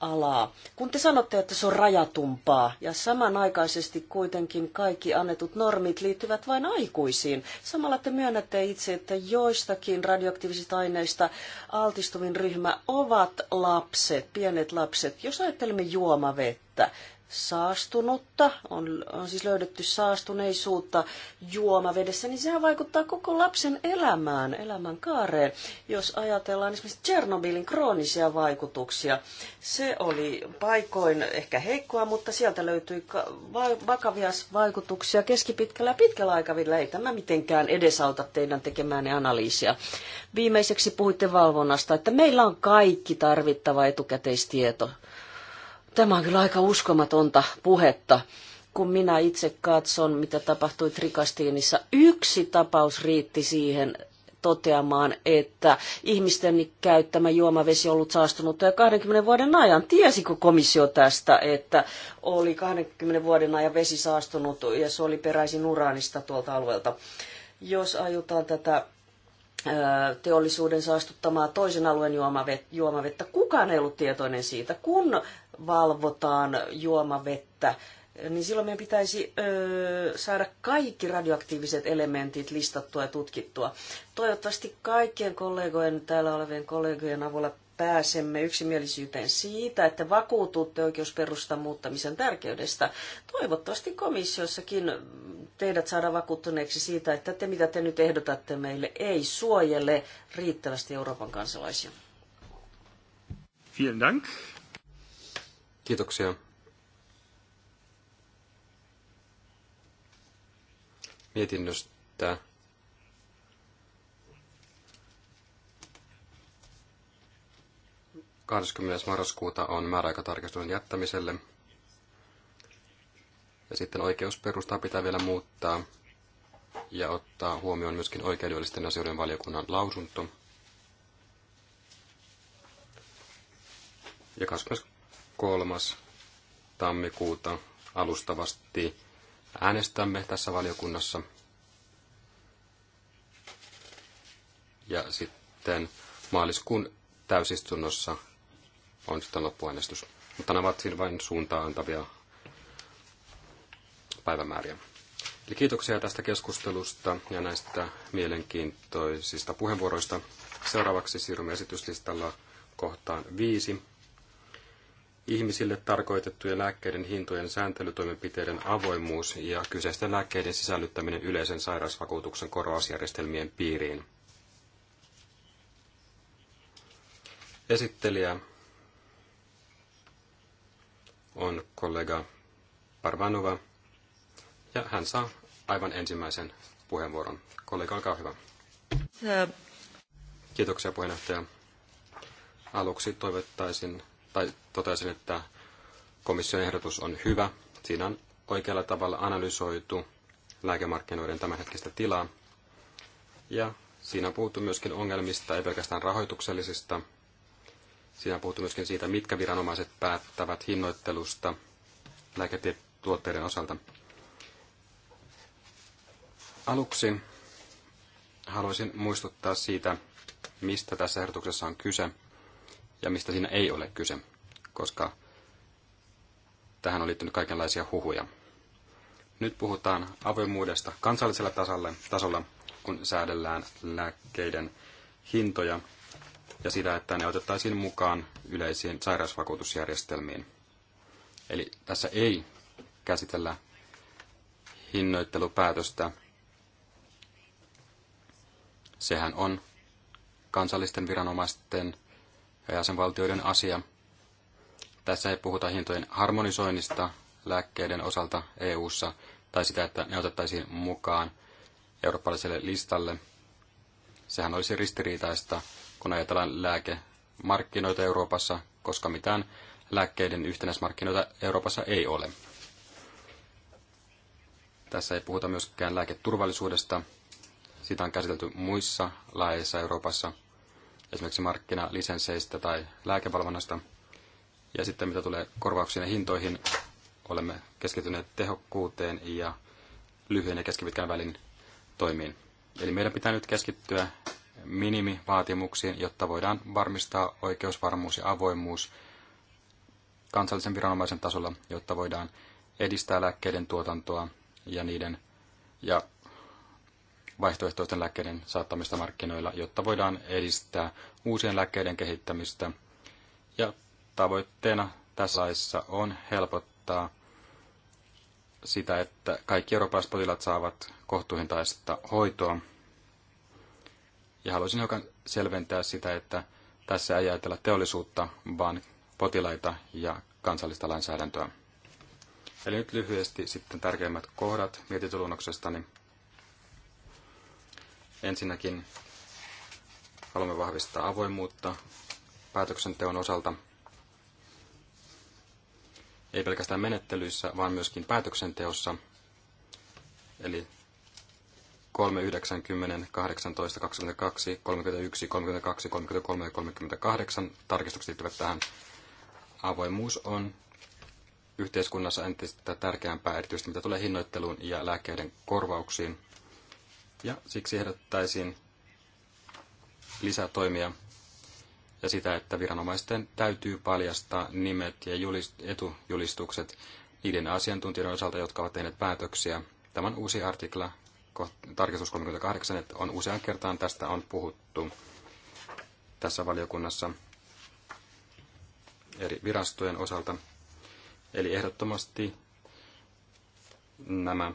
alaa. Kun te sanotte, että se on rajatumpaa ja samanaikaisesti kuitenkin kaikki annetut normit liittyvät vain aikuisiin, samalla te myönnätte itse, että joistakin radioaktiivisista aineista altistuvin ryhmä ovat lapset, pienet lapset. Jos ajattelemme juomavettä, saastunutta, on, on siis löydetty saastuneisuutta juomavedessä, niin sehän vaikuttaa koko lapsen elämään, elämän kaareen. Jos ajatellaan esimerkiksi Tchernobylin kroonisia vaikutuksia, se oli paikoin ehkä heikkoa, mutta sieltä löytyi vakavia vaikutuksia keskipitkällä ja pitkällä aikavälillä. Ei tämä mitenkään edesauta teidän tekemäänne analyysiä. Viimeiseksi puhuitte valvonnasta, että meillä on kaikki tarvittava etukäteistieto Tämä on kyllä aika uskomatonta puhetta. Kun minä itse katson, mitä tapahtui Trikastiinissa, yksi tapaus riitti siihen toteamaan, että ihmisten käyttämä juomavesi on ollut saastunut jo 20 vuoden ajan. Tiesikö komissio tästä, että oli 20 vuoden ajan vesi saastunut ja se oli peräisin uraanista tuolta alueelta? Jos aiotaan tätä teollisuuden saastuttamaa toisen alueen juomavettä. Kukaan ei ollut tietoinen siitä, kun valvotaan juomavettä, niin silloin meidän pitäisi öö, saada kaikki radioaktiiviset elementit listattua ja tutkittua. Toivottavasti kaikkien kollegojen, täällä olevien kollegojen avulla pääsemme yksimielisyyteen siitä, että vakuututte oikeusperustan muuttamisen tärkeydestä. Toivottavasti komissiossakin teidät saadaan vakuuttuneeksi siitä, että te mitä te nyt ehdotatte meille ei suojele riittävästi Euroopan kansalaisia. Vielen Dank. Kiitoksia. Mietinnöstä. Kahdeskymmenes marraskuuta on määräaikatarkistuksen jättämiselle. Ja sitten oikeusperustaa pitää vielä muuttaa ja ottaa huomioon myöskin oikeudellisten asioiden valiokunnan lausunto. Ja kolmas tammikuuta alustavasti äänestämme tässä valiokunnassa. Ja sitten maaliskuun täysistunnossa on sitten loppuäänestys. Mutta nämä ovat siinä vain suuntaan antavia päivämääriä. Eli kiitoksia tästä keskustelusta ja näistä mielenkiintoisista puheenvuoroista. Seuraavaksi siirrymme esityslistalla kohtaan viisi ihmisille tarkoitettujen lääkkeiden hintojen sääntelytoimenpiteiden avoimuus ja kyseisten lääkkeiden sisällyttäminen yleisen sairausvakuutuksen korvausjärjestelmien piiriin. Esittelijä on kollega Parvanova ja hän saa aivan ensimmäisen puheenvuoron. Kollega, olkaa hyvä. Kiitoksia puheenjohtaja. Aluksi toivottaisin tai totesin, että komission ehdotus on hyvä. Siinä on oikealla tavalla analysoitu lääkemarkkinoiden tämänhetkistä tilaa. Ja siinä on puhuttu myöskin ongelmista, ei pelkästään rahoituksellisista. Siinä on puhuttu myöskin siitä, mitkä viranomaiset päättävät hinnoittelusta lääketuotteiden osalta. Aluksi haluaisin muistuttaa siitä, mistä tässä ehdotuksessa on kyse – ja mistä siinä ei ole kyse, koska tähän on liittynyt kaikenlaisia huhuja. Nyt puhutaan avoimuudesta kansallisella tasalle, tasolla, kun säädellään lääkkeiden hintoja ja sitä, että ne otettaisiin mukaan yleisiin sairausvakuutusjärjestelmiin. Eli tässä ei käsitellä hinnoittelupäätöstä. Sehän on kansallisten viranomaisten ja jäsenvaltioiden asia. Tässä ei puhuta hintojen harmonisoinnista lääkkeiden osalta EU:ssa tai sitä, että ne otettaisiin mukaan eurooppalaiselle listalle. Sehän olisi ristiriitaista, kun ajatellaan lääkemarkkinoita Euroopassa, koska mitään lääkkeiden yhtenäismarkkinoita Euroopassa ei ole. Tässä ei puhuta myöskään lääketurvallisuudesta. Sitä on käsitelty muissa laeissa Euroopassa – esimerkiksi markkinalisensseistä tai lääkevalvonnasta. Ja sitten mitä tulee korvauksiin ja hintoihin, olemme keskittyneet tehokkuuteen ja lyhyen ja keskipitkän välin toimiin. Eli meidän pitää nyt keskittyä minimivaatimuksiin, jotta voidaan varmistaa oikeusvarmuus ja avoimuus kansallisen viranomaisen tasolla, jotta voidaan edistää lääkkeiden tuotantoa ja niiden ja vaihtoehtoisten lääkkeiden saattamista markkinoilla, jotta voidaan edistää uusien lääkkeiden kehittämistä. Ja tavoitteena tässä laissa on helpottaa sitä, että kaikki eurooppalaiset potilaat saavat kohtuuhintaista hoitoa. Ja haluaisin hiukan selventää sitä, että tässä ei ajatella teollisuutta, vaan potilaita ja kansallista lainsäädäntöä. Eli nyt lyhyesti sitten tärkeimmät kohdat mietintöluonnoksestani. Ensinnäkin haluamme vahvistaa avoimuutta päätöksenteon osalta, ei pelkästään menettelyissä, vaan myöskin päätöksenteossa, eli 3, 90, 18, 22, 31, 32, 33 ja 38 tarkistukset liittyvät tähän. Avoimuus on yhteiskunnassa entistä tärkeämpää, erityisesti mitä tulee hinnoitteluun ja lääkkeiden korvauksiin. Ja siksi ehdottaisin lisätoimia ja sitä, että viranomaisten täytyy paljastaa nimet ja julist- etujulistukset niiden asiantuntijoiden osalta, jotka ovat tehneet päätöksiä. Tämän uusi artikla, tarkistus 38, että on usean kertaan tästä on puhuttu tässä valiokunnassa eri virastojen osalta. Eli ehdottomasti nämä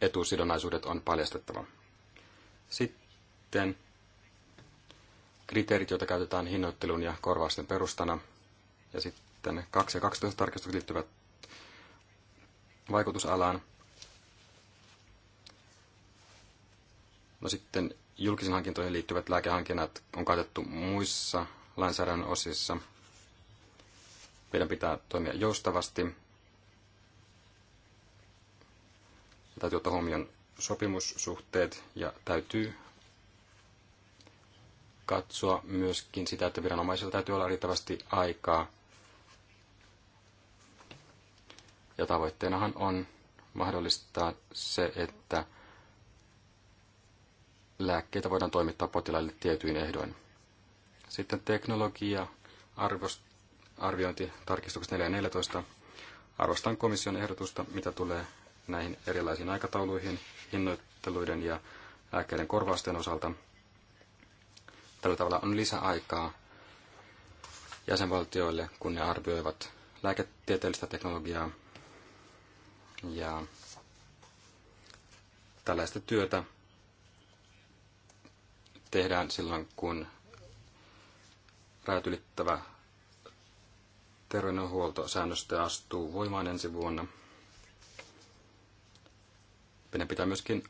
etusidonnaisuudet on paljastettava. Sitten kriteerit, joita käytetään hinnoittelun ja korvausten perustana. Ja sitten 2 ja 12 tarkistukset liittyvät vaikutusalaan. No sitten julkisiin hankintoihin liittyvät lääkehankinnat on katettu muissa lainsäädännön osissa. Meidän pitää toimia joustavasti täytyy ottaa huomioon sopimussuhteet ja täytyy katsoa myöskin sitä, että viranomaisilla täytyy olla riittävästi aikaa. Ja tavoitteenahan on mahdollistaa se, että lääkkeitä voidaan toimittaa potilaille tietyin ehdoin. Sitten teknologia, arvost, arviointi, tarkistukset 414. Arvostan komission ehdotusta, mitä tulee näihin erilaisiin aikatauluihin hinnoitteluiden ja lääkkeiden korvausten osalta. Tällä tavalla on lisäaikaa jäsenvaltioille, kun ne arvioivat lääketieteellistä teknologiaa ja tällaista työtä tehdään silloin, kun rajat ylittävä terveydenhuoltosäännöstö astuu voimaan ensi vuonna – meidän pitää myöskin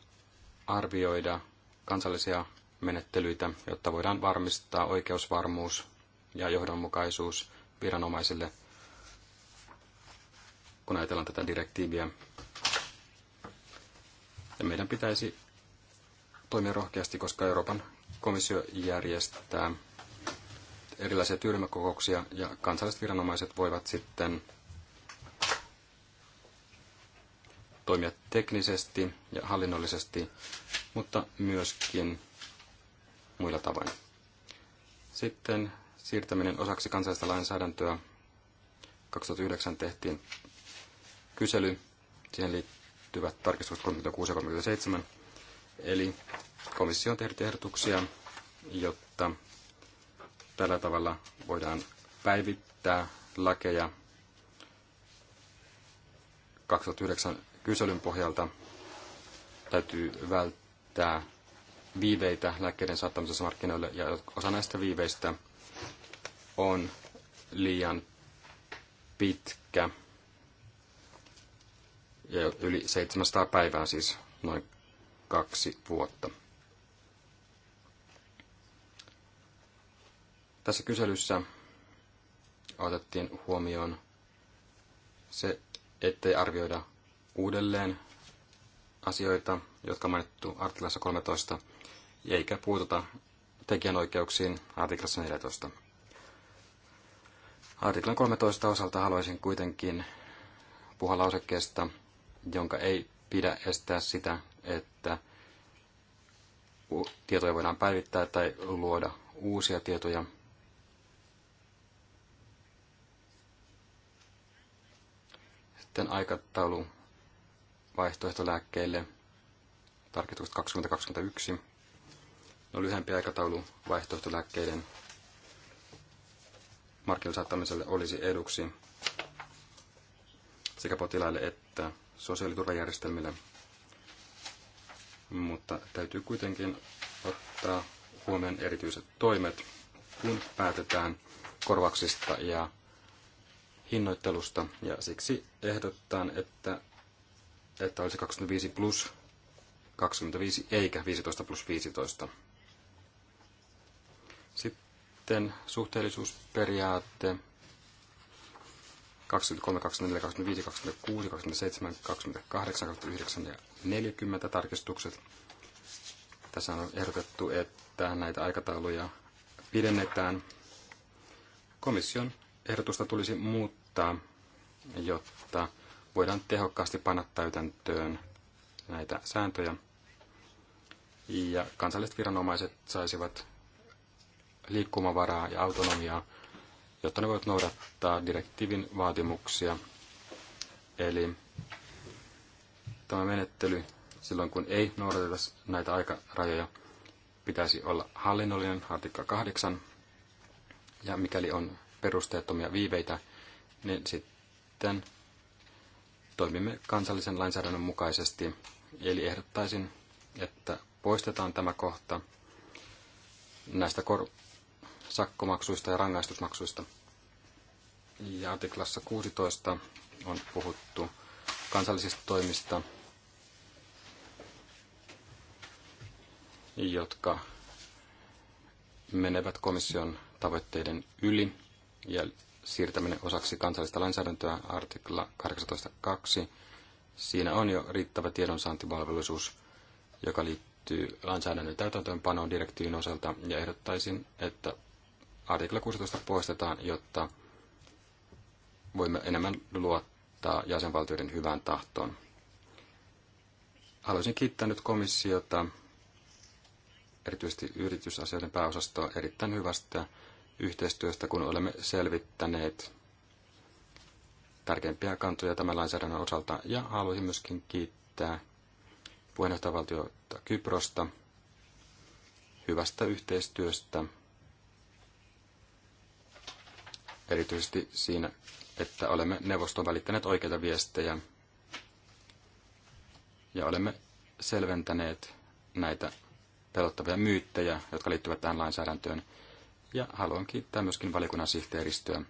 arvioida kansallisia menettelyitä, jotta voidaan varmistaa oikeusvarmuus ja johdonmukaisuus viranomaisille, kun ajatellaan tätä direktiiviä. Ja meidän pitäisi toimia rohkeasti, koska Euroopan komissio järjestää erilaisia työryhmäkokouksia ja kansalliset viranomaiset voivat sitten toimia teknisesti ja hallinnollisesti, mutta myöskin muilla tavoin. Sitten siirtäminen osaksi kansallista lainsäädäntöä. 2009 tehtiin kysely, siihen liittyvät tarkistukset 36 ja 37. Eli komissio on tehnyt ehdotuksia, jotta tällä tavalla voidaan päivittää lakeja 2009 kyselyn pohjalta täytyy välttää viiveitä lääkkeiden saattamisessa markkinoille, ja osa näistä viiveistä on liian pitkä, ja yli 700 päivää, siis noin kaksi vuotta. Tässä kyselyssä otettiin huomioon se, ettei arvioida uudelleen asioita, jotka on mainittu artiklassa 13, eikä puututa tekijänoikeuksiin artiklassa 14. Artiklan 13 osalta haluaisin kuitenkin puhua lausekkeesta, jonka ei pidä estää sitä, että tietoja voidaan päivittää tai luoda uusia tietoja. Sitten aikataulu vaihtoehtolääkkeille, tarkistukset 2021. Ne on lyhyempi aikataulu vaihtoehtolääkkeiden markkinoille olisi eduksi sekä potilaille että sosiaaliturvajärjestelmille. Mutta täytyy kuitenkin ottaa huomioon erityiset toimet, kun päätetään korvauksista ja hinnoittelusta. Ja siksi ehdotetaan, että että olisi 25 plus 25 eikä 15 plus 15. Sitten suhteellisuusperiaate 23, 24, 25, 26, 27, 28, 29 ja 40 tarkistukset. Tässä on ehdotettu, että näitä aikatauluja pidennetään. Komission ehdotusta tulisi muuttaa, jotta voidaan tehokkaasti panna täytäntöön näitä sääntöjä. Ja kansalliset viranomaiset saisivat liikkumavaraa ja autonomiaa, jotta ne voivat noudattaa direktiivin vaatimuksia. Eli tämä menettely silloin, kun ei noudateta näitä aikarajoja, pitäisi olla hallinnollinen, artikka 8, ja mikäli on perusteettomia viiveitä, niin sitten toimimme kansallisen lainsäädännön mukaisesti. Eli ehdottaisin, että poistetaan tämä kohta näistä kor- sakkomaksuista ja rangaistusmaksuista. Ja artiklassa 16 on puhuttu kansallisista toimista, jotka menevät komission tavoitteiden yli ja siirtäminen osaksi kansallista lainsäädäntöä, artikla 18.2. Siinä on jo riittävä tiedonsaantivalvollisuus, joka liittyy lainsäädännön täytäntöönpanoon direktiivin osalta, ja ehdottaisin, että artikla 16 poistetaan, jotta voimme enemmän luottaa jäsenvaltioiden hyvään tahtoon. Haluaisin kiittää nyt komissiota, erityisesti yritysasioiden pääosastoa, erittäin hyvästä yhteistyöstä, kun olemme selvittäneet tärkeimpiä kantoja tämän lainsäädännön osalta. Ja haluaisin myöskin kiittää puheenjohtajavaltiota Kyprosta hyvästä yhteistyöstä, erityisesti siinä, että olemme neuvoston välittäneet oikeita viestejä ja olemme selventäneet näitä pelottavia myyttejä, jotka liittyvät tähän lainsäädäntöön, ja haluan kiittää myöskin valiokunnan sihteeristöä.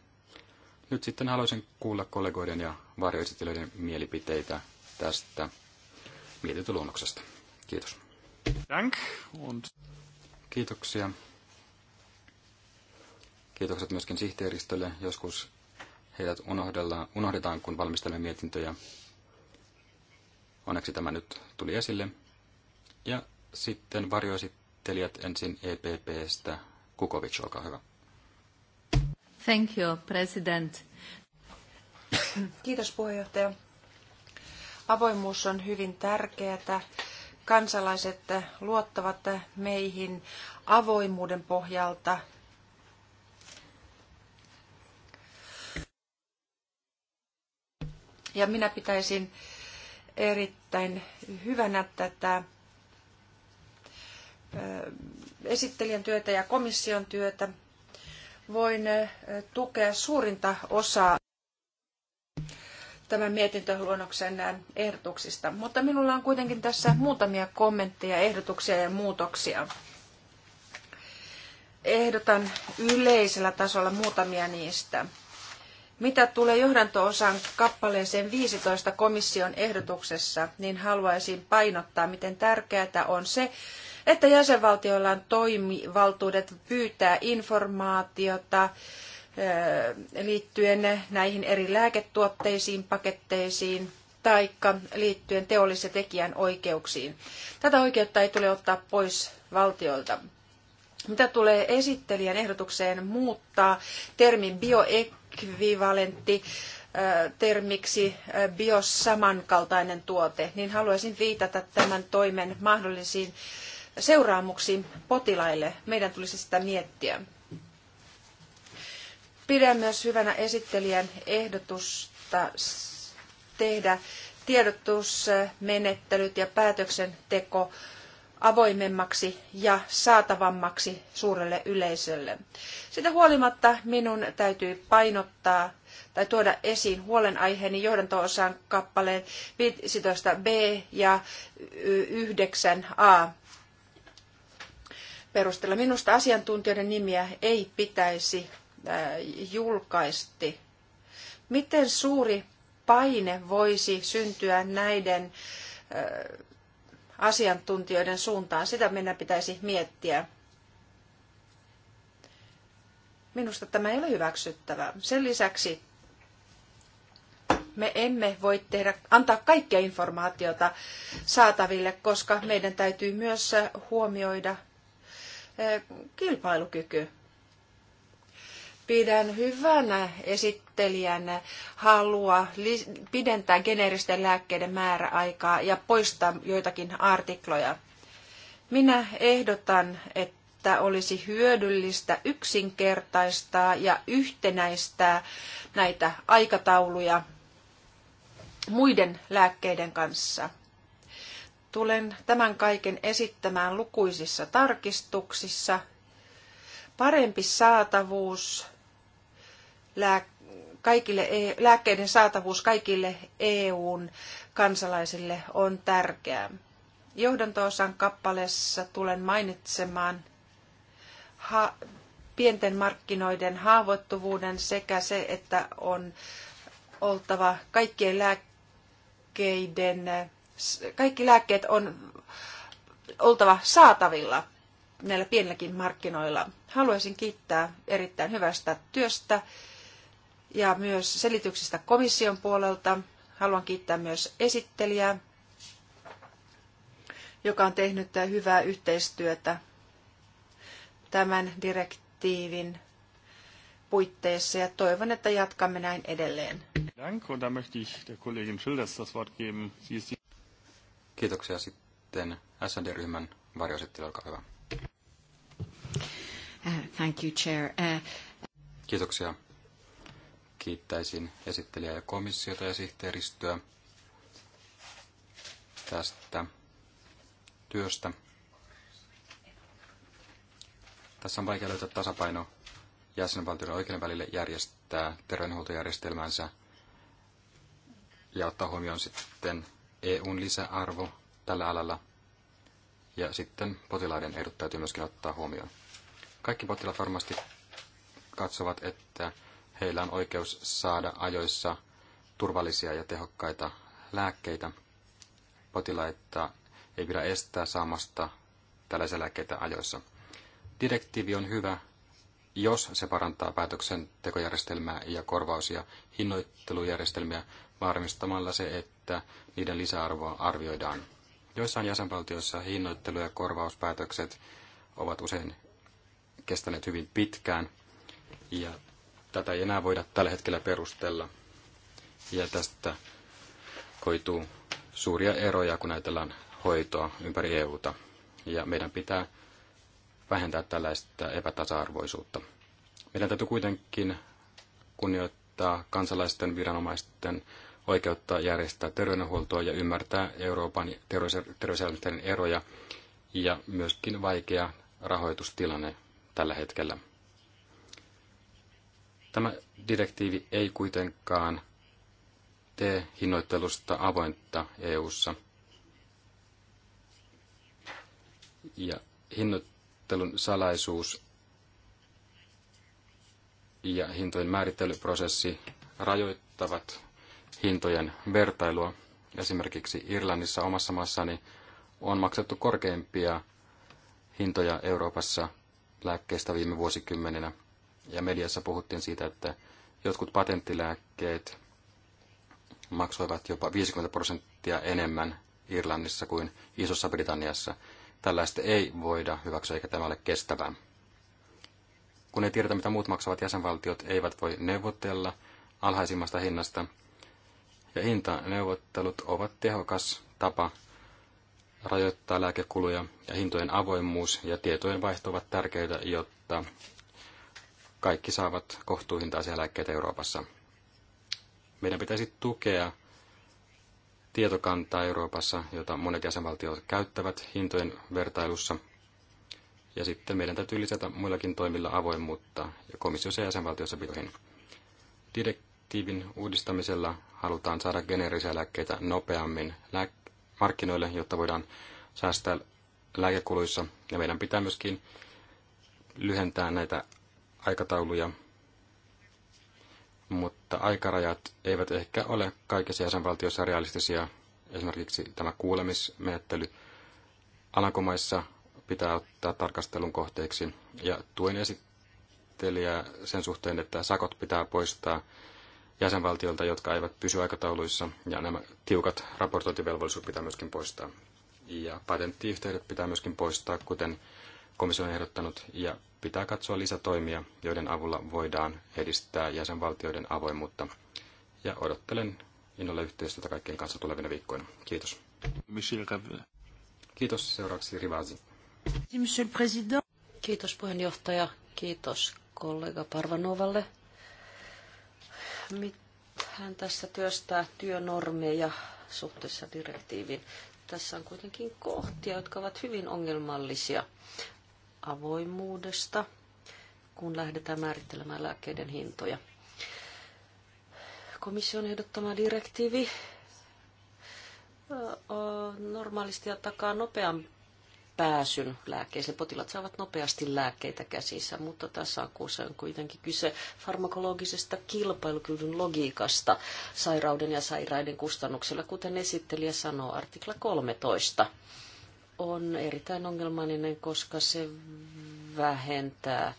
Nyt sitten haluaisin kuulla kollegoiden ja varjoesittelijöiden mielipiteitä tästä mietintöluonnoksesta. Kiitos. Dank und... Kiitoksia. Kiitokset myöskin sihteeristölle. Joskus heidät unohdetaan, kun valmistelemme mietintöjä. Onneksi tämä nyt tuli esille. Ja sitten varjoesittelijät ensin EPPstä Kukovic, olkaa hyvä. Thank you, President. Kiitos puheenjohtaja. Avoimuus on hyvin tärkeää. Kansalaiset luottavat meihin avoimuuden pohjalta. Ja minä pitäisin erittäin hyvänä tätä esittelijän työtä ja komission työtä. Voin tukea suurinta osaa tämän mietintöluonnoksen ehdotuksista, mutta minulla on kuitenkin tässä muutamia kommentteja, ehdotuksia ja muutoksia. Ehdotan yleisellä tasolla muutamia niistä. Mitä tulee johdanto-osan kappaleeseen 15 komission ehdotuksessa, niin haluaisin painottaa, miten tärkeää on se, että jäsenvaltioilla on toimivaltuudet pyytää informaatiota eh, liittyen näihin eri lääketuotteisiin, paketteihin tai liittyen teollis- ja tekijänoikeuksiin. Tätä oikeutta ei tule ottaa pois valtiolta. Mitä tulee esittelijän ehdotukseen muuttaa termin bioekvivalentti eh, termiksi eh, biosamankaltainen tuote, niin haluaisin viitata tämän toimen mahdollisiin seuraamuksiin potilaille. Meidän tulisi sitä miettiä. Pidän myös hyvänä esittelijän ehdotusta tehdä tiedotusmenettelyt ja päätöksenteko avoimemmaksi ja saatavammaksi suurelle yleisölle. Sitä huolimatta minun täytyy painottaa tai tuoda esiin huolenaiheeni johdanto-osan kappaleen 15b ja 9a perusteella. Minusta asiantuntijoiden nimiä ei pitäisi äh, julkaisti. Miten suuri paine voisi syntyä näiden äh, asiantuntijoiden suuntaan? Sitä meidän pitäisi miettiä. Minusta tämä ei ole hyväksyttävää. Sen lisäksi me emme voi tehdä, antaa kaikkea informaatiota saataville, koska meidän täytyy myös huomioida kilpailukyky. Pidän hyvänä esittelijän halua pidentää geneeristen lääkkeiden määräaikaa ja poistaa joitakin artikloja. Minä ehdotan, että olisi hyödyllistä yksinkertaistaa ja yhtenäistää näitä aikatauluja muiden lääkkeiden kanssa – tulen tämän kaiken esittämään lukuisissa tarkistuksissa. Parempi saatavuus, kaikille, e- lääkkeiden saatavuus kaikille EUn kansalaisille on tärkeää. Johdantoosan kappaleessa tulen mainitsemaan ha- pienten markkinoiden haavoittuvuuden sekä se, että on oltava kaikkien lääkkeiden kaikki lääkkeet on oltava saatavilla näillä pienilläkin markkinoilla. Haluaisin kiittää erittäin hyvästä työstä ja myös selityksistä komission puolelta. Haluan kiittää myös esittelijää, joka on tehnyt hyvää yhteistyötä tämän direktiivin puitteissa ja toivon, että jatkamme näin edelleen. und da möchte ich der Kollegin Schilders das Wort geben. Sie ist die Kiitoksia sitten SND-ryhmän varjoesittely, olkaa hyvä. Uh, thank you, Chair. Uh, Kiitoksia. Kiittäisin esittelijää ja komissiota ja sihteeristöä tästä työstä. Tässä on vaikea löytää tasapaino jäsenvaltioiden oikeuden välille järjestää terveydenhuoltojärjestelmänsä ja ottaa huomioon sitten EUn lisäarvo tällä alalla. Ja sitten potilaiden edut täytyy myöskin ottaa huomioon. Kaikki potilaat varmasti katsovat, että heillä on oikeus saada ajoissa turvallisia ja tehokkaita lääkkeitä. Potilaita ei pidä estää saamasta tällaisia lääkkeitä ajoissa. Direktiivi on hyvä, jos se parantaa päätöksentekojärjestelmää ja korvaus- ja hinnoittelujärjestelmiä, varmistamalla se, että niiden lisäarvoa arvioidaan. Joissain jäsenvaltioissa hinnoittelu- ja korvauspäätökset ovat usein kestäneet hyvin pitkään, ja tätä ei enää voida tällä hetkellä perustella. Ja tästä koituu suuria eroja, kun ajatellaan hoitoa ympäri EUta. Ja meidän pitää vähentää tällaista epätasa-arvoisuutta. Meidän täytyy kuitenkin kunnioittaa kansalaisten, viranomaisten, oikeutta järjestää terveydenhuoltoa ja ymmärtää Euroopan terveysjärjestelmien eroja ja myöskin vaikea rahoitustilanne tällä hetkellä. Tämä direktiivi ei kuitenkaan tee hinnoittelusta avointa EU:ssa. Ja hinnoittelun salaisuus ja hintojen määrittelyprosessi rajoittavat hintojen vertailua. Esimerkiksi Irlannissa omassa maassani on maksettu korkeimpia hintoja Euroopassa lääkkeistä viime vuosikymmeninä. Ja mediassa puhuttiin siitä, että jotkut patenttilääkkeet maksoivat jopa 50 prosenttia enemmän Irlannissa kuin Isossa Britanniassa. Tällaista ei voida hyväksyä eikä tämä ole kestävää. Kun ei tiedetä, mitä muut maksavat jäsenvaltiot, eivät voi neuvotella alhaisimmasta hinnasta, ja hintaneuvottelut ovat tehokas tapa rajoittaa lääkekuluja ja hintojen avoimuus ja tietojen vaihto ovat tärkeitä, jotta kaikki saavat kohtuuhintaisia lääkkeitä Euroopassa. Meidän pitäisi tukea tietokantaa Euroopassa, jota monet jäsenvaltiot käyttävät hintojen vertailussa. Ja sitten meidän täytyy lisätä muillakin toimilla avoimuutta ja komissiossa ja jäsenvaltiossa pitoihin. Direk- direktiivin uudistamisella halutaan saada geneerisiä lääkkeitä nopeammin lääk- markkinoille, jotta voidaan säästää lääkekuluissa. Ja meidän pitää myöskin lyhentää näitä aikatauluja, mutta aikarajat eivät ehkä ole kaikissa jäsenvaltioissa realistisia. Esimerkiksi tämä kuulemismenettely Alankomaissa pitää ottaa tarkastelun kohteeksi. Ja tuen esittelijää sen suhteen, että sakot pitää poistaa jäsenvaltioilta, jotka eivät pysy aikatauluissa, ja nämä tiukat raportointivelvollisuudet pitää myöskin poistaa. Ja patenttiyhteydet pitää myöskin poistaa, kuten komissio on ehdottanut, ja pitää katsoa lisätoimia, joiden avulla voidaan edistää jäsenvaltioiden avoimuutta. Ja odottelen innolla yhteistyötä kaikkien kanssa tulevina viikkoina. Kiitos. Kiitos. Seuraavaksi Rivasi. Kiitos puheenjohtaja. Kiitos kollega Parvanovalle hän tässä työstää työnormeja suhteessa direktiiviin. Tässä on kuitenkin kohtia, jotka ovat hyvin ongelmallisia avoimuudesta, kun lähdetään määrittelemään lääkkeiden hintoja. Komission ehdottama direktiivi normaalisti takaa nopean, pääsyn lääkkeeseen. Potilaat saavat nopeasti lääkkeitä käsissä, mutta tässä akuussa on kuitenkin kyse farmakologisesta kilpailukyvyn logiikasta sairauden ja sairaiden kustannuksella, kuten esittelijä sanoo artikla 13 on erittäin ongelmallinen, koska se vähentää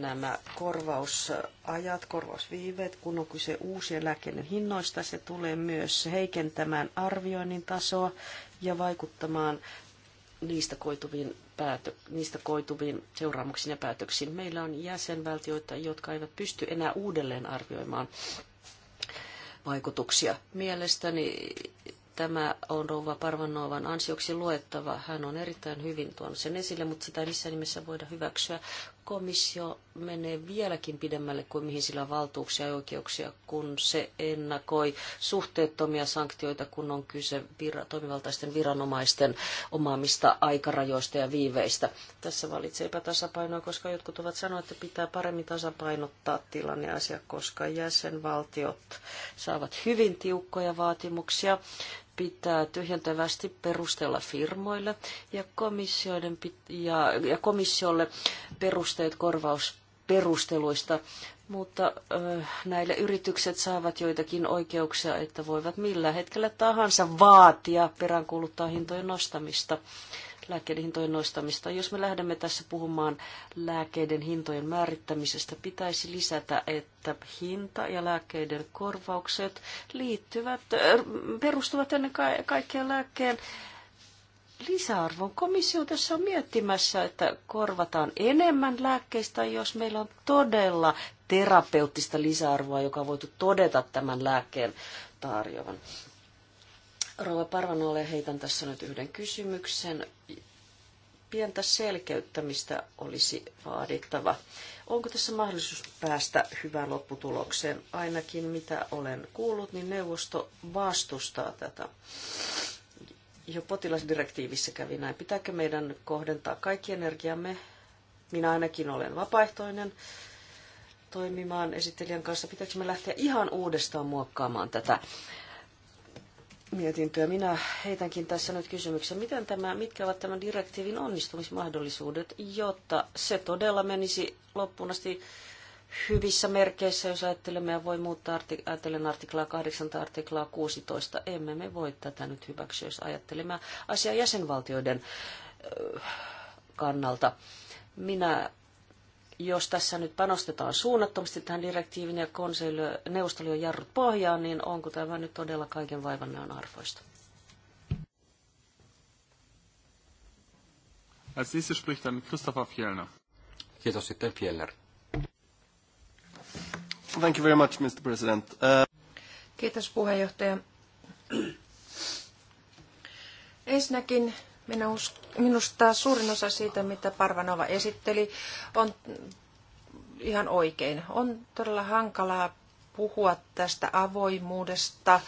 nämä korvausajat, korvausviiveet, kun on kyse uusien lääkkeiden hinnoista. Se tulee myös heikentämään arvioinnin tasoa ja vaikuttamaan niistä koituviin, päätö, niistä koituviin seuraamuksiin ja päätöksiin. Meillä on jäsenvaltioita, jotka eivät pysty enää uudelleen arvioimaan vaikutuksia. Mielestäni tämä on Rouva Parvanovan ansioksi luettava. Hän on erittäin hyvin tuonut sen esille, mutta sitä ei missään nimessä voida hyväksyä komissio menee vieläkin pidemmälle kuin mihin sillä on valtuuksia ja oikeuksia, kun se ennakoi suhteettomia sanktioita, kun on kyse toimivaltaisten viranomaisten omaamista aikarajoista ja viiveistä. Tässä valitsee epätasapainoa, koska jotkut ovat sanoneet, että pitää paremmin tasapainottaa tilanne asia, koska jäsenvaltiot saavat hyvin tiukkoja vaatimuksia pitää tyhjentävästi perustella firmoille ja, komissioiden ja, ja komissiolle perusteet korvausperusteluista, mutta ö, näille yritykset saavat joitakin oikeuksia, että voivat millä hetkellä tahansa vaatia peräänkuuluttaa hintojen nostamista lääkkeiden hintojen nostamista. Jos me lähdemme tässä puhumaan lääkkeiden hintojen määrittämisestä, pitäisi lisätä, että hinta ja lääkkeiden korvaukset liittyvät, perustuvat ennen kaikkea lääkkeen lisäarvon. Komissio tässä on miettimässä, että korvataan enemmän lääkkeistä, jos meillä on todella terapeuttista lisäarvoa, joka on voitu todeta tämän lääkkeen tarjoavan. Rouva Parvanolle heitän tässä nyt yhden kysymyksen. Pientä selkeyttämistä olisi vaadittava. Onko tässä mahdollisuus päästä hyvään lopputulokseen? Ainakin mitä olen kuullut, niin neuvosto vastustaa tätä. Jo potilasdirektiivissä kävi näin. Pitääkö meidän kohdentaa kaikki energiamme? Minä ainakin olen vapaaehtoinen toimimaan esittelijän kanssa. Pitääkö me lähteä ihan uudestaan muokkaamaan tätä mietintöä. Minä heitänkin tässä nyt kysymyksen, miten tämä, mitkä ovat tämän direktiivin onnistumismahdollisuudet, jotta se todella menisi loppuun asti hyvissä merkeissä, jos ajattelemme ja voi muuttaa artik- ajattelen artiklaa 8 tai artiklaa 16. Emme me voi tätä nyt hyväksyä, jos ajattelemme asiaa jäsenvaltioiden kannalta. Minä jos tässä nyt panostetaan suunnattomasti tähän direktiivin ja neuvostolion jarrut pohjaan, niin onko tämä nyt todella kaiken vaivan arvoista? Als nächstes spricht dann Christopher Fjellner. Kiitos sitten Fjellner. Thank you very much, Mr. President. Uh... Kiitos puheenjohtaja. Ensinnäkin minä minusta suurin osa siitä, mitä Parvanova esitteli, on ihan oikein. On todella hankalaa puhua tästä avoimuudesta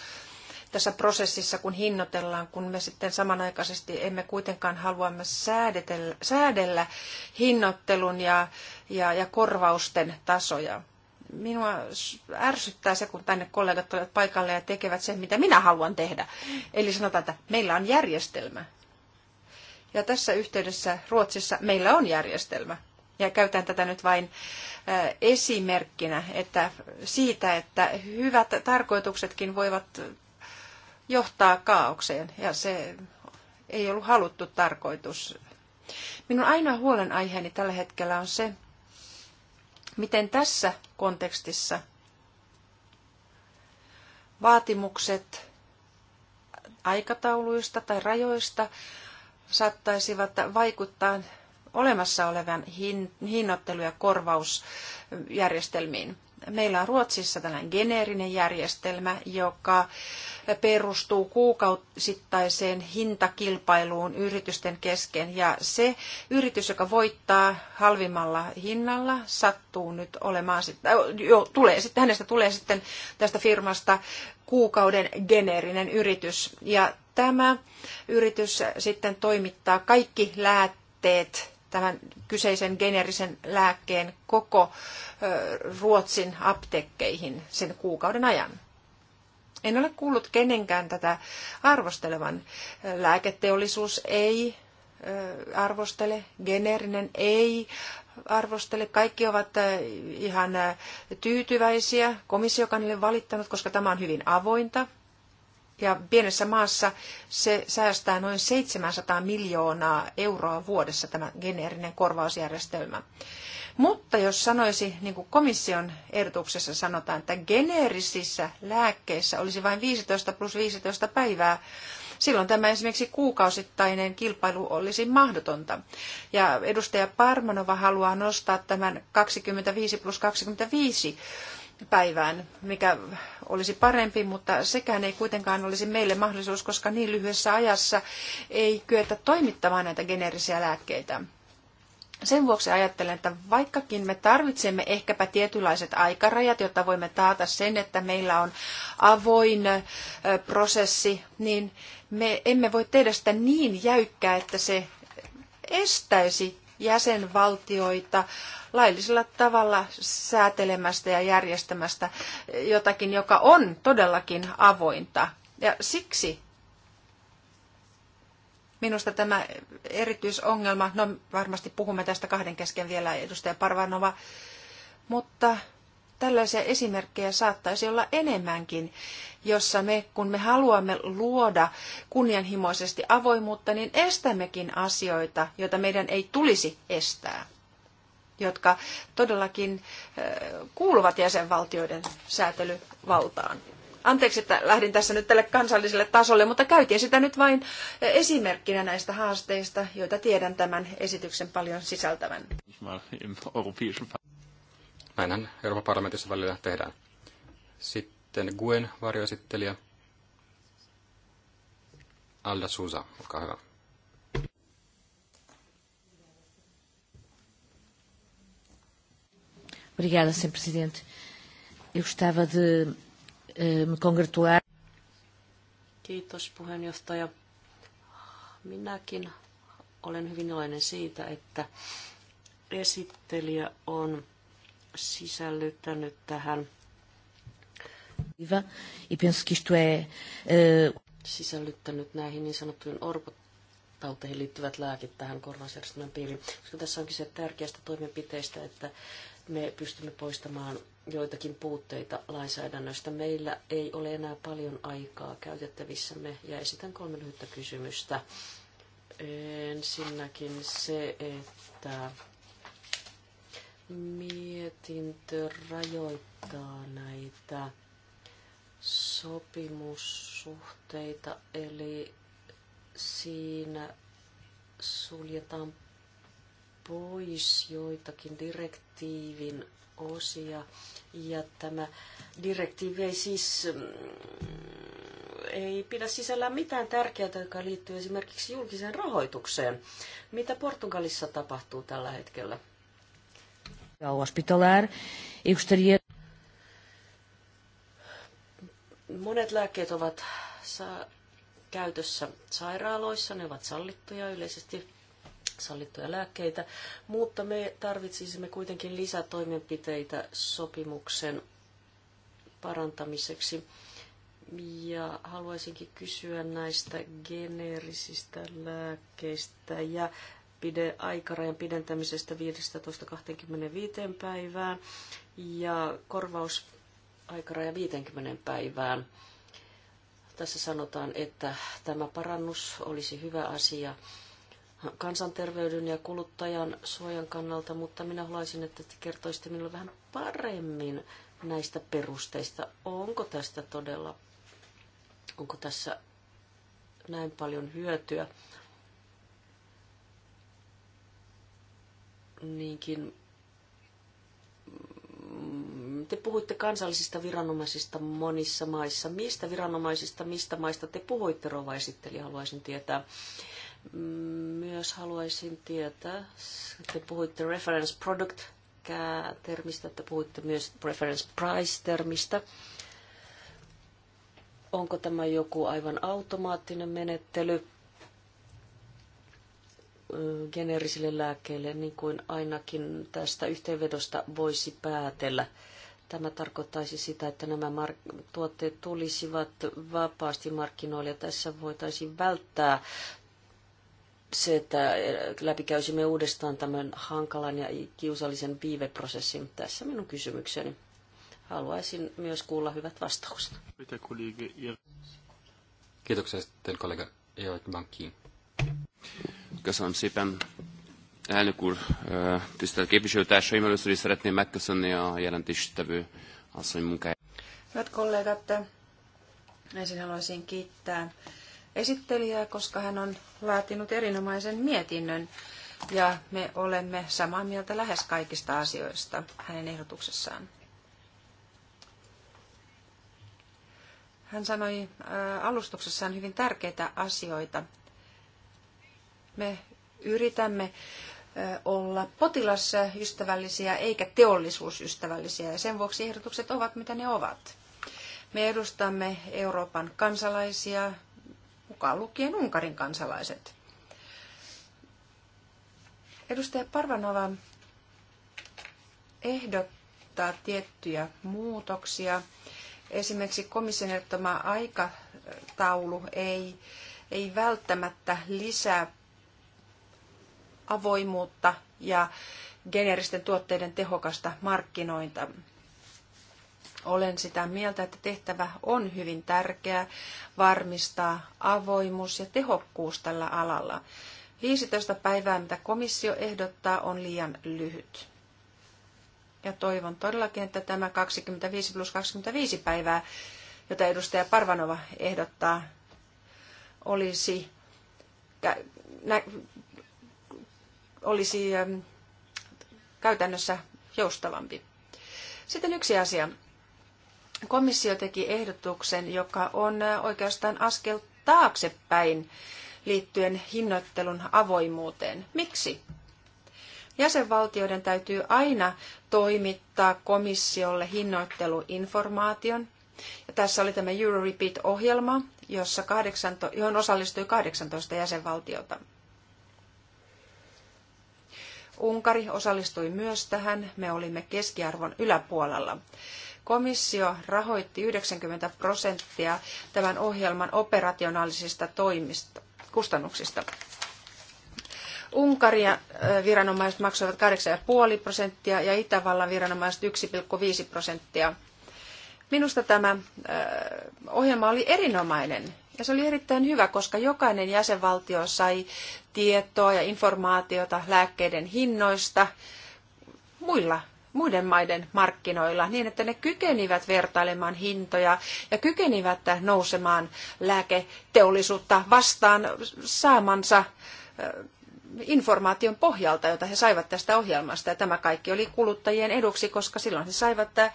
tässä prosessissa, kun hinnoitellaan, kun me sitten samanaikaisesti emme kuitenkaan halua säädetellä, säädellä hinnoittelun ja, ja, ja korvausten tasoja. Minua ärsyttää se, kun tänne kollegat tulevat paikalle ja tekevät sen, mitä minä haluan tehdä. Eli sanotaan, että meillä on järjestelmä. Ja tässä yhteydessä Ruotsissa meillä on järjestelmä. Ja käytän tätä nyt vain esimerkkinä että siitä, että hyvät tarkoituksetkin voivat johtaa kaaukseen. Ja se ei ollut haluttu tarkoitus. Minun ainoa huolenaiheeni tällä hetkellä on se, miten tässä kontekstissa vaatimukset aikatauluista tai rajoista saattaisivat vaikuttaa olemassa olevan hin, hinnoittelu- ja korvausjärjestelmiin. Meillä on Ruotsissa tällainen geneerinen järjestelmä, joka perustuu kuukausittaiseen hintakilpailuun yritysten kesken. Ja se yritys, joka voittaa halvimmalla hinnalla, sattuu nyt olemaan, äh, jo, tulee, sitten, hänestä tulee sitten tästä firmasta kuukauden geneerinen yritys. Ja tämä yritys sitten toimittaa kaikki lääkkeet tämän kyseisen generisen lääkkeen koko Ruotsin apteekkeihin sen kuukauden ajan. En ole kuullut kenenkään tätä arvostelevan. Lääketeollisuus ei arvostele, geneerinen ei arvostele. Kaikki ovat ihan tyytyväisiä. komissiokanille valittanut, koska tämä on hyvin avointa. Ja pienessä maassa se säästää noin 700 miljoonaa euroa vuodessa tämä geneerinen korvausjärjestelmä. Mutta jos sanoisi, niin kuin komission ehdotuksessa sanotaan, että geneerisissä lääkkeissä olisi vain 15 plus 15 päivää, silloin tämä esimerkiksi kuukausittainen kilpailu olisi mahdotonta. Ja edustaja Parmanova haluaa nostaa tämän 25 plus 25 päivään, mikä olisi parempi, mutta sekään ei kuitenkaan olisi meille mahdollisuus, koska niin lyhyessä ajassa ei kyetä toimittamaan näitä geneerisiä lääkkeitä. Sen vuoksi ajattelen, että vaikkakin me tarvitsemme ehkäpä tietynlaiset aikarajat, jotta voimme taata sen, että meillä on avoin prosessi, niin me emme voi tehdä sitä niin jäykkää, että se estäisi jäsenvaltioita laillisella tavalla säätelemästä ja järjestämästä jotakin, joka on todellakin avointa. Ja siksi minusta tämä erityisongelma, no varmasti puhumme tästä kahden kesken vielä edustaja Parvanova, mutta tällaisia esimerkkejä saattaisi olla enemmänkin, jossa me, kun me haluamme luoda kunnianhimoisesti avoimuutta, niin estämmekin asioita, joita meidän ei tulisi estää, jotka todellakin kuuluvat jäsenvaltioiden säätelyvaltaan. Anteeksi, että lähdin tässä nyt tälle kansalliselle tasolle, mutta käytin sitä nyt vain esimerkkinä näistä haasteista, joita tiedän tämän esityksen paljon sisältävän. Näinhän Euroopan parlamentissa välillä tehdään. Sitten Guen varjoesittelijä. Alda Susa, olkaa hyvä. Obrigada, Sr. Presidente. Eu gostava de eh, me congratular. Kiitos puheenjohtaja. Minäkin olen hyvin iloinen siitä, että esittelijä on sisällyttänyt tähän e, sisällyttänyt näihin niin sanottuihin orpotauteihin liittyvät lääkit tähän korvausjärjestelmän piiriin. Koska tässä onkin se tärkeästä toimenpiteestä, että me pystymme poistamaan joitakin puutteita lainsäädännöstä. Meillä ei ole enää paljon aikaa käytettävissämme ja esitän kolme lyhyttä kysymystä. Ensinnäkin se, että mietintö rajoittaa näitä sopimussuhteita, eli siinä suljetaan pois joitakin direktiivin osia. Ja tämä direktiivi ei siis mm, ei pidä sisällään mitään tärkeää, joka liittyy esimerkiksi julkiseen rahoitukseen. Mitä Portugalissa tapahtuu tällä hetkellä? Monet lääkkeet ovat saa käytössä sairaaloissa, ne ovat sallittuja yleisesti sallittuja lääkkeitä, mutta me tarvitsisimme kuitenkin lisätoimenpiteitä sopimuksen parantamiseksi. Ja haluaisinkin kysyä näistä geneerisistä lääkkeistä ja pide, aikarajan pidentämisestä 15-25 päivään ja korvaus aikaraja 50 päivään. Tässä sanotaan, että tämä parannus olisi hyvä asia kansanterveyden ja kuluttajan suojan kannalta, mutta minä haluaisin, että te kertoisitte minulle vähän paremmin näistä perusteista. Onko tästä todella, onko tässä näin paljon hyötyä? niinkin mm, te puhuitte kansallisista viranomaisista monissa maissa. Mistä viranomaisista, mistä maista te puhuitte, rova esitteli, haluaisin tietää. Mm, myös haluaisin tietää, te puhuitte reference product termistä, te puhuitte myös reference price termistä. Onko tämä joku aivan automaattinen menettely? geneerisille lääkkeille, niin kuin ainakin tästä yhteenvedosta voisi päätellä. Tämä tarkoittaisi sitä, että nämä mark- tuotteet tulisivat vapaasti markkinoille. Tässä voitaisiin välttää se, että läpikäysimme uudestaan tämän hankalan ja kiusallisen viiveprosessin. Tässä minun kysymykseni. Haluaisin myös kuulla hyvät vastaukset. Kiitoksia sitten kollega Eoik Bankiin. Köszönöm szépen. Elnök úr, tisztelt képviselőtársaim, először is szeretném megköszönni a jelentéstevő asszony munkáját. Hyvät kollegat, ensin haluaisin kiittää esittelijää, koska hän on laatinut erinomaisen mietinnön ja me olemme samaa mieltä lähes kaikista asioista hänen ehdotuksessaan. Hän sanoi alustuksessaan hyvin tärkeitä asioita me yritämme olla potilasystävällisiä eikä teollisuusystävällisiä ja sen vuoksi ehdotukset ovat mitä ne ovat. Me edustamme Euroopan kansalaisia, mukaan lukien Unkarin kansalaiset. Edustaja Parvanova ehdottaa tiettyjä muutoksia. Esimerkiksi komission ehdottama aikataulu ei, ei välttämättä lisää avoimuutta ja geneeristen tuotteiden tehokasta markkinointa. Olen sitä mieltä, että tehtävä on hyvin tärkeä varmistaa avoimuus ja tehokkuus tällä alalla. 15 päivää, mitä komissio ehdottaa, on liian lyhyt. Ja toivon todellakin, että tämä 25 plus 25 päivää, jota edustaja Parvanova ehdottaa, olisi olisi ähm, käytännössä joustavampi. Sitten yksi asia. Komissio teki ehdotuksen, joka on äh, oikeastaan askel taaksepäin liittyen hinnoittelun avoimuuteen. Miksi? Jäsenvaltioiden täytyy aina toimittaa komissiolle hinnoitteluinformaation. Ja tässä oli tämä Eurorepeat-ohjelma, jossa 8, johon osallistui 18 jäsenvaltiota. Unkari osallistui myös tähän, me olimme keskiarvon yläpuolella. Komissio rahoitti 90 prosenttia tämän ohjelman operationaalisista toimista, kustannuksista. Unkaria äh, viranomaiset maksoivat 8,5 prosenttia ja Itävallan viranomaiset 1,5 prosenttia. Minusta tämä äh, ohjelma oli erinomainen ja se oli erittäin hyvä, koska jokainen jäsenvaltio sai tietoa ja informaatiota lääkkeiden hinnoista muilla muiden maiden markkinoilla niin, että ne kykenivät vertailemaan hintoja ja kykenivät nousemaan lääketeollisuutta vastaan saamansa eh, informaation pohjalta, jota he saivat tästä ohjelmasta. Ja tämä kaikki oli kuluttajien eduksi, koska silloin he saivat eh,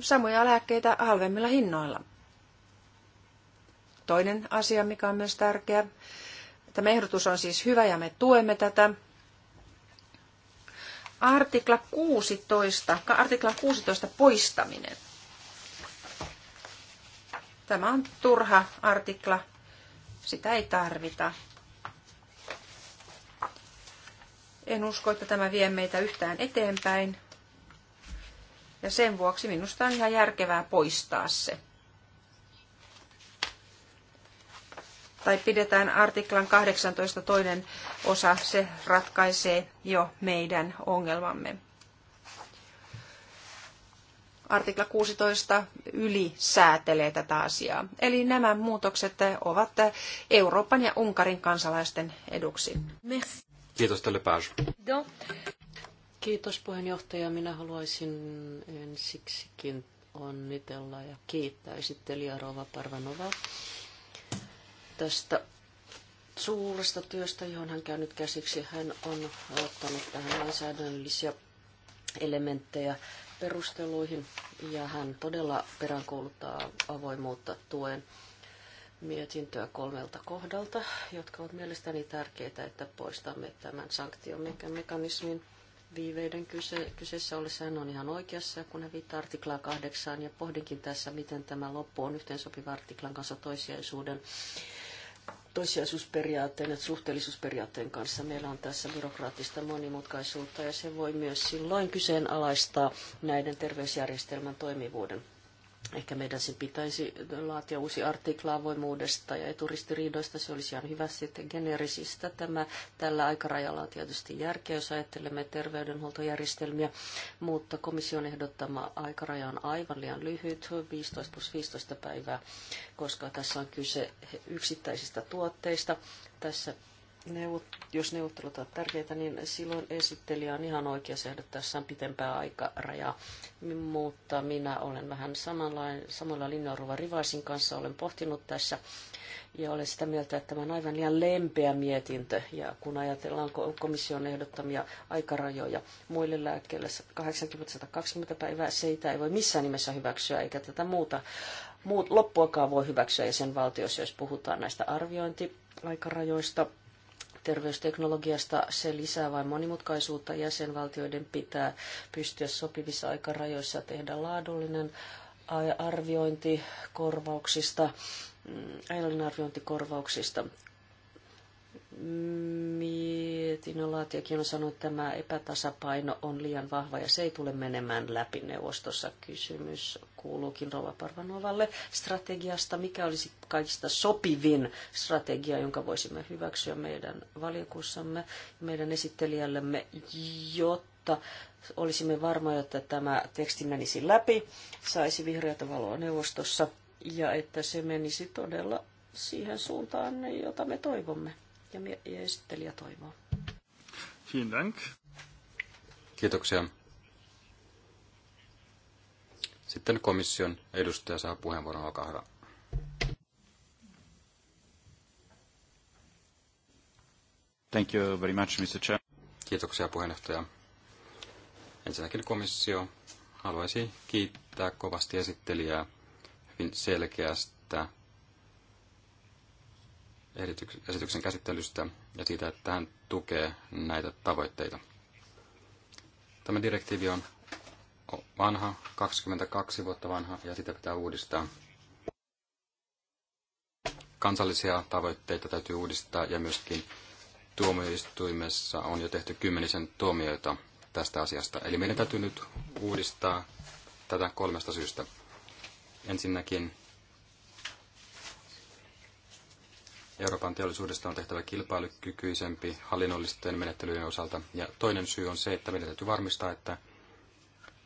samoja lääkkeitä halvemmilla hinnoilla toinen asia, mikä on myös tärkeä. Tämä ehdotus on siis hyvä ja me tuemme tätä. Artikla 16, artikla 16 poistaminen. Tämä on turha artikla. Sitä ei tarvita. En usko, että tämä vie meitä yhtään eteenpäin. Ja sen vuoksi minusta on ihan järkevää poistaa se. tai pidetään artiklan 18 toinen osa, se ratkaisee jo meidän ongelmamme. Artikla 16 yli säätelee tätä asiaa. Eli nämä muutokset ovat Euroopan ja Unkarin kansalaisten eduksi. Merci. Kiitos tälle pääsy. Kiitos puheenjohtaja. Minä haluaisin ensiksikin onnitella ja kiittää esittelijä Rova Parvanovaa tästä suuresta työstä, johon hän käy nyt käsiksi. Hän on ottanut tähän lainsäädännöllisiä elementtejä perusteluihin ja hän todella peräänkuuluttaa avoimuutta tuen mietintöä kolmelta kohdalta, jotka ovat mielestäni tärkeitä, että poistamme tämän sanktiomekanismin viiveiden kyse, kyseessä ollessa hän on ihan oikeassa, kun hän viittaa artiklaa kahdeksaan ja pohdinkin tässä, miten tämä loppu on yhteensopiva artiklan kanssa toisiaisuuden toissijaisuusperiaatteen ja suhteellisuusperiaatteen kanssa. Meillä on tässä byrokraattista monimutkaisuutta ja se voi myös silloin kyseenalaistaa näiden terveysjärjestelmän toimivuuden. Ehkä meidän sen pitäisi laatia uusi artikla avoimuudesta ja eturistiriidoista. Se olisi ihan hyvä sitten generisistä. Tämä, tällä aikarajalla on tietysti järkeä, jos ajattelemme terveydenhuoltojärjestelmiä, mutta komission ehdottama aikaraja on aivan liian lyhyt, 15 plus 15 päivää, koska tässä on kyse yksittäisistä tuotteista. Tässä neuvot, jos neuvottelut ovat tärkeitä, niin silloin esittelijä on ihan oikea on pitempää aikarajaa. Mutta minä olen vähän samalla linjaruva Rivaisin kanssa, olen pohtinut tässä ja olen sitä mieltä, että tämä on aivan liian lempeä mietintö. Ja kun ajatellaan komission ehdottamia aikarajoja muille lääkkeille 80-120 päivää, seitä ei voi missään nimessä hyväksyä, eikä tätä muuta muut loppuakaan voi hyväksyä ja sen valtiossa, jos puhutaan näistä arviointiaikarajoista terveysteknologiasta. Se lisää vain monimutkaisuutta. Jäsenvaltioiden pitää pystyä sopivissa aikarajoissa tehdä laadullinen arviointi korvauksista, mm, arviointi korvauksista mietinnön laatiakin on sanonut, että tämä epätasapaino on liian vahva ja se ei tule menemään läpi neuvostossa. Kysymys kuuluukin Rova Parvanovalle strategiasta. Mikä olisi kaikista sopivin strategia, jonka voisimme hyväksyä meidän valiokussamme meidän esittelijällemme, jotta olisimme varmoja, että tämä teksti menisi läpi, saisi vihreätä valoa neuvostossa ja että se menisi todella siihen suuntaan, jota me toivomme ja, esittelijä toivoo. Vielen Dank. Kiitoksia. Sitten komission edustaja saa puheenvuoron, alkaa. Thank you very much, Mr. Chair. Kiitoksia puheenjohtaja. Ensinnäkin komissio haluaisi kiittää kovasti esittelijää hyvin selkeästä esityksen käsittelystä ja siitä, että hän tukee näitä tavoitteita. Tämä direktiivi on vanha, 22 vuotta vanha, ja sitä pitää uudistaa. Kansallisia tavoitteita täytyy uudistaa, ja myöskin tuomioistuimessa on jo tehty kymmenisen tuomioita tästä asiasta. Eli meidän täytyy nyt uudistaa tätä kolmesta syystä. Ensinnäkin Euroopan teollisuudesta on tehtävä kilpailukykyisempi hallinnollisten menettelyjen osalta. Ja toinen syy on se, että meidän täytyy varmistaa, että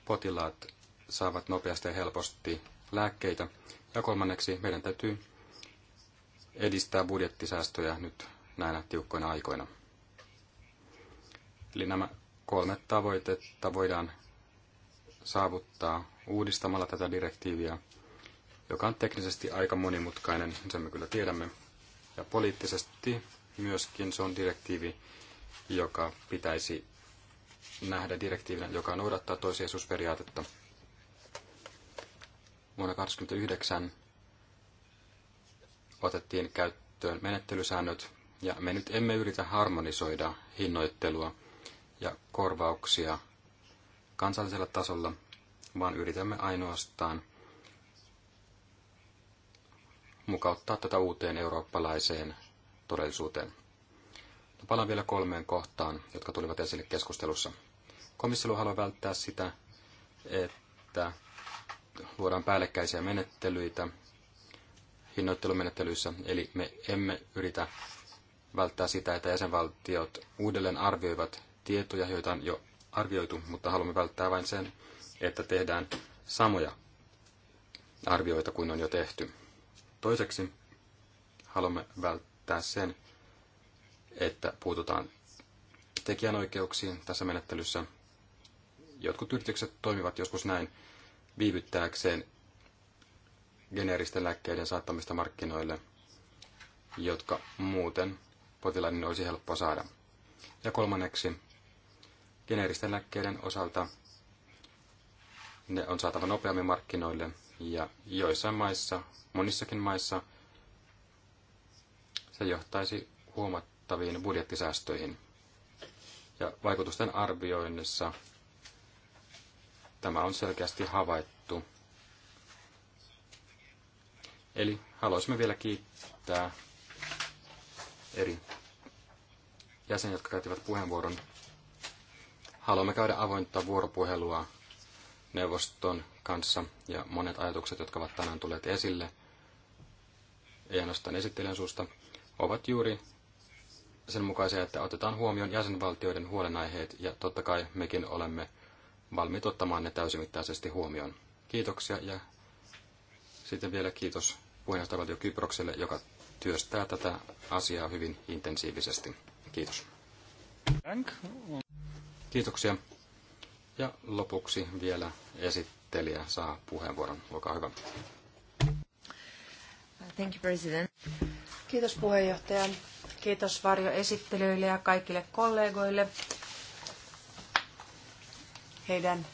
potilaat saavat nopeasti ja helposti lääkkeitä. Ja kolmanneksi meidän täytyy edistää budjettisäästöjä nyt näinä tiukkoina aikoina. Eli nämä kolme tavoitetta voidaan saavuttaa uudistamalla tätä direktiiviä, joka on teknisesti aika monimutkainen, sen me kyllä tiedämme. Ja poliittisesti myöskin se on direktiivi, joka pitäisi nähdä direktiivinä, joka noudattaa toisiasusperiaatetta. Vuonna 1989 otettiin käyttöön menettelysäännöt, ja me nyt emme yritä harmonisoida hinnoittelua ja korvauksia kansallisella tasolla, vaan yritämme ainoastaan – mukauttaa tätä uuteen eurooppalaiseen todellisuuteen. No, palaan vielä kolmeen kohtaan, jotka tulivat esille keskustelussa. Komissio haluaa välttää sitä, että luodaan päällekkäisiä menettelyitä hinnoittelumenettelyissä, eli me emme yritä välttää sitä, että jäsenvaltiot uudelleen arvioivat tietoja, joita on jo arvioitu, mutta haluamme välttää vain sen, että tehdään samoja arvioita kuin on jo tehty. Toiseksi haluamme välttää sen, että puututaan tekijänoikeuksiin tässä menettelyssä. Jotkut yritykset toimivat joskus näin viivyttääkseen geneeristen lääkkeiden saattamista markkinoille, jotka muuten potilaiden olisi helppo saada. Ja kolmanneksi, geneeristen lääkkeiden osalta ne on saatava nopeammin markkinoille – ja joissain maissa, monissakin maissa, se johtaisi huomattaviin budjettisäästöihin. Ja vaikutusten arvioinnissa tämä on selkeästi havaittu. Eli haluaisimme vielä kiittää eri jäseniä, jotka käyttivät puheenvuoron. Haluamme käydä avointa vuoropuhelua neuvoston kanssa ja monet ajatukset, jotka ovat tänään tulleet esille, ei ainoastaan esittelijän suusta, ovat juuri sen mukaisia, että otetaan huomioon jäsenvaltioiden huolenaiheet ja totta kai mekin olemme valmiit ottamaan ne täysimittaisesti huomioon. Kiitoksia ja sitten vielä kiitos puheenjohtajavaltio Kyprokselle, joka työstää tätä asiaa hyvin intensiivisesti. Kiitos. Kiitoksia. Ja lopuksi vielä esittely esittelijä saa puheenvuoron. Olkaa hyvä. Thank you, President. Kiitos puheenjohtaja. Kiitos varjoesittelijöille ja kaikille kollegoille heidän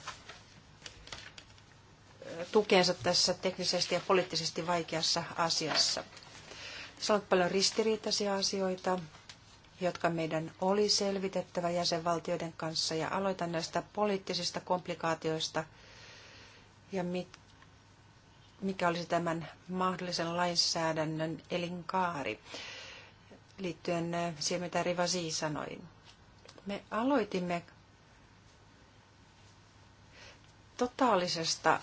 eh, tukeensa tässä teknisesti ja poliittisesti vaikeassa asiassa. Tässä on paljon ristiriitaisia asioita, jotka meidän oli selvitettävä jäsenvaltioiden kanssa ja aloitan näistä poliittisista komplikaatioista – ja mit, mikä olisi tämän mahdollisen lainsäädännön elinkaari liittyen eh, siihen, mitä Rivasi sanoi. Me aloitimme totaalisesta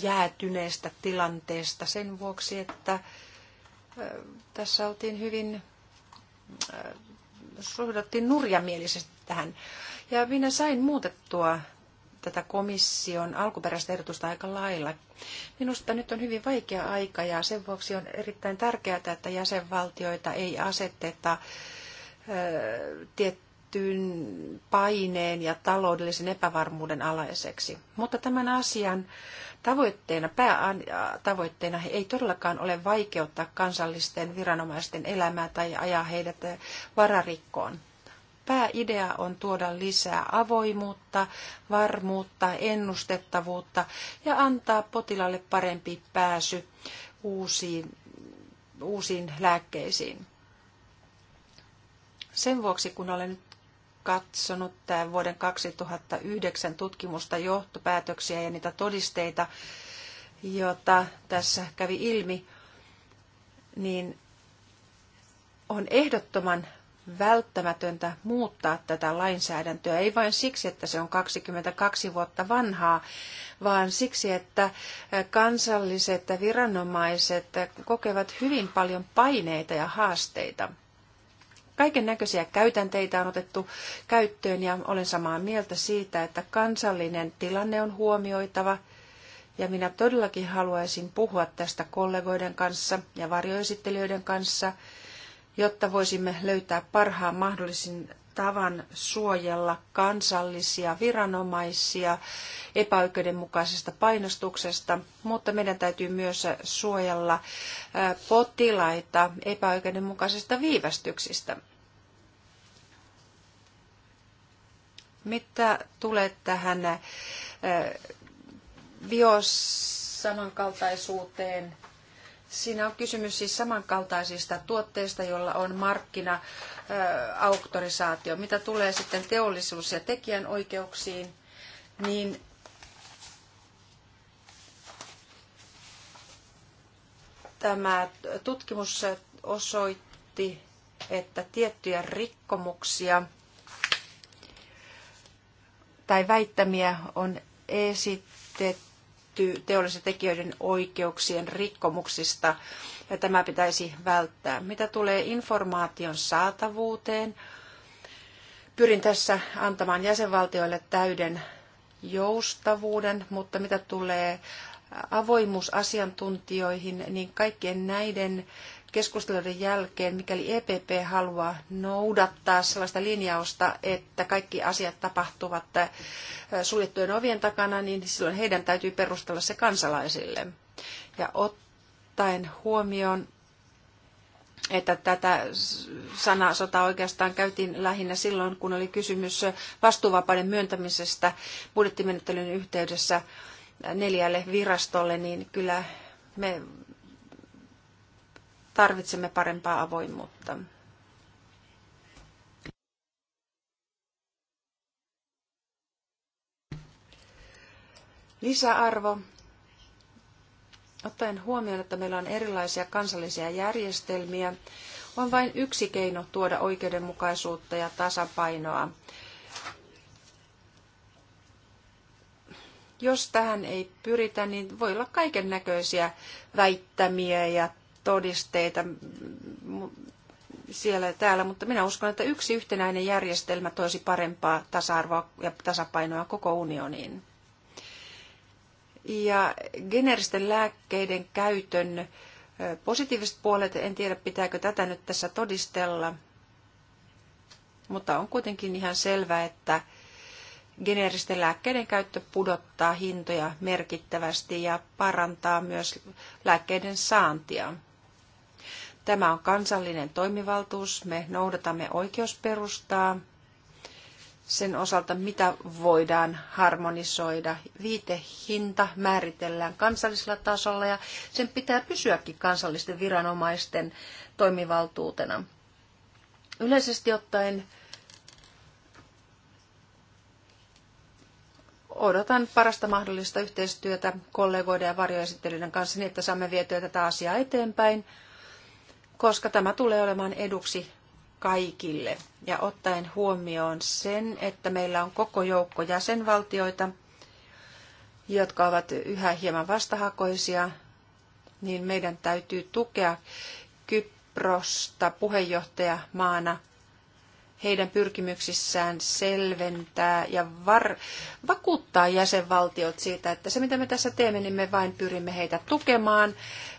jäätyneestä tilanteesta sen vuoksi, että eh, tässä oltiin hyvin, eh, suhdottiin nurjamielisesti tähän. Ja minä sain muutettua tätä komission alkuperäistä ehdotusta aika lailla. Minusta nyt on hyvin vaikea aika ja sen vuoksi on erittäin tärkeää, että jäsenvaltioita ei aseteta tiettyyn paineen ja taloudellisen epävarmuuden alaiseksi. Mutta tämän asian tavoitteena, päätavoitteena ei todellakaan ole vaikeuttaa kansallisten viranomaisten elämää tai ajaa heidät vararikkoon pääidea on tuoda lisää avoimuutta, varmuutta, ennustettavuutta ja antaa potilaalle parempi pääsy uusiin, uusiin lääkkeisiin. Sen vuoksi, kun olen nyt katsonut tämän vuoden 2009 tutkimusta johtopäätöksiä ja niitä todisteita, jota tässä kävi ilmi, niin on ehdottoman välttämätöntä muuttaa tätä lainsäädäntöä, ei vain siksi, että se on 22 vuotta vanhaa, vaan siksi, että kansalliset viranomaiset kokevat hyvin paljon paineita ja haasteita. Kaiken näköisiä käytänteitä on otettu käyttöön ja olen samaa mieltä siitä, että kansallinen tilanne on huomioitava – ja minä todellakin haluaisin puhua tästä kollegoiden kanssa ja varjoesittelijöiden kanssa jotta voisimme löytää parhaan mahdollisen tavan suojella kansallisia viranomaisia epäoikeudenmukaisesta painostuksesta, mutta meidän täytyy myös suojella potilaita epäoikeudenmukaisista viivästyksistä. Mitä tulee tähän biosamankaltaisuuteen Siinä on kysymys siis samankaltaisista tuotteista, joilla on markkina-auktorisaatio. Mitä tulee sitten teollisuus- ja tekijänoikeuksiin, niin tämä tutkimus osoitti, että tiettyjä rikkomuksia tai väittämiä on esitetty liittyy teollisen tekijöiden oikeuksien rikkomuksista ja tämä pitäisi välttää. Mitä tulee informaation saatavuuteen, pyrin tässä antamaan jäsenvaltioille täyden joustavuuden, mutta mitä tulee avoimuusasiantuntijoihin, niin kaikkien näiden keskusteluiden jälkeen, mikäli EPP haluaa noudattaa sellaista linjausta, että kaikki asiat tapahtuvat äh, suljettujen ovien takana, niin silloin heidän täytyy perustella se kansalaisille. Ja ottaen huomioon, että tätä sanaa sota oikeastaan käytiin lähinnä silloin, kun oli kysymys vastuuvapauden myöntämisestä budjettimenettelyn yhteydessä neljälle virastolle, niin kyllä me tarvitsemme parempaa avoimuutta. Lisäarvo. Ottaen huomioon, että meillä on erilaisia kansallisia järjestelmiä, on vain yksi keino tuoda oikeudenmukaisuutta ja tasapainoa. Jos tähän ei pyritä, niin voi olla kaiken näköisiä väittämiä ja todisteita siellä ja täällä, mutta minä uskon, että yksi yhtenäinen järjestelmä toisi parempaa tasa-arvoa ja tasapainoa koko unioniin. Ja geneeristen lääkkeiden käytön positiiviset puolet, en tiedä pitääkö tätä nyt tässä todistella, mutta on kuitenkin ihan selvää, että geneeristen lääkkeiden käyttö pudottaa hintoja merkittävästi ja parantaa myös lääkkeiden saantia. Tämä on kansallinen toimivaltuus. Me noudatamme oikeusperustaa sen osalta, mitä voidaan harmonisoida. Viitehinta määritellään kansallisella tasolla ja sen pitää pysyäkin kansallisten viranomaisten toimivaltuutena. Yleisesti ottaen odotan parasta mahdollista yhteistyötä kollegoiden ja varjoesittelyiden kanssa niin, että saamme vietyä tätä asiaa eteenpäin koska tämä tulee olemaan eduksi kaikille. Ja ottaen huomioon sen, että meillä on koko joukko jäsenvaltioita, jotka ovat yhä hieman vastahakoisia, niin meidän täytyy tukea Kyprosta puheenjohtajamaana – heidän pyrkimyksissään selventää ja var- vakuuttaa jäsenvaltiot siitä, että se mitä me tässä teemme, niin me vain pyrimme heitä tukemaan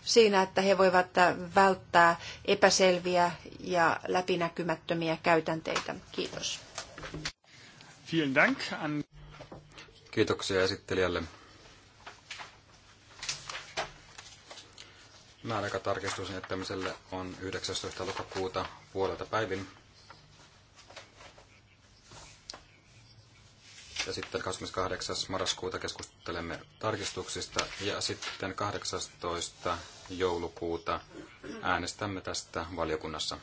siinä, että he voivat välttää epäselviä ja läpinäkymättömiä käytänteitä. Kiitos. Vielen Dank. Kiitoksia esittelijälle. Määräaikatarkistuksen jättämiselle on 19. lokakuuta puolelta päivin Ja sitten 28. marraskuuta keskustelemme tarkistuksista ja sitten 18. joulukuuta äänestämme tästä valiokunnassa.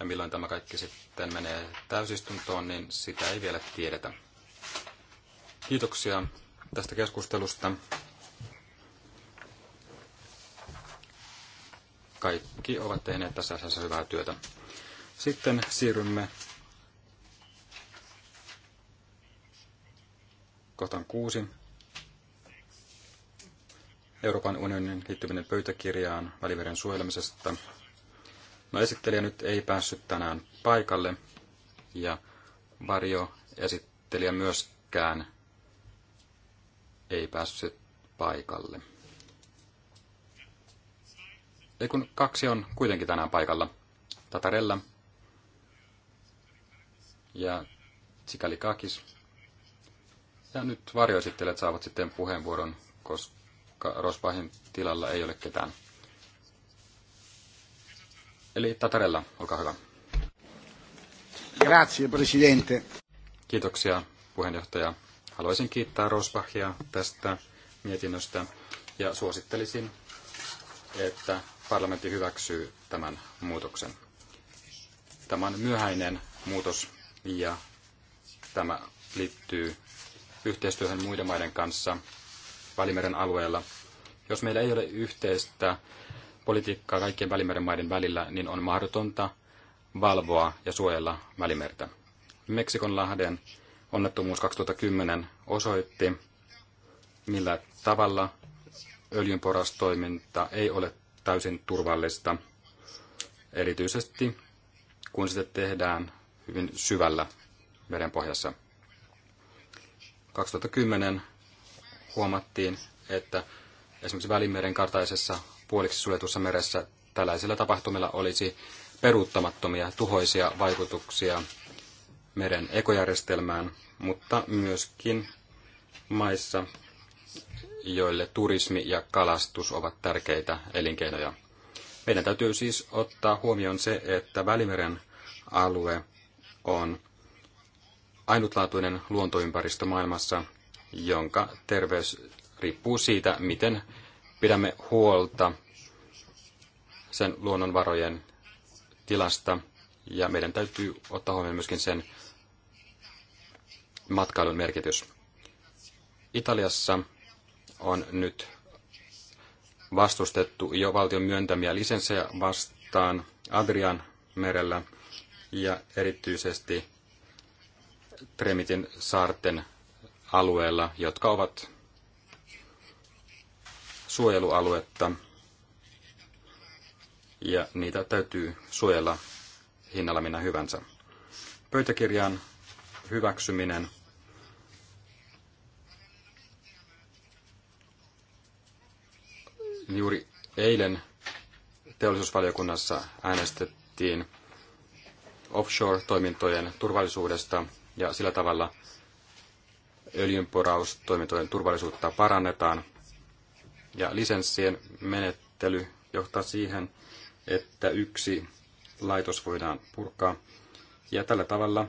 Ja milloin tämä kaikki sitten menee täysistuntoon, niin sitä ei vielä tiedetä. Kiitoksia tästä keskustelusta. Kaikki ovat tehneet tässä asiassa hyvää työtä. Sitten siirrymme kohtaan kuusi. Euroopan unionin liittyminen pöytäkirjaan väliveren suojelemisesta. No esittelijä nyt ei päässyt tänään paikalle ja varjo esittelijä myöskään ei päässyt paikalle. Ei kun kaksi on kuitenkin tänään paikalla. Tatarella ja Tsikalikakis. Ja nyt varjoesittelijät saavat sitten puheenvuoron, koska Rosbahin tilalla ei ole ketään. Eli Tatarella, olkaa hyvä. Grazie, presidente. Kiitoksia, puheenjohtaja. Haluaisin kiittää Rosbachia tästä mietinnöstä ja suosittelisin, että parlamentti hyväksyy tämän muutoksen. Tämä on myöhäinen muutos ja tämä liittyy yhteistyöhön muiden maiden kanssa Välimeren alueella. Jos meillä ei ole yhteistä politiikkaa kaikkien Välimeren maiden välillä, niin on mahdotonta valvoa ja suojella Välimertä. Meksikonlahden onnettomuus 2010 osoitti, millä tavalla öljynporastoiminta ei ole täysin turvallista, erityisesti kun sitä tehdään hyvin syvällä merenpohjassa. 2010 huomattiin, että esimerkiksi Välimeren kartaisessa puoliksi suljetussa meressä tällaisilla tapahtumilla olisi peruuttamattomia tuhoisia vaikutuksia meren ekojärjestelmään, mutta myöskin maissa, joille turismi ja kalastus ovat tärkeitä elinkeinoja. Meidän täytyy siis ottaa huomioon se, että Välimeren alue on ainutlaatuinen luontoympäristö maailmassa, jonka terveys riippuu siitä, miten pidämme huolta sen luonnonvarojen tilasta. Ja meidän täytyy ottaa huomioon myöskin sen matkailun merkitys. Italiassa on nyt vastustettu jo valtion myöntämiä lisenssejä vastaan Adrian merellä ja erityisesti Tremitin saarten alueella, jotka ovat suojelualuetta, ja niitä täytyy suojella hinnalla minä hyvänsä. Pöytäkirjan hyväksyminen juuri eilen teollisuusvaliokunnassa äänestettiin offshore-toimintojen turvallisuudesta ja sillä tavalla öljynporaustoimintojen turvallisuutta parannetaan. Ja lisenssien menettely johtaa siihen, että yksi laitos voidaan purkaa. Ja tällä tavalla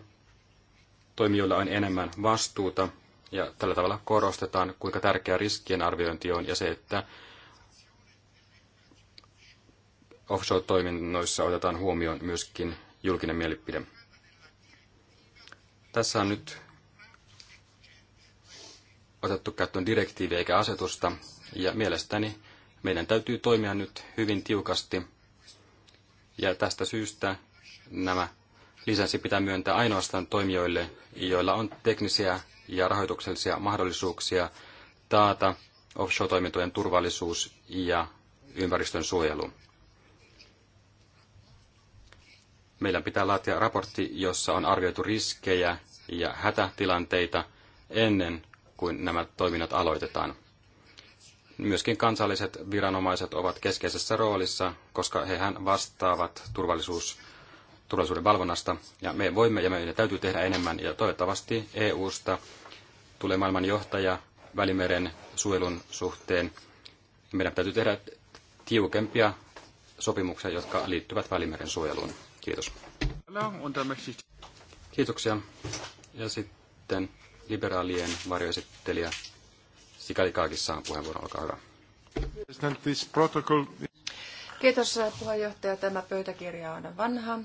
toimijoilla on enemmän vastuuta ja tällä tavalla korostetaan, kuinka tärkeä riskien arviointi on ja se, että offshore-toiminnoissa otetaan huomioon myöskin julkinen mielipide. Tässä on nyt otettu käyttöön direktiivi eikä asetusta, ja mielestäni meidän täytyy toimia nyt hyvin tiukasti, ja tästä syystä nämä lisenssi pitää myöntää ainoastaan toimijoille, joilla on teknisiä ja rahoituksellisia mahdollisuuksia taata offshore-toimintojen turvallisuus ja ympäristön suojelu. Meillä pitää laatia raportti, jossa on arvioitu riskejä ja hätätilanteita ennen kuin nämä toiminnot aloitetaan. Myöskin kansalliset viranomaiset ovat keskeisessä roolissa, koska hehän vastaavat turvallisuus, turvallisuuden valvonnasta. Ja me voimme ja meidän täytyy tehdä enemmän. Ja toivottavasti EUsta tulee maailman johtaja Välimeren suojelun suhteen. Meidän täytyy tehdä tiukempia sopimuksia, jotka liittyvät Välimeren suojeluun. Kiitos. Kiitoksia. Ja sitten liberaalien varjoesittelijä Sikali Kaakis saa puheenvuoron. Olkaa hyvä. Kiitos puheenjohtaja. Tämä pöytäkirja on vanha,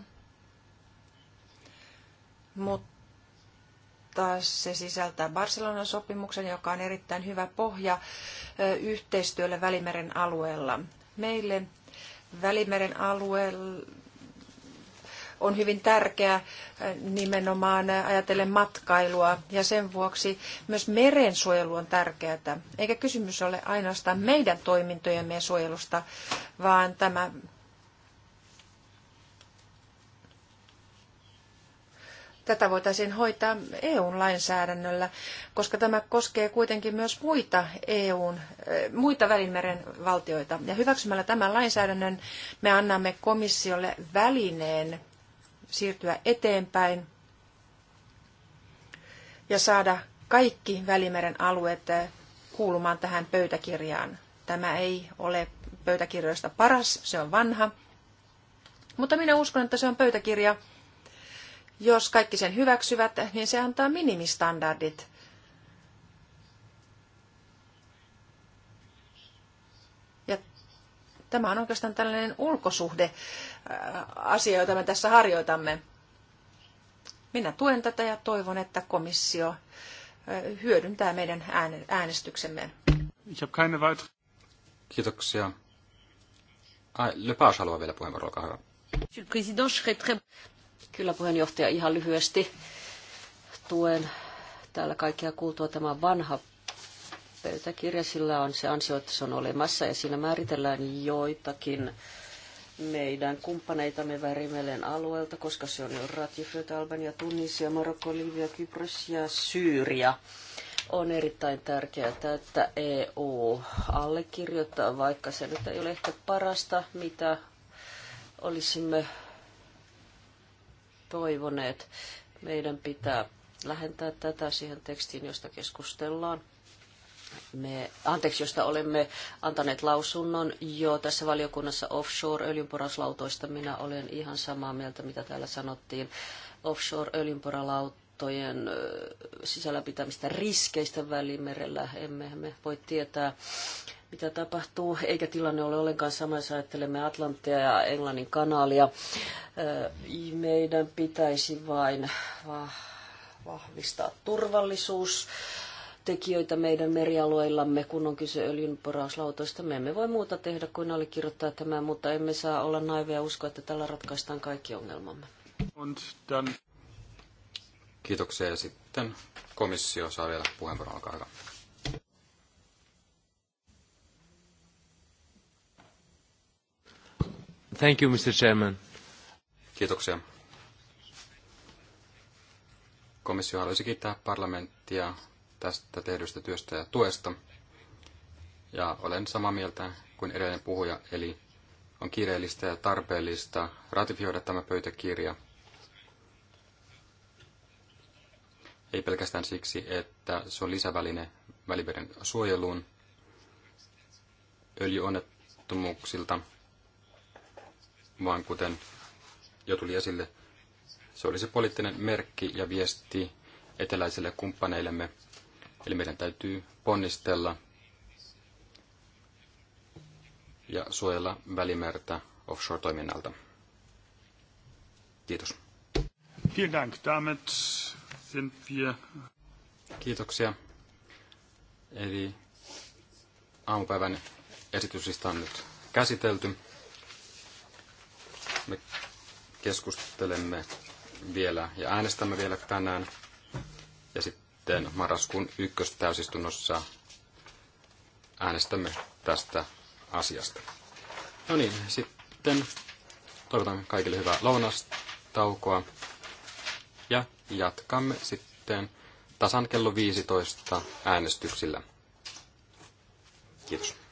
mutta se sisältää Barcelonan sopimuksen, joka on erittäin hyvä pohja yhteistyölle Välimeren alueella. Meille Välimeren alueella on hyvin tärkeä äh, nimenomaan äh, ajatellen matkailua ja sen vuoksi myös merensuojelu on tärkeää. Eikä kysymys ole ainoastaan meidän toimintojemme suojelusta, vaan tämä Tätä voitaisiin hoitaa EU-lainsäädännöllä, koska tämä koskee kuitenkin myös muita, EUn, äh, muita Välimeren valtioita. Ja hyväksymällä tämän lainsäädännön me annamme komissiolle välineen siirtyä eteenpäin ja saada kaikki Välimeren alueet kuulumaan tähän pöytäkirjaan. Tämä ei ole pöytäkirjoista paras, se on vanha. Mutta minä uskon, että se on pöytäkirja. Jos kaikki sen hyväksyvät, niin se antaa minimistandardit Tämä on oikeastaan tällainen ulkosuhde äh, asia, jota me tässä harjoitamme. Minä tuen tätä ja toivon, että komissio äh, hyödyntää meidän äänestyksemme. Ich habe keine weitere. Kiitoksia. Ai, Lepage haluaa vielä puheenvuoron, olkaa hyvä. Kyllä puheenjohtaja ihan lyhyesti tuen täällä kaikkia kuultua. Tämä vanha pöytäkirja. Sillä on se ansio, että se on olemassa ja siinä määritellään joitakin meidän kumppaneitamme Värimelen alueelta, koska se on jo ratifioita Albania, Tunisia, Marokko, Libya, Kypros ja Syyria. On erittäin tärkeää, että EU allekirjoittaa, vaikka se nyt ei ole ehkä parasta, mitä olisimme toivoneet. Meidän pitää lähentää tätä siihen tekstiin, josta keskustellaan me, anteeksi, josta olemme antaneet lausunnon jo tässä valiokunnassa offshore-öljynporauslautoista. Minä olen ihan samaa mieltä, mitä täällä sanottiin. Offshore-öljynporalautojen pitämistä riskeistä välimerellä. Emme me voi tietää, mitä tapahtuu, eikä tilanne ole ollenkaan sama, jos ajattelemme Atlantia ja Englannin kanaalia. Meidän pitäisi vain vahvistaa turvallisuus tekijöitä meidän merialueillamme, kun on kyse öljynporauslautoista. Me emme voi muuta tehdä kuin allekirjoittaa tämän, mutta emme saa olla naiveja uskoa, että tällä ratkaistaan kaikki ongelmamme. Kiitoksia ja sitten komissio saa vielä puheenvuoron, olkaa hyvä. Thank you, Mr. Chairman. Kiitoksia. Komissio haluaisi kiittää parlamenttia tästä tehdystä työstä ja tuesta. Ja olen samaa mieltä kuin edellinen puhuja, eli on kiireellistä ja tarpeellista ratifioida tämä pöytäkirja. Ei pelkästään siksi, että se on lisäväline väliveden suojeluun öljyonnettomuuksilta, vaan kuten jo tuli esille, se olisi poliittinen merkki ja viesti eteläisille kumppaneillemme – Eli meidän täytyy ponnistella ja suojella välimerta offshore-toiminnalta. Kiitos. Dank. Damit sind wir... Kiitoksia. Eli aamupäivän esityslista on nyt käsitelty. Me keskustelemme vielä ja äänestämme vielä tänään. Ja sitten sitten marraskuun ykköstäysistunnossa äänestämme tästä asiasta. No niin, sitten toivotan kaikille hyvää lounastaukoa ja jatkamme sitten tasan kello 15 äänestyksillä. Kiitos.